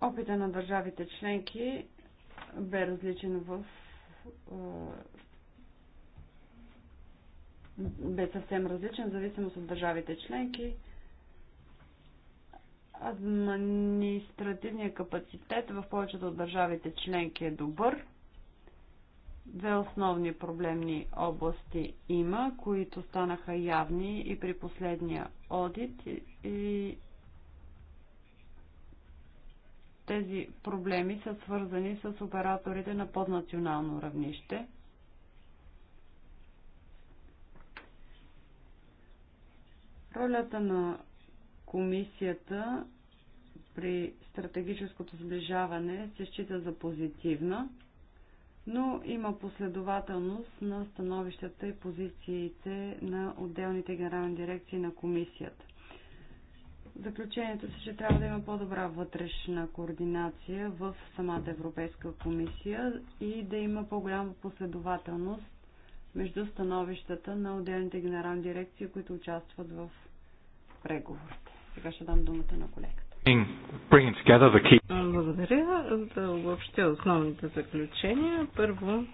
Опита на държавите членки бе различен в бе съвсем различен в зависимост от държавите членки. Административният капацитет в повечето от държавите членки е добър. Две основни проблемни области има, които станаха явни и при последния одит и тези проблеми са свързани с операторите на поднационално равнище. Ролята на комисията при стратегическото сближаване се счита за позитивна, но има последователност на становищата и позициите на отделните генерални дирекции на комисията. Заключението си, че трябва да има по-добра вътрешна координация в самата Европейска комисия и да има по-голяма последователност между становищата на отделните генерални дирекции, които участват в преговорите. Сега ще дам думата на колегата. Благодаря за да основните заключения. Първо,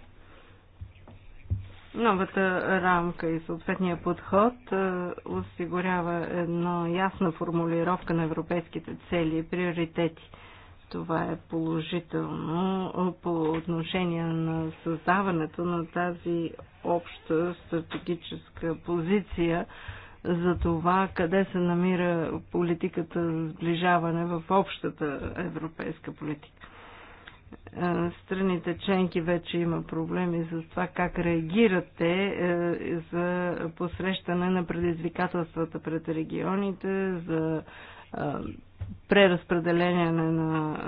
Новата рамка и съответния подход е, осигурява едно ясна формулировка на европейските цели и приоритети. Това е положително е, по отношение на създаването на тази обща стратегическа позиция за това къде се намира политиката за сближаване в общата европейска политика страните членки вече има проблеми за това как реагирате е, за посрещане на предизвикателствата пред регионите, за преразпределение на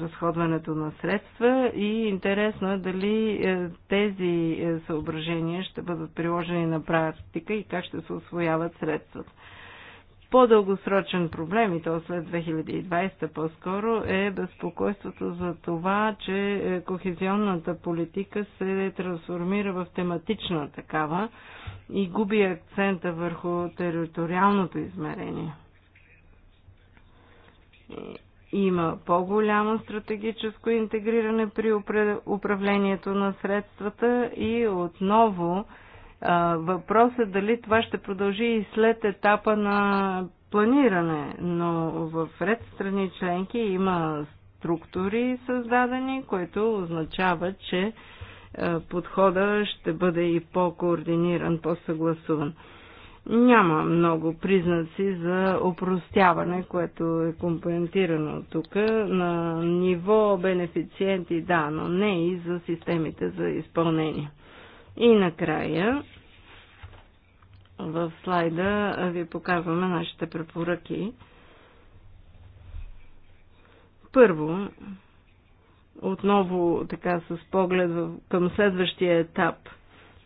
разходването на средства и интересно е дали е, тези е, съображения ще бъдат приложени на практика и как ще се освояват средствата по-дългосрочен проблем, и то след 2020 по-скоро, е безпокойството за това, че е, кохезионната политика се трансформира в тематична такава и губи акцента върху териториалното измерение. Има по-голямо стратегическо интегриране при управлението на средствата и отново Въпросът е дали това ще продължи и след етапа на планиране, но в ред страни членки има структури създадени, което означава, че подхода ще бъде и по-координиран, по-съгласуван. Няма много признаци за опростяване, което е компонентирано тук на ниво бенефициенти, да, но не и за системите за изпълнение. И накрая в слайда ви показваме нашите препоръки. Първо, отново така с поглед към следващия етап –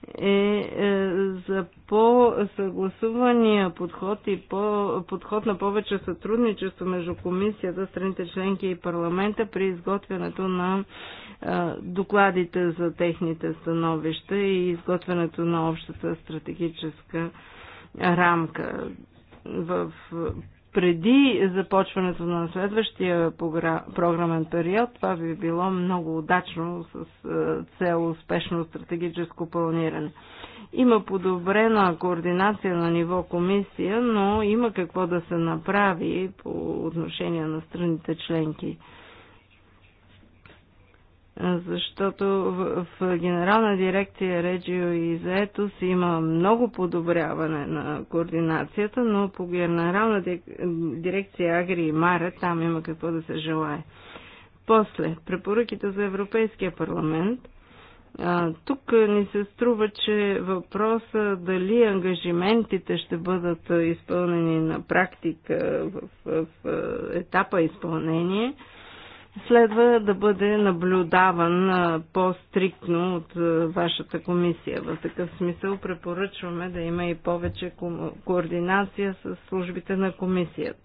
е, е за по-съгласувания подход и по подход на повече сътрудничество между комисията, страните членки и парламента при изготвянето на докладите за техните становища и изготвянето на общата стратегическа рамка в преди започването на следващия програмен период. Това би било много удачно с е, цел успешно стратегическо планиране. Има подобрена координация на ниво комисия, но има какво да се направи по отношение на страните членки защото в, в Генерална дирекция Реджио и Заетос има много подобряване на координацията, но по Генерална дирекция Агри и Мара там има какво да се желае. После, препоръките за Европейския парламент. А, тук ни се струва, че въпроса дали ангажиментите ще бъдат изпълнени на практика в, в, в етапа изпълнение – следва да бъде наблюдаван по-стриктно от вашата комисия. В такъв смисъл препоръчваме да има и повече ко- координация с службите на комисията.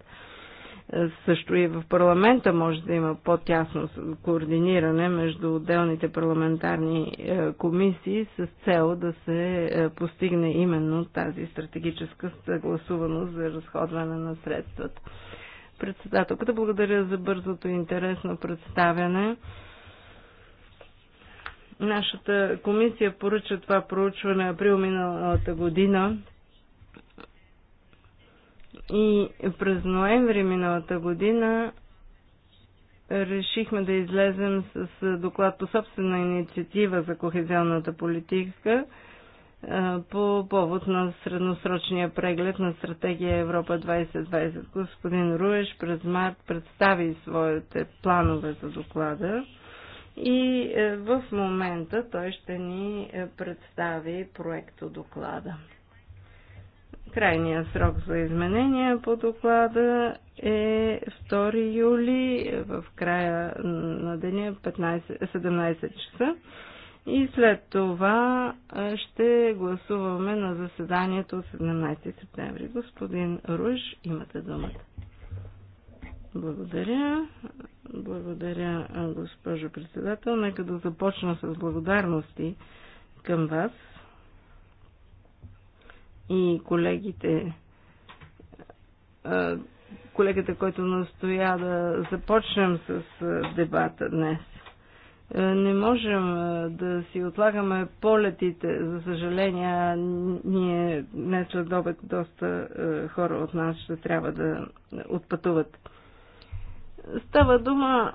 Също и в парламента може да има по-тясно координиране между отделните парламентарни комисии с цел да се постигне именно тази стратегическа съгласуваност за разходване на средствата. Председателката, благодаря за бързото и интересно представяне. Нашата комисия поръча това проучване април миналата година и през ноември миналата година решихме да излезем с доклад по собствена инициатива за кохезионната политика – по повод на средносрочния преглед на стратегия Европа 2020. Господин Руеш през март представи своите планове за доклада и е, в момента той ще ни е, представи проекто доклада. Крайният срок за изменения по доклада е 2 юли е, в края на деня 15, 17 часа и след това ще гласуваме на заседанието от 17 септември. Господин Руж, имате думата. Благодаря. Благодаря, госпожо председател. Нека да започна с благодарности към вас и колегите, колегата, който настоя да започнем с дебата днес. Е, не можем е, да си отлагаме полетите. За съжаление, ние днес след обед доста е, хора от нас ще трябва да отпътуват. Става дума,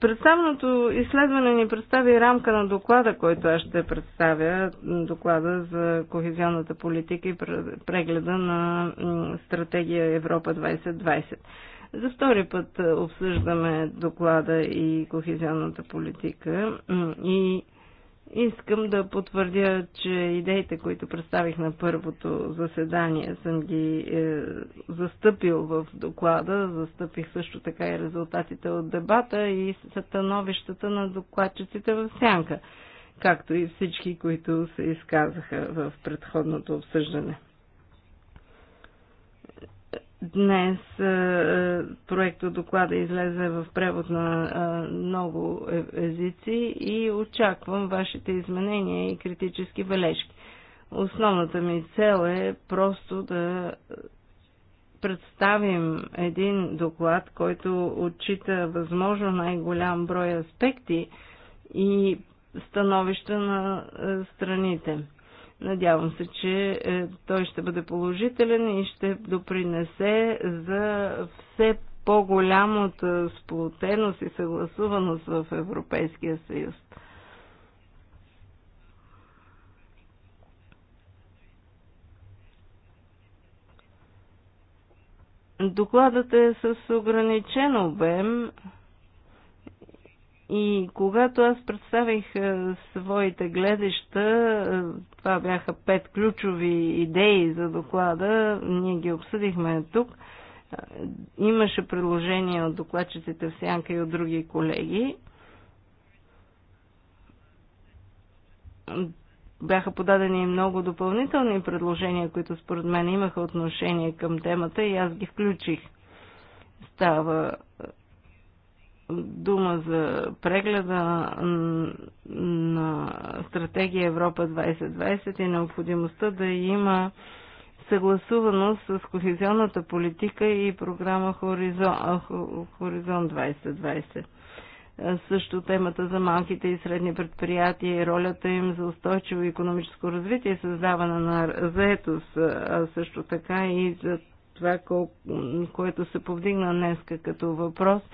представеното изследване ни представи рамка на доклада, който аз ще представя, доклада за кохезионната политика и прегледа на стратегия Европа 2020. За втори път е, обсъждаме доклада и кохезионната политика и искам да потвърдя, че идеите, които представих на първото заседание, съм ги е, застъпил в доклада, застъпих също така и резултатите от дебата и становищата на докладчиците в сянка, както и всички, които се изказаха в предходното обсъждане. Днес е, е, проекто доклада излезе в превод на е, много езици и очаквам вашите изменения и критически бележки. Основната ми цел е просто да представим един доклад, който отчита възможно най-голям брой аспекти и становища на страните. Надявам се, че е, той ще бъде положителен и ще допринесе за все по-голямата сплотеност и съгласуваност в Европейския съюз. Докладът е с ограничен обем, и когато аз представих е, своите гледаща, е, това бяха пет ключови идеи за доклада, ние ги обсъдихме тук. Е, имаше предложения от докладчиците в Сянка и от други колеги. Бяха подадени и много допълнителни предложения, които според мен имаха отношение към темата и аз ги включих. Става дума за прегледа на стратегия Европа 2020 и необходимостта да има съгласуваност с кохезионната политика и програма Хоризонт 2020. Също темата за малките и средни предприятия и ролята им за устойчиво економическо развитие и създаване на заетост, а също така и за това, което се повдигна днеска като въпрос –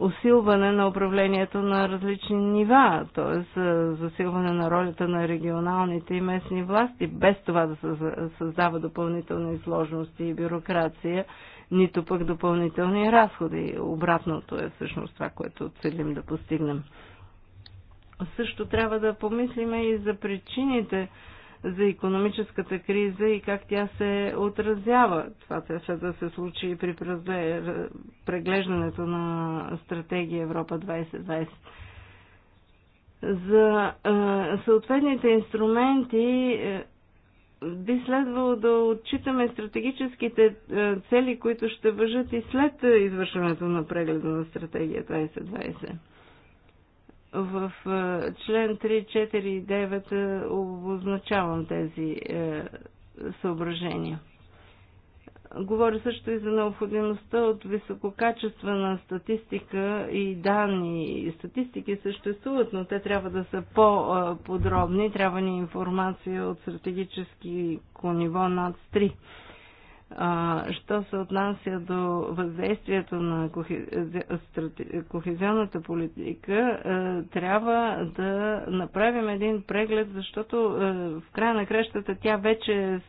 усилване на управлението на различни нива, т.е. Е, засилване на ролята на регионалните и местни власти, без това да създава допълнителни сложности и бюрокрация, нито пък допълнителни разходи. Обратното е всъщност това, което целим да постигнем. Също трябва да помислиме и за причините, за економическата криза и как тя се отразява. Това трябва да се случи и при преглеждането на стратегия Европа 2020. За е, съответните инструменти е, би следвало да отчитаме стратегическите е, цели, които ще въжат и след извършването на прегледа на стратегия 2020. В е, член 3, и 9 обозначавам тези е, съображения. Говори също и за необходимостта от висококачествена статистика и данни. Статистики съществуват, но те трябва да са по-подробни. Е, трябва ни информация от стратегически ниво над 3 що се отнася до въздействието на кохезионната политика, е, трябва да направим един преглед, защото е, в края на крещата тя вече е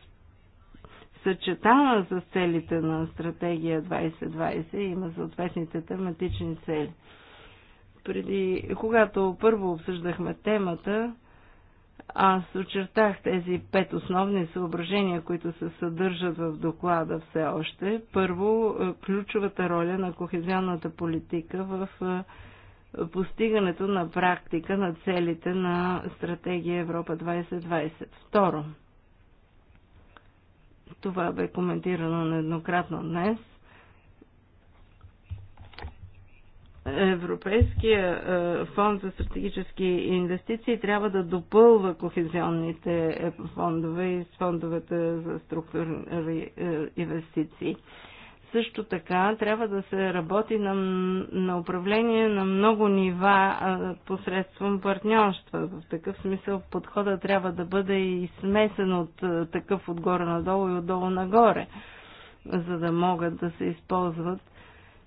съчетана с целите на стратегия 2020 и има съответните тематични цели. Преди, когато първо обсъждахме темата, аз очертах тези пет основни съображения, които се съдържат в доклада все още. Първо, е, ключовата роля на кохезионната политика в е, постигането на практика на целите на стратегия Европа 2020. Второ, това бе коментирано нееднократно днес – Европейския е, фонд за стратегически инвестиции трябва да допълва кохезионните е, фондове и фондовете за структурни е, инвестиции. Също така трябва да се работи на, на управление на много нива посредством партньорства. В такъв смисъл подхода трябва да бъде и смесен от такъв отгоре надолу и отдолу нагоре, за да могат да се използват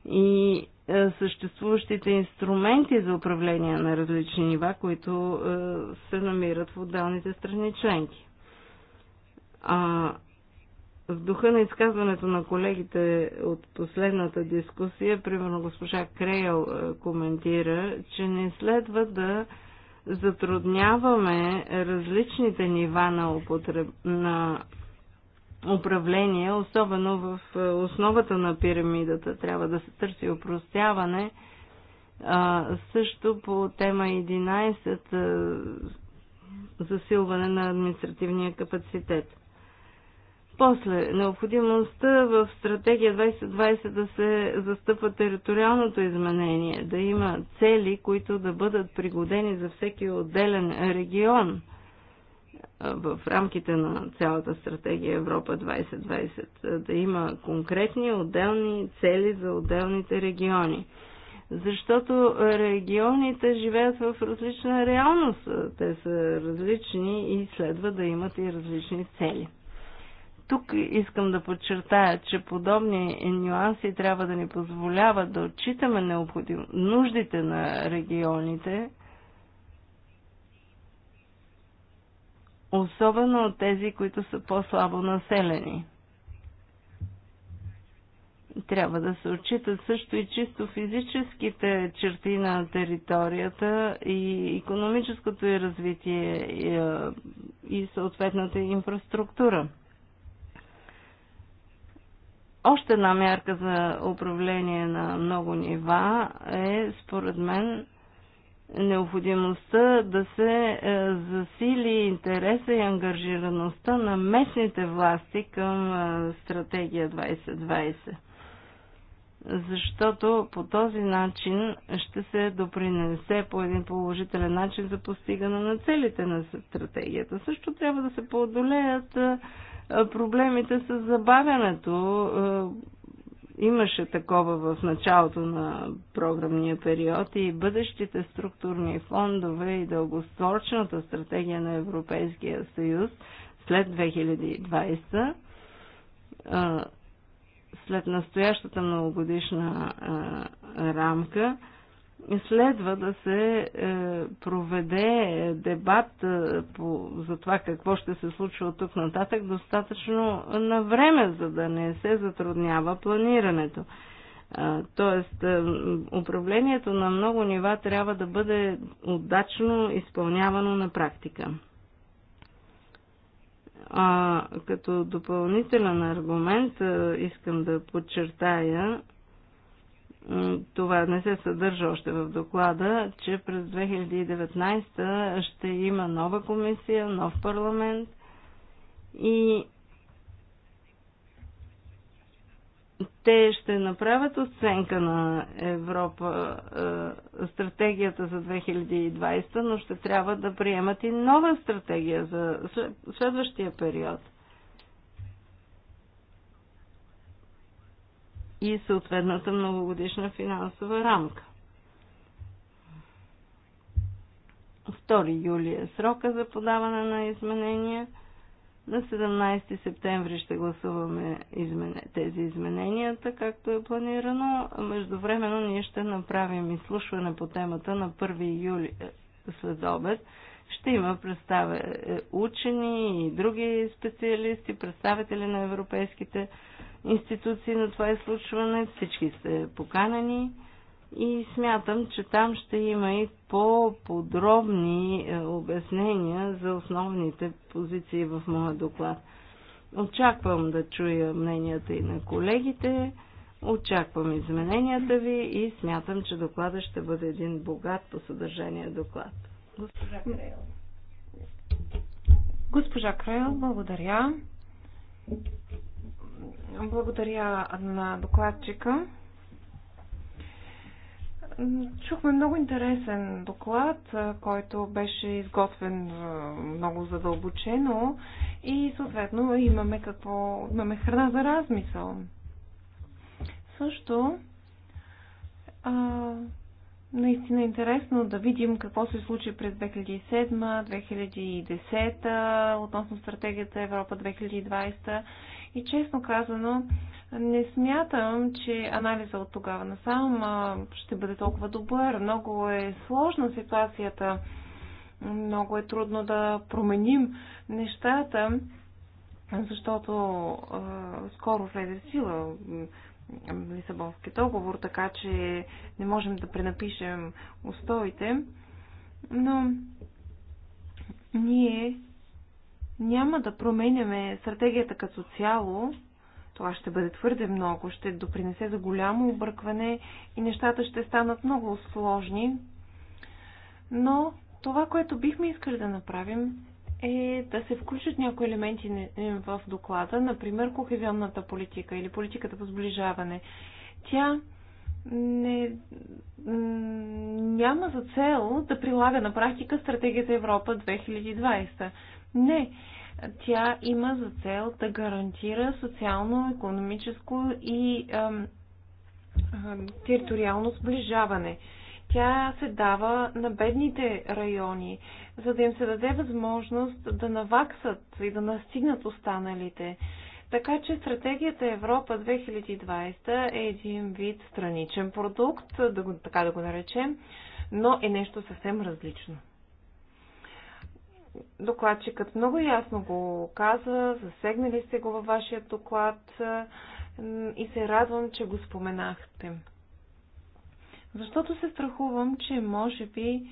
и е, съществуващите инструменти за управление на различни нива, които е, се намират в отделните страни членки. А, в духа на изказването на колегите от последната дискусия, примерно госпожа Крейл е, коментира, че не следва да затрудняваме различните нива на, употреб... на управление, особено в е, основата на пирамидата. Трябва да се търси упростяване. А, също по тема 11 е, засилване на административния капацитет. После, необходимостта в стратегия 2020 да се застъпва териториалното изменение, да има цели, които да бъдат пригодени за всеки отделен регион – в рамките на цялата стратегия Европа 2020 да има конкретни отделни цели за отделните региони. Защото регионите живеят в различна реалност. Те са различни и следва да имат и различни цели. Тук искам да подчертая, че подобни нюанси трябва да ни позволяват да отчитаме необходим... нуждите на регионите, особено от тези, които са по-слабо населени. Трябва да се отчитат също и чисто физическите черти на територията и економическото и развитие и съответната инфраструктура. Още една мярка за управление на много нива е, според мен, необходимостта да се е, засили интереса и ангажираността на местните власти към е, стратегия 2020. Защото по този начин ще се допринесе по един положителен начин за постигане на целите на стратегията. Също трябва да се поодолеят е, проблемите с забавянето имаше такова в началото на програмния период и бъдещите структурни фондове и дългосрочната стратегия на Европейския съюз след 2020, след настоящата многогодишна рамка, следва да се е, проведе дебат е, по, за това какво ще се случва от тук нататък достатъчно на време, за да не се затруднява планирането. Е, тоест, управлението на много нива трябва да бъде отдачно изпълнявано на практика. А, като допълнителен аргумент искам да подчертая, е, това не се съдържа още в доклада, че през 2019 ще има нова комисия, нов парламент и те ще направят оценка на Европа, е, стратегията за 2020, но ще трябва да приемат и нова стратегия за следващия период – и съответната многогодишна финансова рамка. 2 юли е срока за подаване на изменения. На 17 септември ще гласуваме тези изменения, както е планирано. Междувременно ние ще направим изслушване по темата на 1 юли е, след обед. Ще има представя е, учени и други специалисти, представители на европейските институции на това изслушване. Всички сте поканени и смятам, че там ще има и по-подробни е, обяснения за основните позиции в моя доклад. Очаквам да чуя мненията и на колегите, очаквам измененията ви и смятам, че докладът ще бъде един богат по съдържание доклад. Госпожа Крейл. Госпожа Крейл, благодаря. Благодаря на докладчика. Чухме много интересен доклад, който беше изготвен много задълбочено и съответно имаме какво, имаме храна за размисъл. Също а, Наистина е интересно да видим какво се случи през 2007-2010 относно стратегията Европа 2020. И честно казано, не смятам, че анализа от тогава насам ще бъде толкова добър. Много е сложна ситуацията. Много е трудно да променим нещата, защото а, скоро влезе сила Лисабонски договор, така че не можем да пренапишем устоите, но ние няма да променяме стратегията като цяло. Това ще бъде твърде много, ще допринесе за голямо объркване и нещата ще станат много сложни. Но това, което бихме искали да направим, е да се включат някои елементи е, в доклада, например кохезионната политика или политиката по сближаване. Тя не, няма за цел да прилага на практика стратегията Европа 2020. Не, тя има за цел да гарантира социално, економическо и ам, ам, териториално сближаване. Тя се дава на бедните райони, за да им се даде възможност да наваксат и да настигнат останалите. Така че стратегията Европа 2020 е един вид страничен продукт, да го, така да го наречем, но е нещо съвсем различно. Докладчикът много ясно го каза, засегнали сте го във вашия доклад и се радвам, че го споменахте. Защото се страхувам, че може би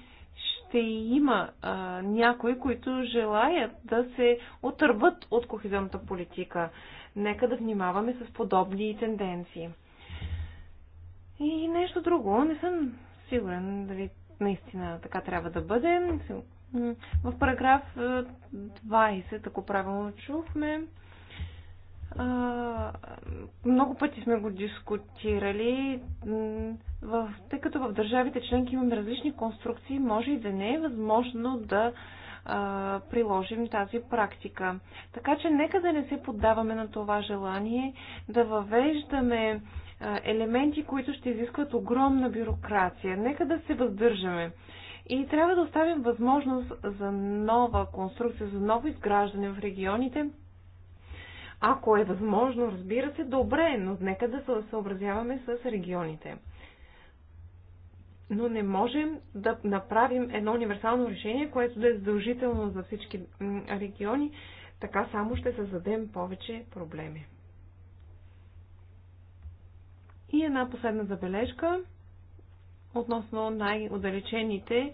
ще има а, някои, които желаят да се отърват от кохезионната политика. Нека да внимаваме с подобни тенденции. И нещо друго, не съм сигурен дали наистина така трябва да бъде. В параграф 20, ако правилно чухме, много пъти сме го дискутирали в, тъй като в държавите членки имаме различни конструкции, може и да не е възможно да а, приложим тази практика. Така че нека да не се поддаваме на това желание да въвеждаме а, елементи, които ще изискват огромна бюрокрация. Нека да се въздържаме. И трябва да оставим възможност за нова конструкция, за ново изграждане в регионите, ако е възможно, разбира се, добре, е, но нека да се съобразяваме с регионите но не можем да направим едно универсално решение, което да е задължително за всички региони. Така само ще създадем повече проблеми. И една последна забележка относно най удалечените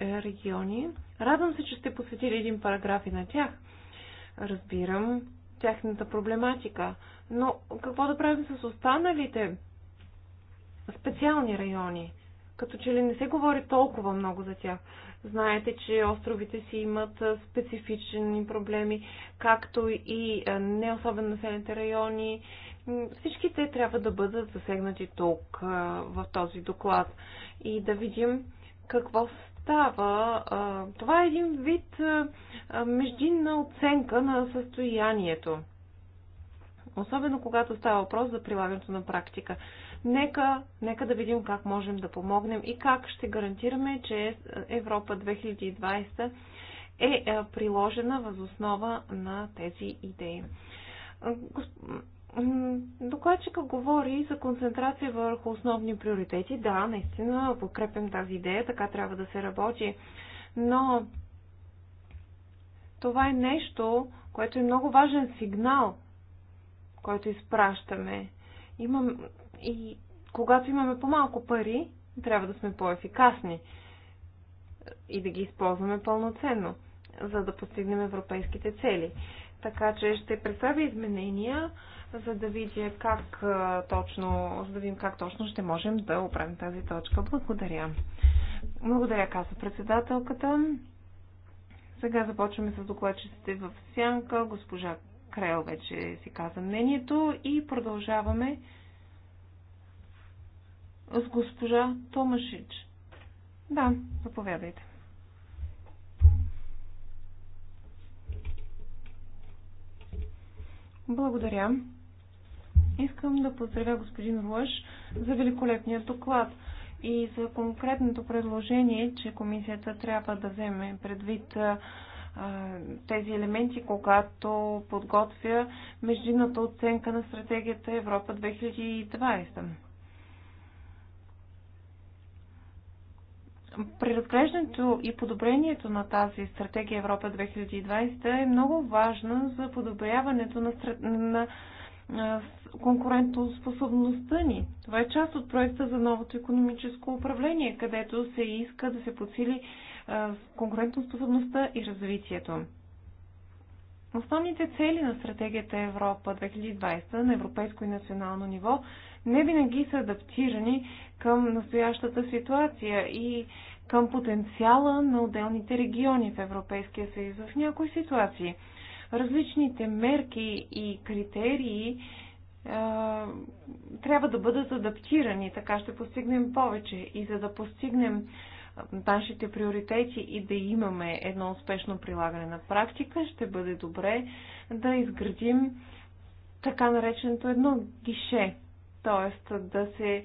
региони. Радвам се, че сте посветили един параграф и на тях. Разбирам тяхната проблематика, но какво да правим с останалите? специални райони. Като че ли не се говори толкова много за тях. Знаете, че островите си имат специфични проблеми, както и не особено населените райони. Всички те трябва да бъдат засегнати тук, в този доклад. И да видим какво става. Това е един вид междинна оценка на състоянието. Особено когато става въпрос за прилагането на практика. Нека, нека да видим как можем да помогнем и как ще гарантираме, че е, Европа 2020 е, е приложена въз основа на тези идеи. Докладчика говори за концентрация върху основни приоритети. Да, наистина подкрепям тази идея, така трябва да се работи. Но това е нещо, което е много важен сигнал, който изпращаме. Имам, и когато имаме по-малко пари, трябва да сме по-ефикасни и да ги използваме пълноценно, за да постигнем европейските цели. Така че ще представя изменения, за да видя как точно, за да видим как точно ще можем да оправим тази точка. Благодаря. Благодаря, каза председателката. Сега започваме с докладчиците в сянка. Госпожа Крел вече си каза мнението и продължаваме с госпожа Томашич. Да, заповядайте. Благодаря. Искам да поздравя господин Руаш за великолепния доклад и за конкретното предложение, че комисията трябва да вземе предвид тези елементи, когато подготвя междинната оценка на стратегията Европа 2020. разглеждането и подобрението на тази стратегия Европа 2020 е много важна за подобряването на, стра... на конкурентоспособността ни. Това е част от проекта за новото економическо управление, където се иска да се подсили конкурентоспособността и развитието. Основните цели на стратегията Европа 2020 на европейско и национално ниво не винаги са адаптирани към настоящата ситуация и към потенциала на отделните региони в Европейския съюз в някои ситуации. Различните мерки и критерии трябва да бъдат адаптирани, така ще постигнем повече. И за да постигнем нашите приоритети и да имаме едно успешно прилагане на практика, ще бъде добре да изградим така нареченото едно гише т.е. да се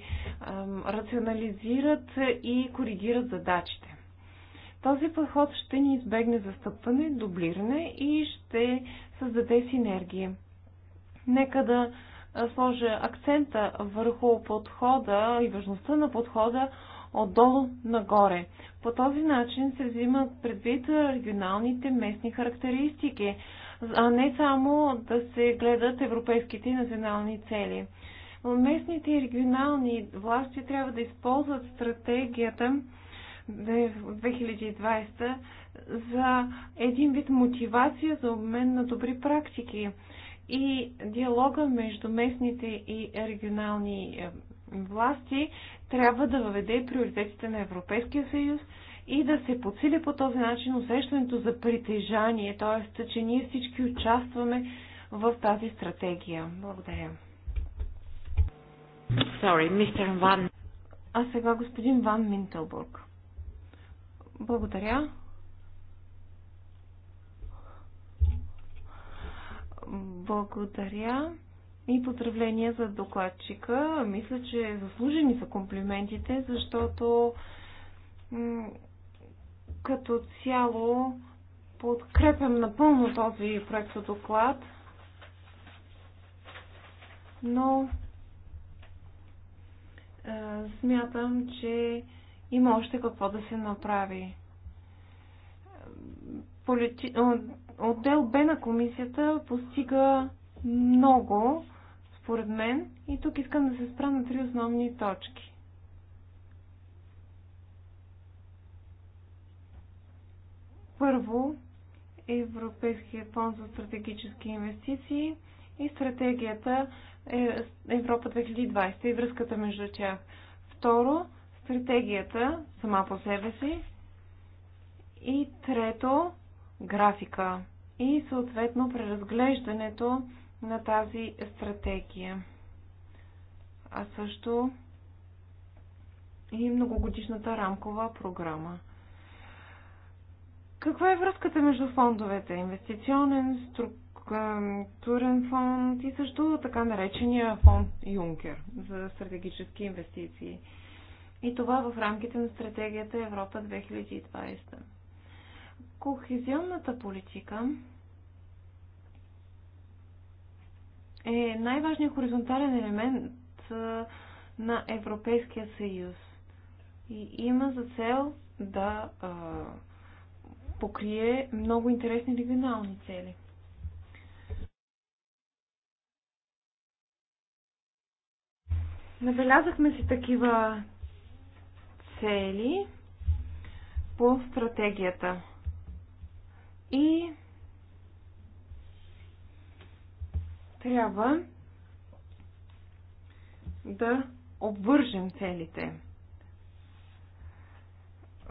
рационализират и коригират задачите. Този подход ще ни избегне застъпване, дублиране и ще създаде синергии. Нека да сложа акцента върху подхода и важността на подхода отдолу нагоре. По този начин се взимат предвид регионалните местни характеристики, а не само да се гледат европейските и национални цели местните и регионални власти трябва да използват стратегията в 2020 за един вид мотивация за обмен на добри практики и диалога между местните и регионални е, власти трябва да въведе приоритетите на Европейския съюз и да се подсили по този начин усещането за притежание, т.е. че ние всички участваме в тази стратегия. Благодаря. Sorry, Mr. Ван. А сега господин Ван Минтелбург. Благодаря. Благодаря и поздравления за докладчика. Мисля, че е заслужени са комплиментите, защото като цяло подкрепям напълно този проект доклад, но е, смятам, че има още какво да се направи. Полити... Отдел Б на комисията постига много, според мен, и тук искам да се спра на три основни точки. Първо, Европейския фонд за стратегически инвестиции – и стратегията е Европа 2020 и връзката между тях. Второ, стратегията сама по себе си. И трето, графика и съответно преразглеждането на тази стратегия. А също и многогодишната рамкова програма. Каква е връзката между фондовете? Инвестиционен, струк структурен фонд и също така наречения фонд Юнкер за стратегически инвестиции. И това в рамките на стратегията Европа 2020. Кохезионната политика е най-важният хоризонтален елемент на Европейския съюз и има за цел да а, покрие много интересни регионални цели. Набелязахме си такива цели по стратегията. И трябва да обвържем целите.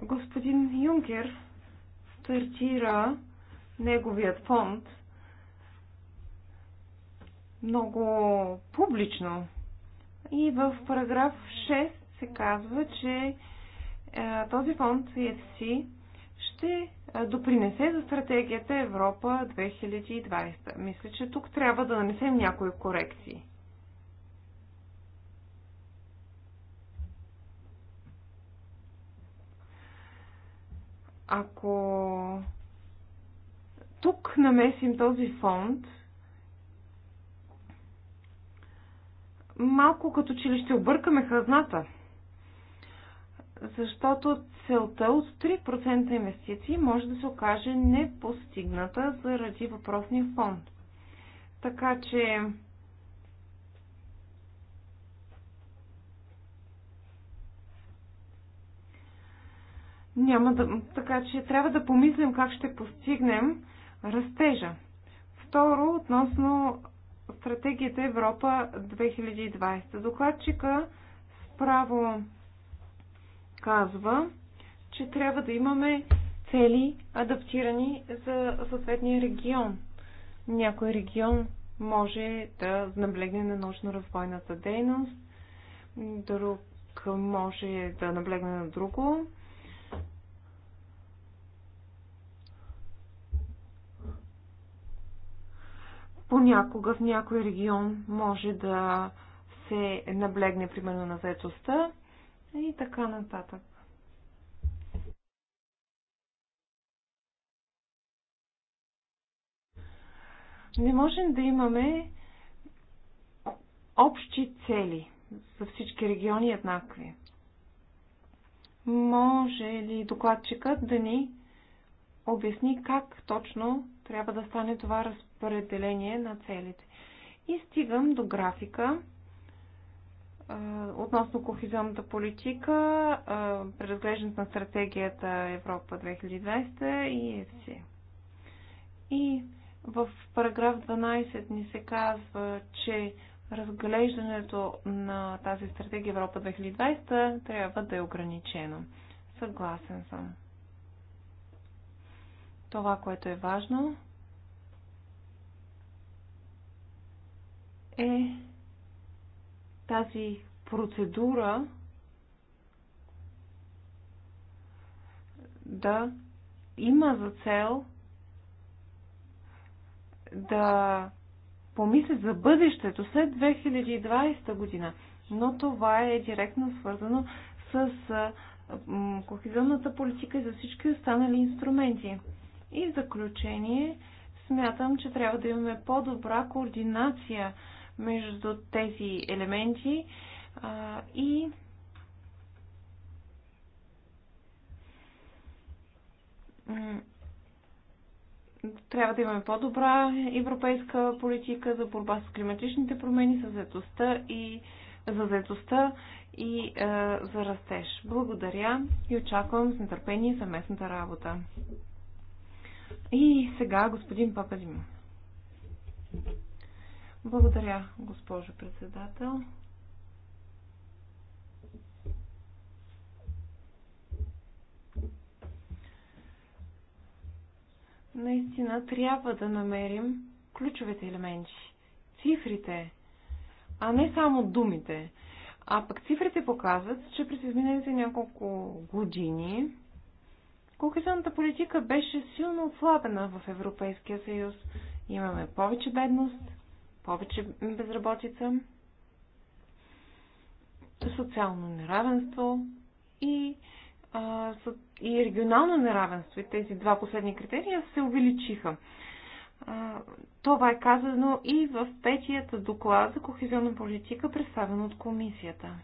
Господин Юнкер стартира неговият фонд много публично и в параграф 6 се казва, че е, този фонд CFC ще е, допринесе за стратегията Европа 2020. Мисля, че тук трябва да нанесем някои корекции. Ако тук намесим този фонд, малко като че ли ще объркаме хазната. Защото целта от 3% инвестиции може да се окаже непостигната заради въпросния фонд. Така че няма да... Така че трябва да помислим как ще постигнем растежа. Второ, относно стратегията Европа 2020. Докладчика справо казва, че трябва да имаме цели адаптирани за съответния регион. Някой регион може да наблегне на научно-развойната дейност, друг може да наблегне на друго понякога в някой регион може да се наблегне примерно на заедостта и така нататък. Не можем да имаме общи цели за всички региони еднакви. Може ли докладчикът да ни обясни как точно трябва да стане това разпределение? разпределение на целите. И стигам до графика относно кохизионната политика, преразглеждането на стратегията Европа 2020 и ЕФС. И в параграф 12 ни се казва, че разглеждането на тази стратегия Европа 2020 трябва да е ограничено. Съгласен съм. Това, което е важно, е тази процедура да има за цел да помислят за бъдещето след 2020 година. Но това е директно свързано с кохезионната политика и за всички останали инструменти. И в заключение смятам, че трябва да имаме по-добра координация между тези елементи а, и трябва да имаме по-добра европейска политика за борба с климатичните промени, за заедостта и за заедостта и е, за растеж. Благодаря и очаквам с нетърпение съместната работа. И сега господин Пападим. Благодаря, госпожо председател. Наистина трябва да намерим ключовите елементи, цифрите, а не само думите. А пък цифрите показват, че през изминалите няколко години кохезионната политика беше силно отслабена в Европейския съюз. Имаме повече бедност, повече безработица, социално неравенство и, а, и регионално неравенство. И тези два последни критерия се увеличиха. А, това е казано и в петият доклад за кохезионна политика, представен от комисията.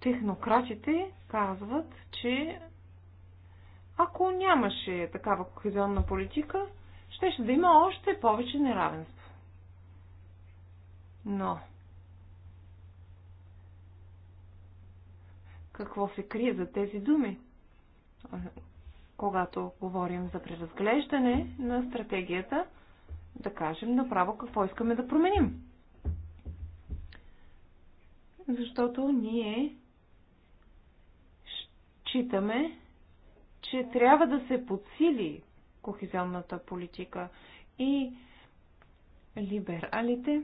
Технократите казват, че ако нямаше такава кохезионна политика, ще да има още повече неравенство. Но какво се крие за тези думи? Когато говорим за преразглеждане на стратегията, да кажем направо какво искаме да променим. Защото ние считаме, че трябва да се подсили кохезионната политика и либералите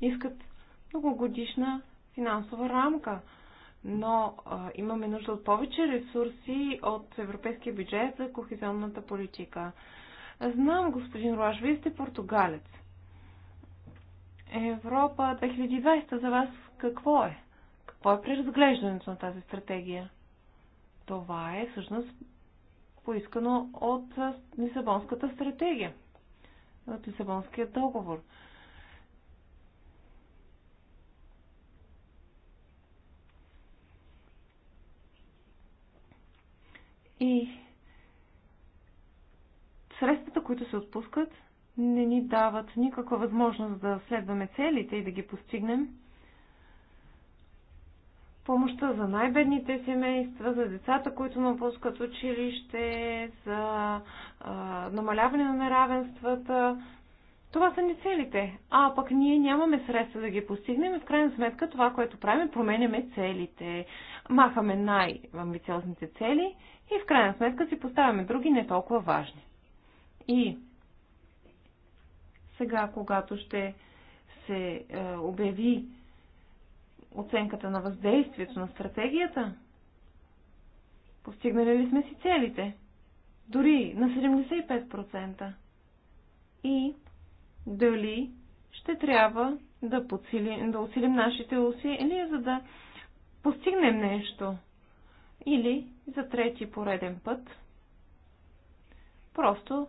искат многогодишна финансова рамка, но а, имаме нужда от повече ресурси от европейския бюджет за кохезионната политика. Знам, господин Руаш, вие сте португалец. Европа 2020 за вас какво е? Какво е преразглеждането на тази стратегия? Това е всъщност поискано от Лисабонската стратегия, от Лисабонския договор. И средствата, които се отпускат, не ни дават никаква възможност да следваме целите и да ги постигнем помощта за най-бедните семейства, за децата, които напускат училище, за а, намаляване на неравенствата. Това са ни целите. А пък ние нямаме средства да ги постигнем и в крайна сметка това, което правим, променяме целите. Махаме най-амбициозните цели и в крайна сметка си поставяме други не толкова важни. И сега, когато ще се е, обяви оценката на въздействието на стратегията? Постигнали ли сме си целите? Дори на 75%. И дали ще трябва да, подсилим, да усилим нашите усилия, за да постигнем нещо? Или за трети пореден път просто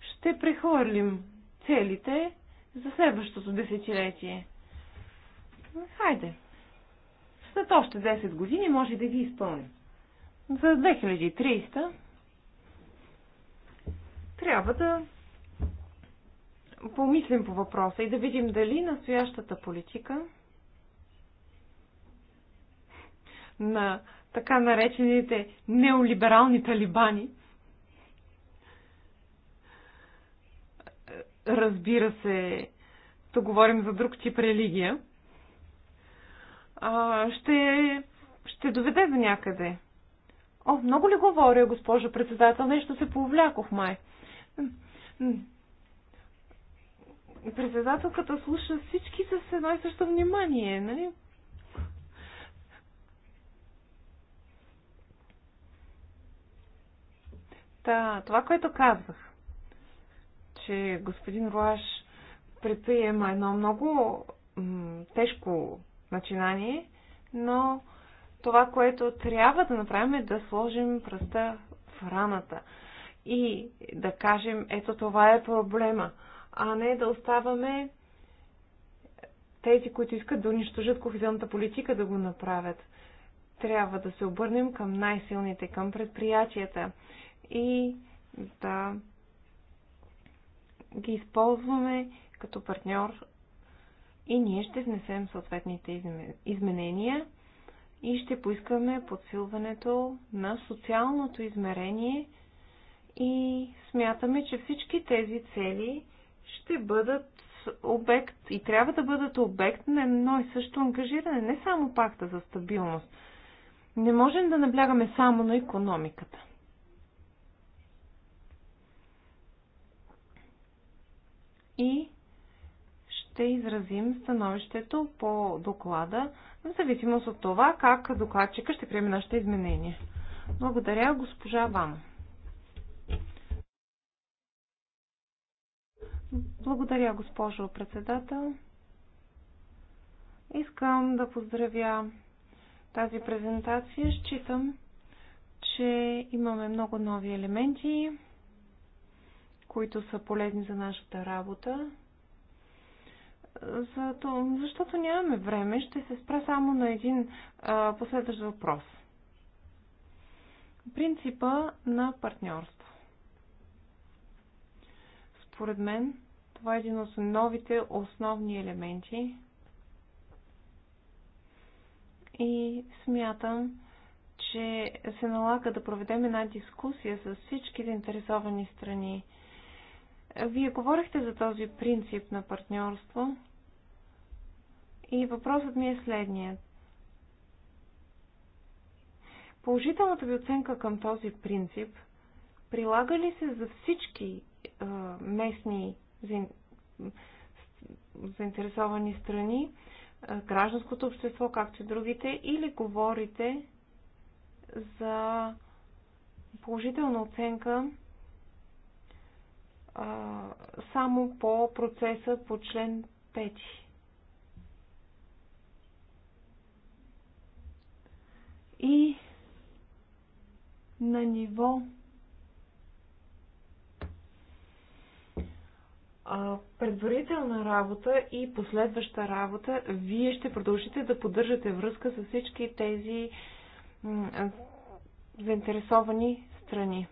ще прехвърлим целите за следващото десетилетие. Хайде след още 10 години може да ги изпълним. За 2300 трябва да помислим по въпроса и да видим дали настоящата политика на така наречените неолиберални талибани разбира се, то говорим за друг тип религия – а, ще, ще доведе до някъде. О, много ли говоря, госпожо председател? Нещо се повлякох, май. Председателката слуша всички с едно и също внимание, нали? Та, това, което казах, че господин Руаш предприема едно много тежко начинание, но това, което трябва да направим е да сложим пръста в раната и да кажем, ето това е проблема, а не да оставаме тези, които искат да унищожат кохезионната политика, да го направят. Трябва да се обърнем към най-силните, към предприятията и да ги използваме като партньор и ние ще внесем съответните изменения и ще поискаме подсилването на социалното измерение и смятаме, че всички тези цели ще бъдат обект и трябва да бъдат обект на едно и също ангажиране, не само пакта за стабилност. Не можем да наблягаме само на економиката. И ще изразим становището по доклада, в зависимост от това как докладчика ще приеме нашите изменения. Благодаря, госпожа Ван. Благодаря, госпожо председател. Искам да поздравя тази презентация. Считам, че имаме много нови елементи, които са полезни за нашата работа за то, защото нямаме време, ще се спра само на един а, последващ въпрос. Принципа на партньорство. Според мен, това е един от новите основни елементи. И смятам, че се налага да проведем една дискусия с всички заинтересовани страни вие говорихте за този принцип на партньорство и въпросът ми е следният. Положителната ви оценка към този принцип прилага ли се за всички е, местни заинтересовани страни, е, гражданското общество, както и другите, или говорите за положителна оценка а, само по процеса по член 5. И на ниво предварителна работа и последваща работа, вие ще продължите да поддържате връзка с всички тези заинтересовани страни.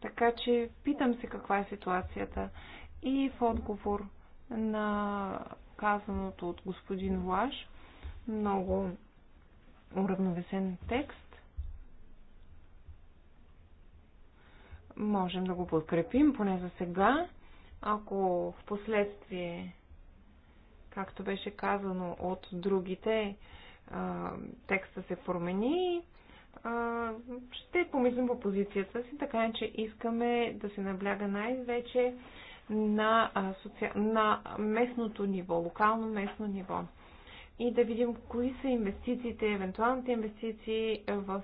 Така че питам се каква е ситуацията. И в отговор на казаното от господин Влаш, много уравновесен текст, можем да го подкрепим, поне за сега. Ако в последствие, както беше казано от другите, текста се промени, ще помислим по позицията си, така е, че искаме да се набляга най-вече на, соци... на местното ниво, локално местно ниво. И да видим кои са инвестициите, евентуалните инвестиции в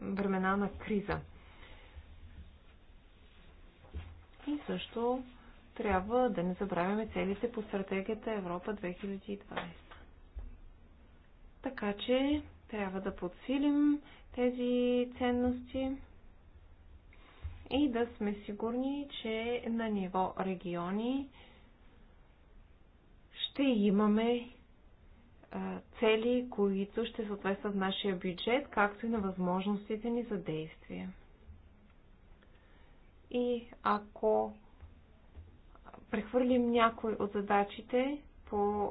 времена на криза. И също трябва да не забравяме целите по стратегията Европа 2020. Така че трябва да подсилим тези ценности и да сме сигурни, че на ниво региони ще имаме цели, които ще съответстват нашия бюджет, както и на възможностите ни за действие. И ако прехвърлим някой от задачите, по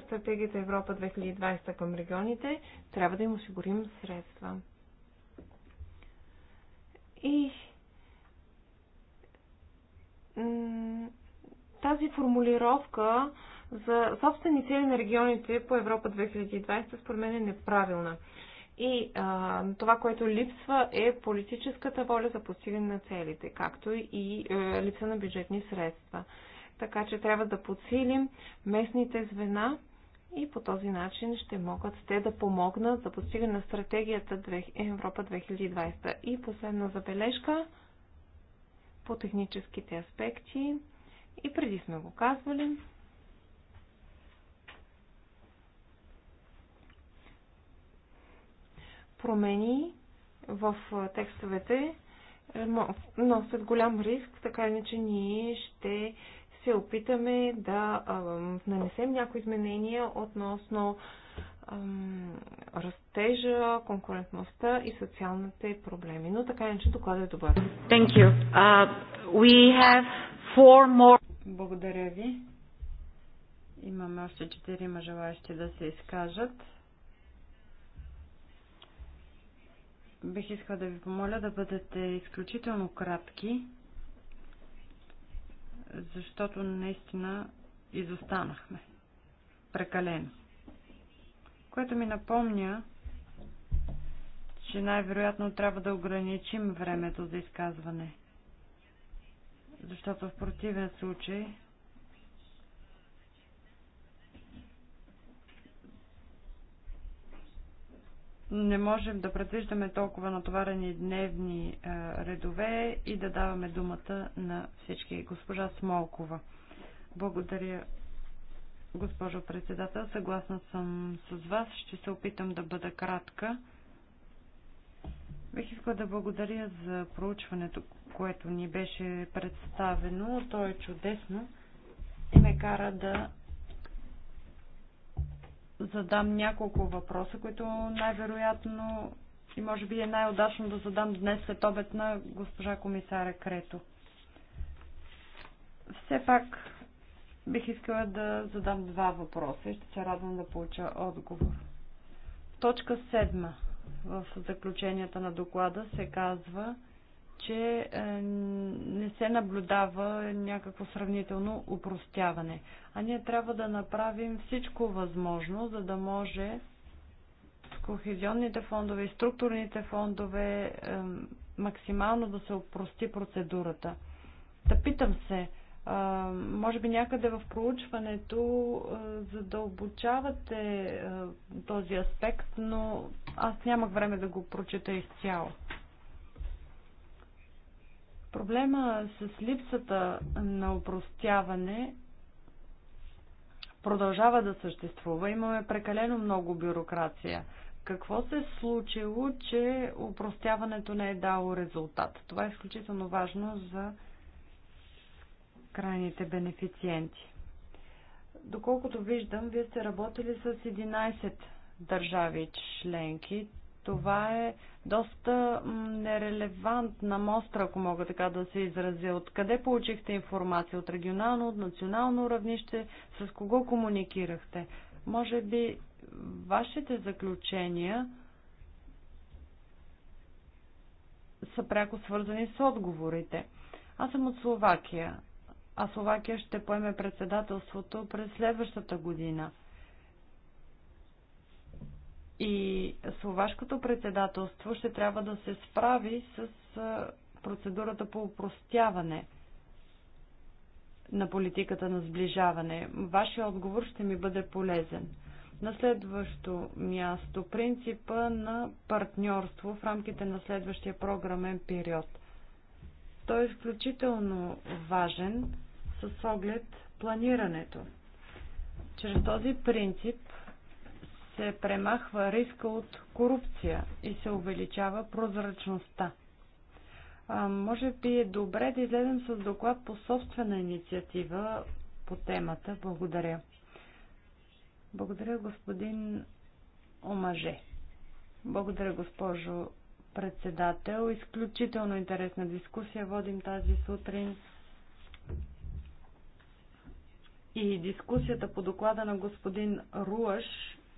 стратегията Европа 2020 към регионите, трябва да им осигурим средства. И тази формулировка за собствени цели на регионите по Европа 2020 според мен е неправилна. И а, това, което липсва е политическата воля за постигане на целите, както и е, липса на бюджетни средства така че трябва да подсилим местните звена и по този начин ще могат те да помогнат за постигане на стратегията Европа 2020. И последна забележка по техническите аспекти. И преди сме го казвали. Промени в текстовете е, носят голям риск, така иначе ние ще се опитаме да нанесем някои изменения относно растежа, конкурентността и социалните проблеми. Но така иначе докладът е добър. Thank you. Uh, we have four more... Благодаря ви. Имаме още четирима желаящи да се изкажат. Бих искала да ви помоля да бъдете изключително кратки защото наистина изостанахме. Прекалено. Което ми напомня, че най-вероятно трябва да ограничим времето за изказване. Защото в противен случай не можем да предвиждаме толкова натоварени дневни е, редове и да даваме думата на всички. Госпожа Смолкова. Благодаря, госпожо председател. Съгласна съм с вас. Ще се опитам да бъда кратка. Бих искала да благодаря за проучването, което ни беше представено. То е чудесно и ме кара да задам няколко въпроса, които най-вероятно и може би е най-удачно да задам днес след обед на госпожа комисаря Крето. Все пак бих искала да задам два въпроса и ще се радвам да получа отговор. Точка 7 в заключенията на доклада се казва, че е, не се наблюдава някакво сравнително упростяване. А ние трябва да направим всичко възможно, за да може кохезионните фондове и структурните фондове е, максимално да се опрости процедурата. Да питам се, е, може би някъде в проучването задълбочавате да този аспект, но аз нямах време да го прочета изцяло. Проблема с липсата на упростяване продължава да съществува. Имаме прекалено много бюрокрация. Какво се е случило, че упростяването не е дало резултат? Това е изключително важно за крайните бенефициенти. Доколкото виждам, вие сте работили с 11 държави членки. Това е доста нерелевантна мостра, ако мога така да се изразя. Откъде получихте информация? От регионално, от национално равнище? С кого комуникирахте? Може би вашите заключения са пряко свързани с отговорите. Аз съм от Словакия, а Словакия ще поеме председателството през следващата година – и словашкото председателство ще трябва да се справи с процедурата по упростяване на политиката на сближаване. Вашия отговор ще ми бъде полезен. На следващо място принципа на партньорство в рамките на следващия програмен период. Той е изключително важен с оглед планирането. Чрез този принцип се премахва риска от корупция и се увеличава прозрачността. А, може би е добре да излезем с доклад по собствена инициатива по темата. Благодаря. Благодаря, господин Омаже. Благодаря, госпожо председател. Изключително интересна дискусия водим тази сутрин. И дискусията по доклада на господин Руаш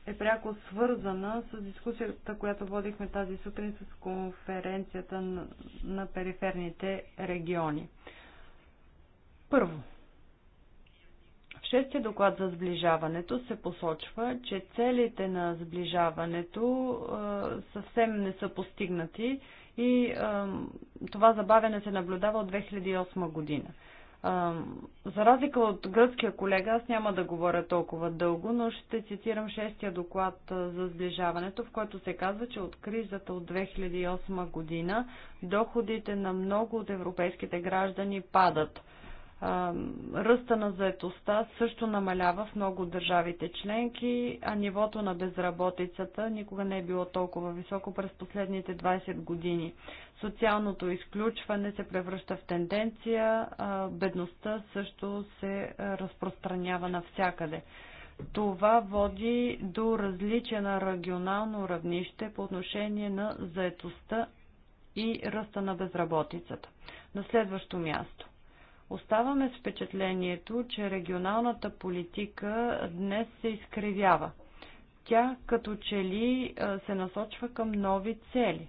е пряко свързана с дискусията, която водихме тази сутрин с конференцията на, на периферните региони. Първо, в шестия доклад за сближаването се посочва, че целите на сближаването е, съвсем не са постигнати и е, това забавяне се наблюдава от 2008 година. За разлика от гръцкия колега, аз няма да говоря толкова дълго, но ще цитирам шестия доклад за сближаването, в който се казва, че от кризата от 2008 година доходите на много от европейските граждани падат ръста на заетостта също намалява в много държавите членки, а нивото на безработицата никога не е било толкова високо през последните 20 години. Социалното изключване се превръща в тенденция, бедността също се разпространява навсякъде. Това води до различия на регионално равнище по отношение на заетостта и ръста на безработицата. На следващо място Оставаме с впечатлението, че регионалната политика днес се изкривява. Тя като че ли се насочва към нови цели.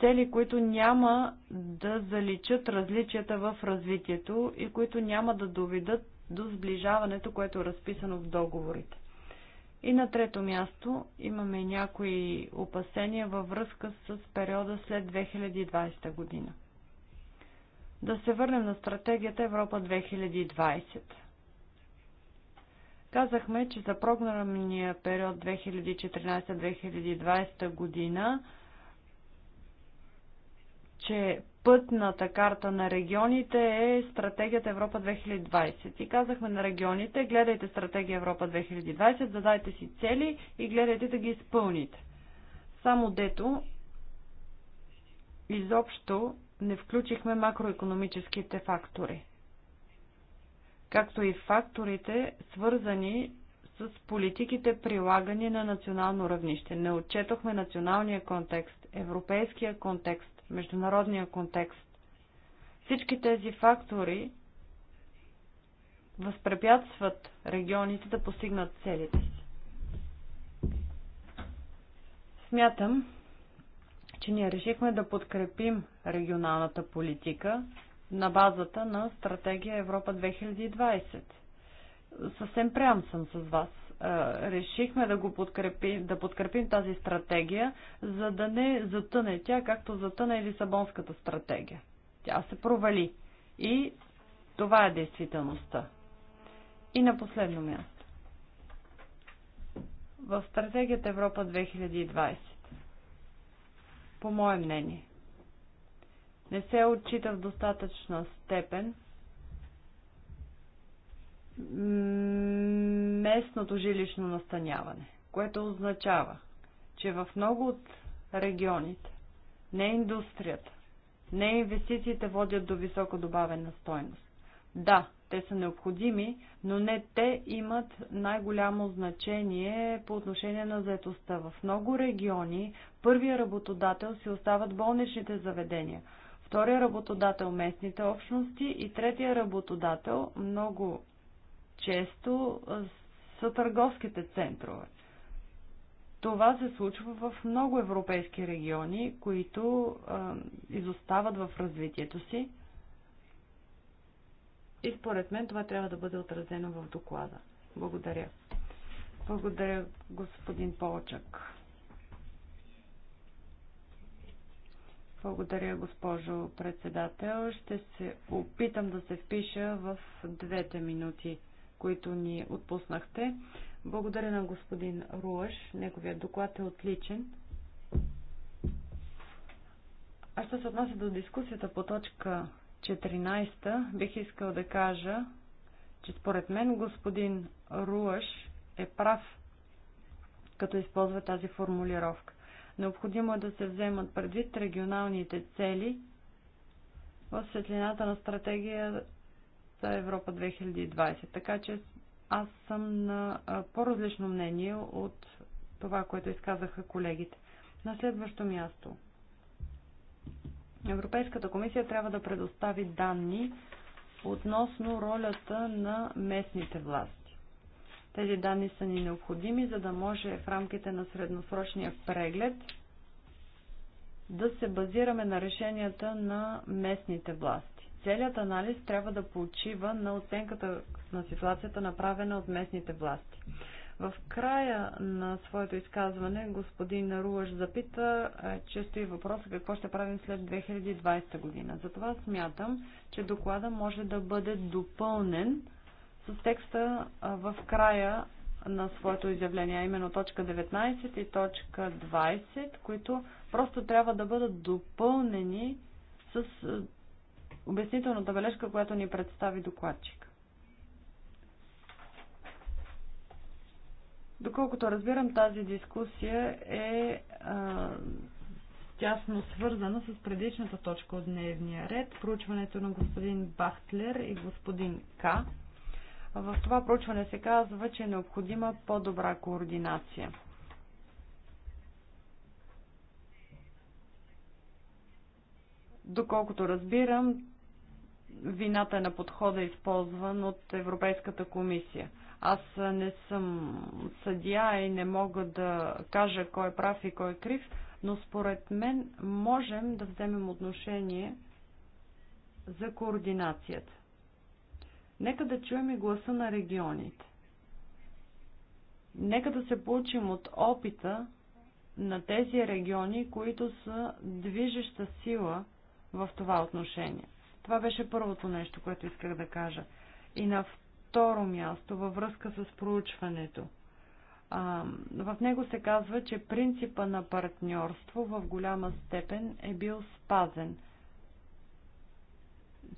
Цели, които няма да заличат различията в развитието и които няма да доведат до сближаването, което е разписано в договорите. И на трето място имаме някои опасения във връзка с периода след 2020 година. Да се върнем на стратегията Европа 2020. Казахме, че за програмния период 2014-2020 година че пътната карта на регионите е стратегията Европа 2020. И казахме на регионите, гледайте стратегия Европа 2020, задайте си цели и гледайте да ги изпълните. Само дето изобщо не включихме макроекономическите фактори, както и факторите, свързани с политиките прилагани на национално равнище. Не отчетохме националния контекст, европейския контекст, международния контекст. Всички тези фактори възпрепятстват регионите да постигнат целите си. Смятам, че ние решихме да подкрепим регионалната политика на базата на стратегия Европа 2020. Съвсем прям съм с вас. Е, решихме да го подкрепим, да подкрепим тази стратегия, за да не затъне тя, както затъна и Лисабонската стратегия. Тя се провали. И това е действителността. И на последно място. В стратегията Европа 2020, по мое мнение, не се отчита в достатъчна степен местното жилищно настаняване, което означава, че в много от регионите не индустрията, не инвестициите водят до високо добавена стойност. Да, те са необходими, но не те имат най-голямо значение по отношение на заетостта. В много региони първия работодател си остават болничните заведения, втория работодател местните общности и третия работодател много често са търговските центрове. Това се случва в много европейски региони, които а, изостават в развитието си. И според мен това трябва да бъде отразено в доклада. Благодаря. Благодаря, господин Полчак. Благодаря, госпожо председател. Ще се опитам да се впиша в двете минути които ни отпуснахте. Благодаря на господин Руаш. Неговият доклад е отличен. А що се отнася до дискусията по точка 14, бих искал да кажа, че според мен господин Руаш е прав, като използва тази формулировка. Необходимо е да се вземат предвид регионалните цели в светлината на стратегия Европа 2020. Така че аз съм на по-различно мнение от това, което изказаха колегите. На следващо място. Европейската комисия трябва да предостави данни относно ролята на местните власти. Тези данни са ни необходими, за да може в рамките на средносрочния преглед да се базираме на решенията на местните власти. Целият анализ трябва да почива на оценката на ситуацията, направена от местните власти. В края на своето изказване господин Наруаш запита, е, че стои въпроса какво ще правим след 2020 година. Затова смятам, че доклада може да бъде допълнен с текста в края на своето изявление, а именно точка 19 и точка 20, които просто трябва да бъдат допълнени с обяснителната бележка, която ни представи докладчик. Доколкото разбирам, тази дискусия е а, тясно свързана с предишната точка от дневния ред, проучването на господин Бахтлер и господин К. В това проучване се казва, че е необходима по-добра координация. Доколкото разбирам, вината е на подхода използван от Европейската комисия. Аз не съм съдия и не мога да кажа кой е прав и кой е крив, но според мен можем да вземем отношение за координацията. Нека да чуем и гласа на регионите. Нека да се получим от опита на тези региони, които са движеща сила в това отношение. Това беше първото нещо, което исках да кажа. И на второ място, във връзка с проучването. А, в него се казва, че принципа на партньорство в голяма степен е бил спазен.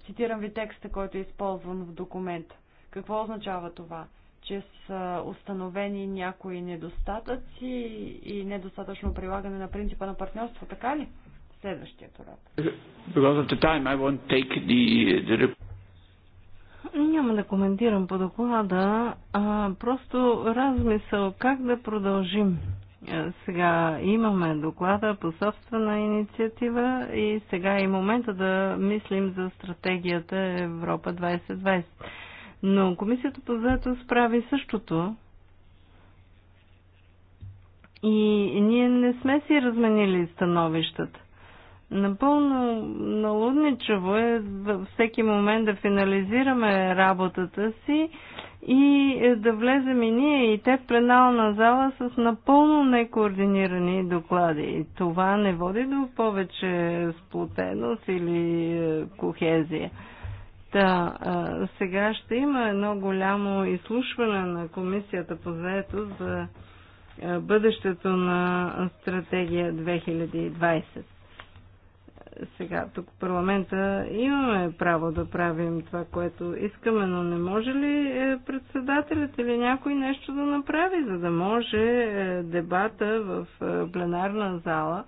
Цитирам ви текста, който е използван в документа. Какво означава това? че са установени някои недостатъци и недостатъчно прилагане на принципа на партньорство, така ли? следващия урок. Няма да коментирам по доклада, а просто размисъл как да продължим. Сега имаме доклада по собствена инициатива и сега е момента да мислим за стратегията Европа 2020. Но Комисията по заедост прави същото. И ние не сме си разменили становищата. Напълно налудничаво е във всеки момент да финализираме работата си и да влезем и ние и те в пленална зала с напълно некоординирани доклади. Това не води до повече сплотеност или е, кохезия. Та, а, сега ще има едно голямо изслушване на Комисията по заето за е, бъдещето на стратегия 2020 сега тук в парламента имаме право да правим това, което искаме, но не може ли е, председателят или някой нещо да направи, за да може е, дебата в е, пленарна зала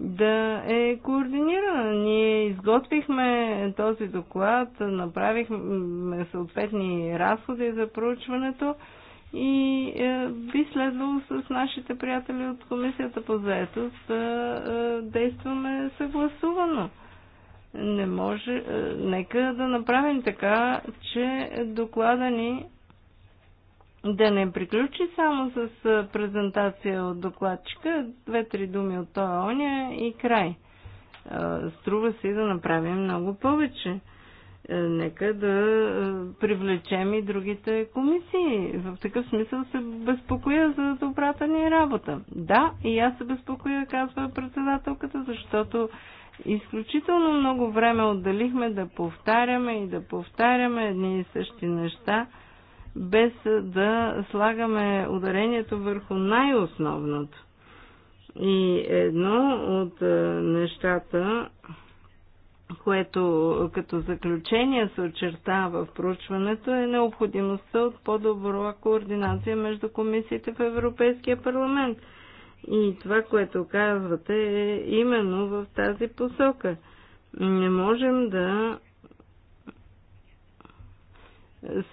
да е координирана. Ние изготвихме този доклад, направихме съответни разходи за проучването и е, би следвало с нашите приятели от Комисията по заетост да е, действаме съгласувано. Не може, е, нека да направим така, че доклада ни да не приключи само с е, презентация от докладчика, две-три думи от тоя оня и край. Е, струва се да направим много повече. Е, нека да е, привлечем и другите комисии. В такъв смисъл се безпокоя за добрата ни работа. Да, и аз се безпокоя, казва председателката, защото изключително много време отделихме да повтаряме и да повтаряме едни и същи неща, без да слагаме ударението върху най-основното. И едно от е, нещата, което като заключение се очертава в проучването, е необходимостта от по-добра координация между комисиите в Европейския парламент. И това, което казвате, е именно в тази посока. Не можем да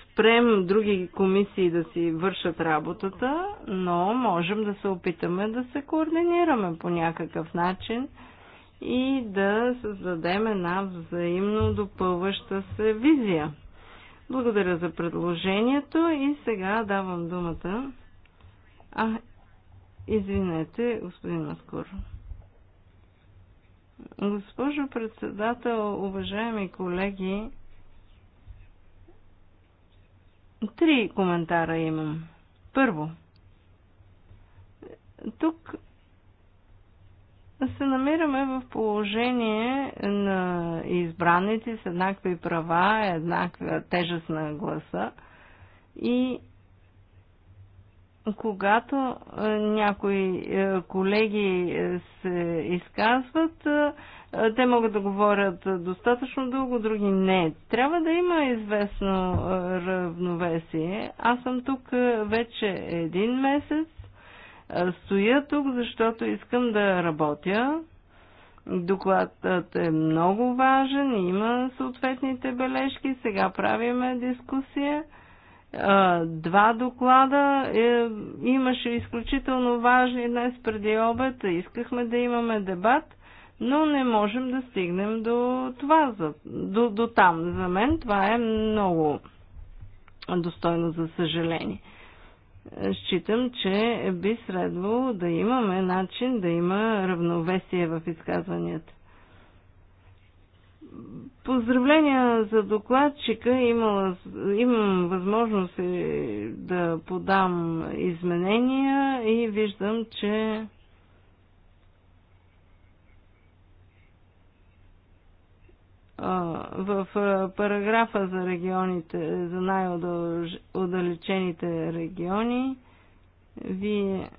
спрем други комисии да си вършат работата, но можем да се опитаме да се координираме по някакъв начин – и да създадем една взаимно допълваща се визия. Благодаря за предложението и сега давам думата. А, извинете, господин Маскор. Госпожо председател, уважаеми колеги, три коментара имам. Първо, тук се намираме в положение на избраници с еднакви права, еднаква тежест на гласа и когато е, някои е, колеги е, се изказват, те могат да говорят достатъчно дълго, други не. Трябва да има известно равновесие. Аз съм тук вече един месец е, стоя тук, защото искам да работя. Докладът е много важен, има съответните бележки. Сега правиме дискусия. Е, два доклада е, имаше изключително важни днес преди обед. Искахме да имаме дебат, но не можем да стигнем до това, до, до там. За мен това е много достойно за съжаление считам, че би следвало да имаме начин да има равновесие в изказванията. Поздравления за докладчика. Имала, имам възможност да подам изменения и виждам, че в параграфа за регионите, за най удалечените региони, вие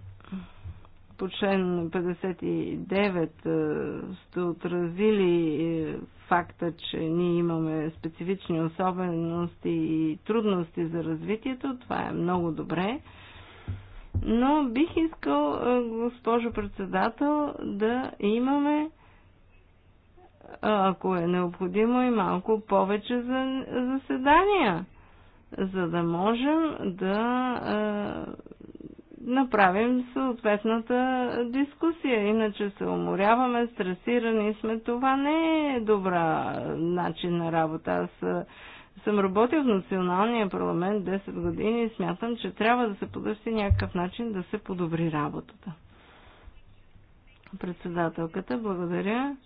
по член 59 сте отразили е, факта, че ние имаме специфични особености и трудности за развитието. Това е много добре. Но бих искал, госпожо председател, да имаме ако е необходимо и малко повече за заседания, за да можем да направим съответната дискусия. Иначе се уморяваме, стресирани сме. Това не е добра начин на работа. Аз съм работил в Националния парламент 10 години и смятам, че трябва да се подърси някакъв начин да се подобри работата. Председателката, благодаря.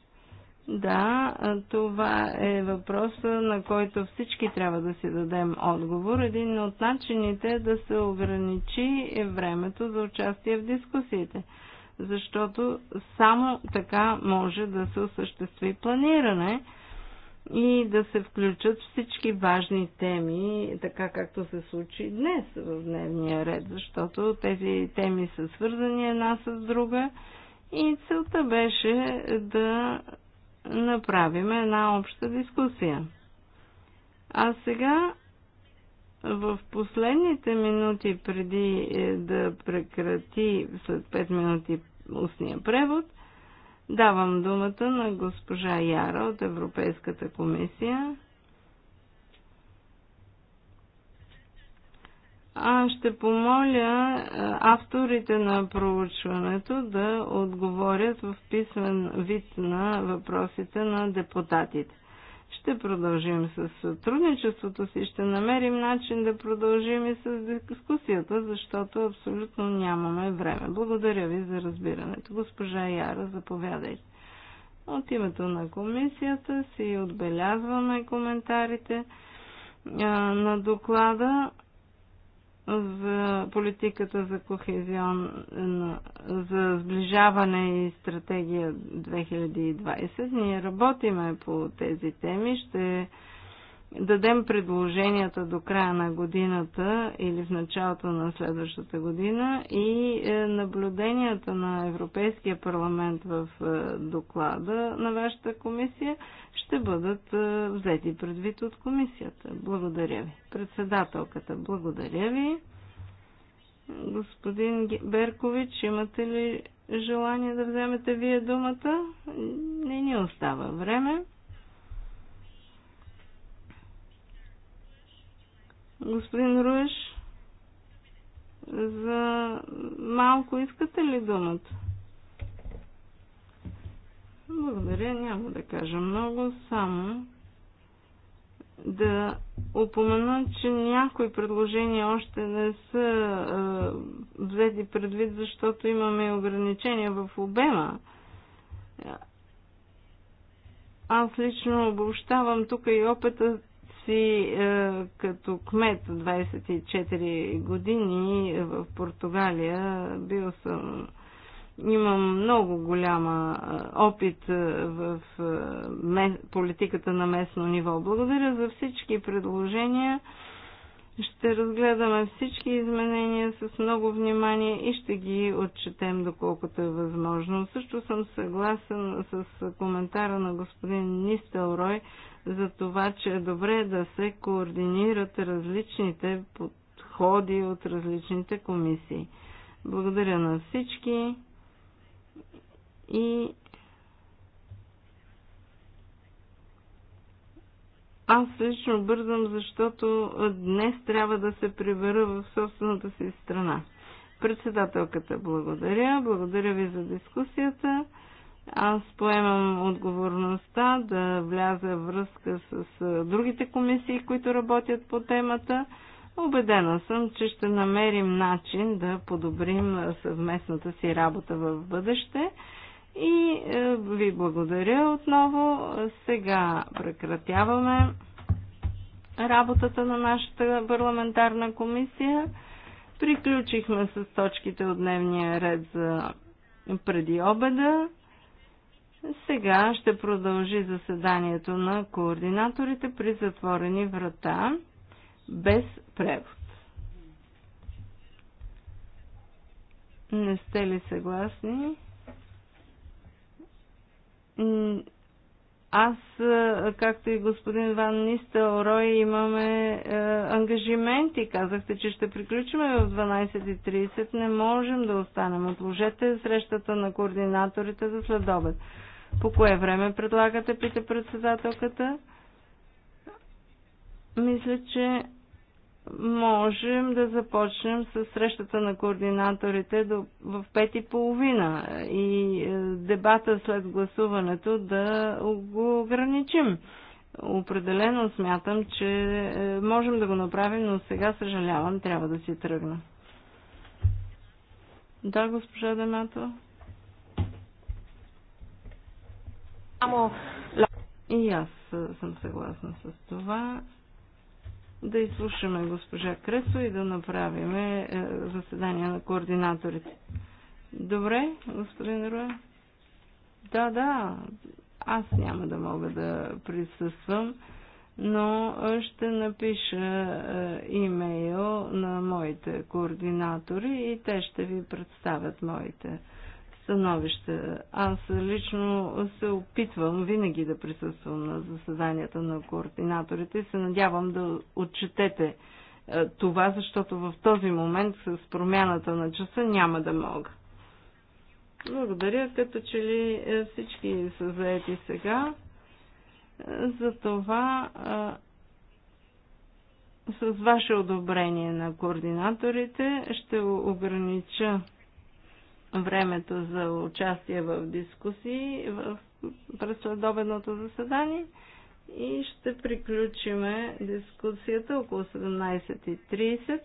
Да, това е въпрос, на който всички трябва да си дадем отговор. Един от начините е да се ограничи времето за участие в дискусиите, защото само така може да се осъществи планиране и да се включат всички важни теми, така както се случи днес в дневния ред, защото тези теми са свързани една с друга и целта беше да направим една обща дискусия. А сега, в последните минути преди е, да прекрати след 5 минути устния превод, давам думата на госпожа Яра от Европейската комисия. А ще помоля авторите на проучването да отговорят в писмен вид на въпросите на депутатите. Ще продължим с сътрудничеството си, ще намерим начин да продължим и с дискусията, защото абсолютно нямаме време. Благодаря ви за разбирането. Госпожа Яра, заповядайте. От името на комисията си отбелязваме коментарите на доклада за политиката за кохезион, за сближаване и стратегия 2020. Ние работиме по тези теми, ще дадем предложенията до края на годината или в началото на следващата година и е, наблюденията на Европейския парламент в е, доклада на вашата комисия ще бъдат е, взети предвид от комисията. Благодаря ви. Председателката, благодаря ви. Господин Беркович, имате ли желание да вземете вие думата? Не ни остава време. Господин Руеш, за малко искате ли думата? Благодаря, няма да кажа много, само да упомена, че някои предложения още не са е, взети предвид, защото имаме ограничения в обема. Аз лично обобщавам тук и опита си е, като кмет 24 години в Португалия. Бил съм имам много голяма е, опит е, в политиката на местно ниво. Благодаря за всички предложения. Ще разгледаме всички изменения с много внимание и ще ги отчетем доколкото е възможно. Също съм съгласен с коментара на господин Нистелрой за това, че е добре да се координират различните подходи от различните комисии. Благодаря на всички и Аз лично бързам, защото днес трябва да се прибера в собствената си страна. Председателката, благодаря. Благодаря ви за дискусията. Аз поемам отговорността да вляза връзка с другите комисии, които работят по темата. Обедена съм, че ще намерим начин да подобрим съвместната си работа в бъдеще. И е, ви благодаря отново. Сега прекратяваме работата на нашата парламентарна комисия. Приключихме с точките от дневния ред за преди обеда. Сега ще продължи заседанието на координаторите при затворени врата без превод. Не сте ли съгласни? аз, както и господин Ван Рой, имаме е, ангажименти. Казахте, че ще приключиме в 12.30. Не можем да останем. Отложете срещата на координаторите за следобед. По кое време предлагате, пита председателката? Мисля, че можем да започнем с срещата на координаторите до, в пет и половина и е, дебата след гласуването да го ограничим. Определено смятам, че е, можем да го направим, но сега съжалявам, трябва да си тръгна. Да, госпожа Демато. Само... И аз съм съгласна с това да изслушаме госпожа Кресо и да направим е, заседание на координаторите. Добре, господин Руя, Да, да, аз няма да мога да присъствам, но е, ще напиша е, имейл на моите координатори и те ще ви представят моите становища. Аз лично се опитвам винаги да присъствам на заседанията на координаторите и се надявам да отчетете е, това, защото в този момент с промяната на часа няма да мога. Благодаря, като че ли е, всички са заети сега. Е, за това с ваше одобрение на координаторите ще огранича времето за участие в дискусии в предследобедното заседание и ще приключиме дискусията около 17.30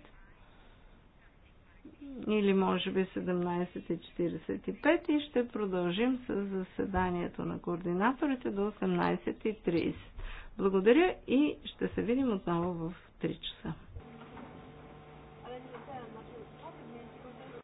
или може би 17.45 и ще продължим с заседанието на координаторите до 18.30. Благодаря и ще се видим отново в 3 часа.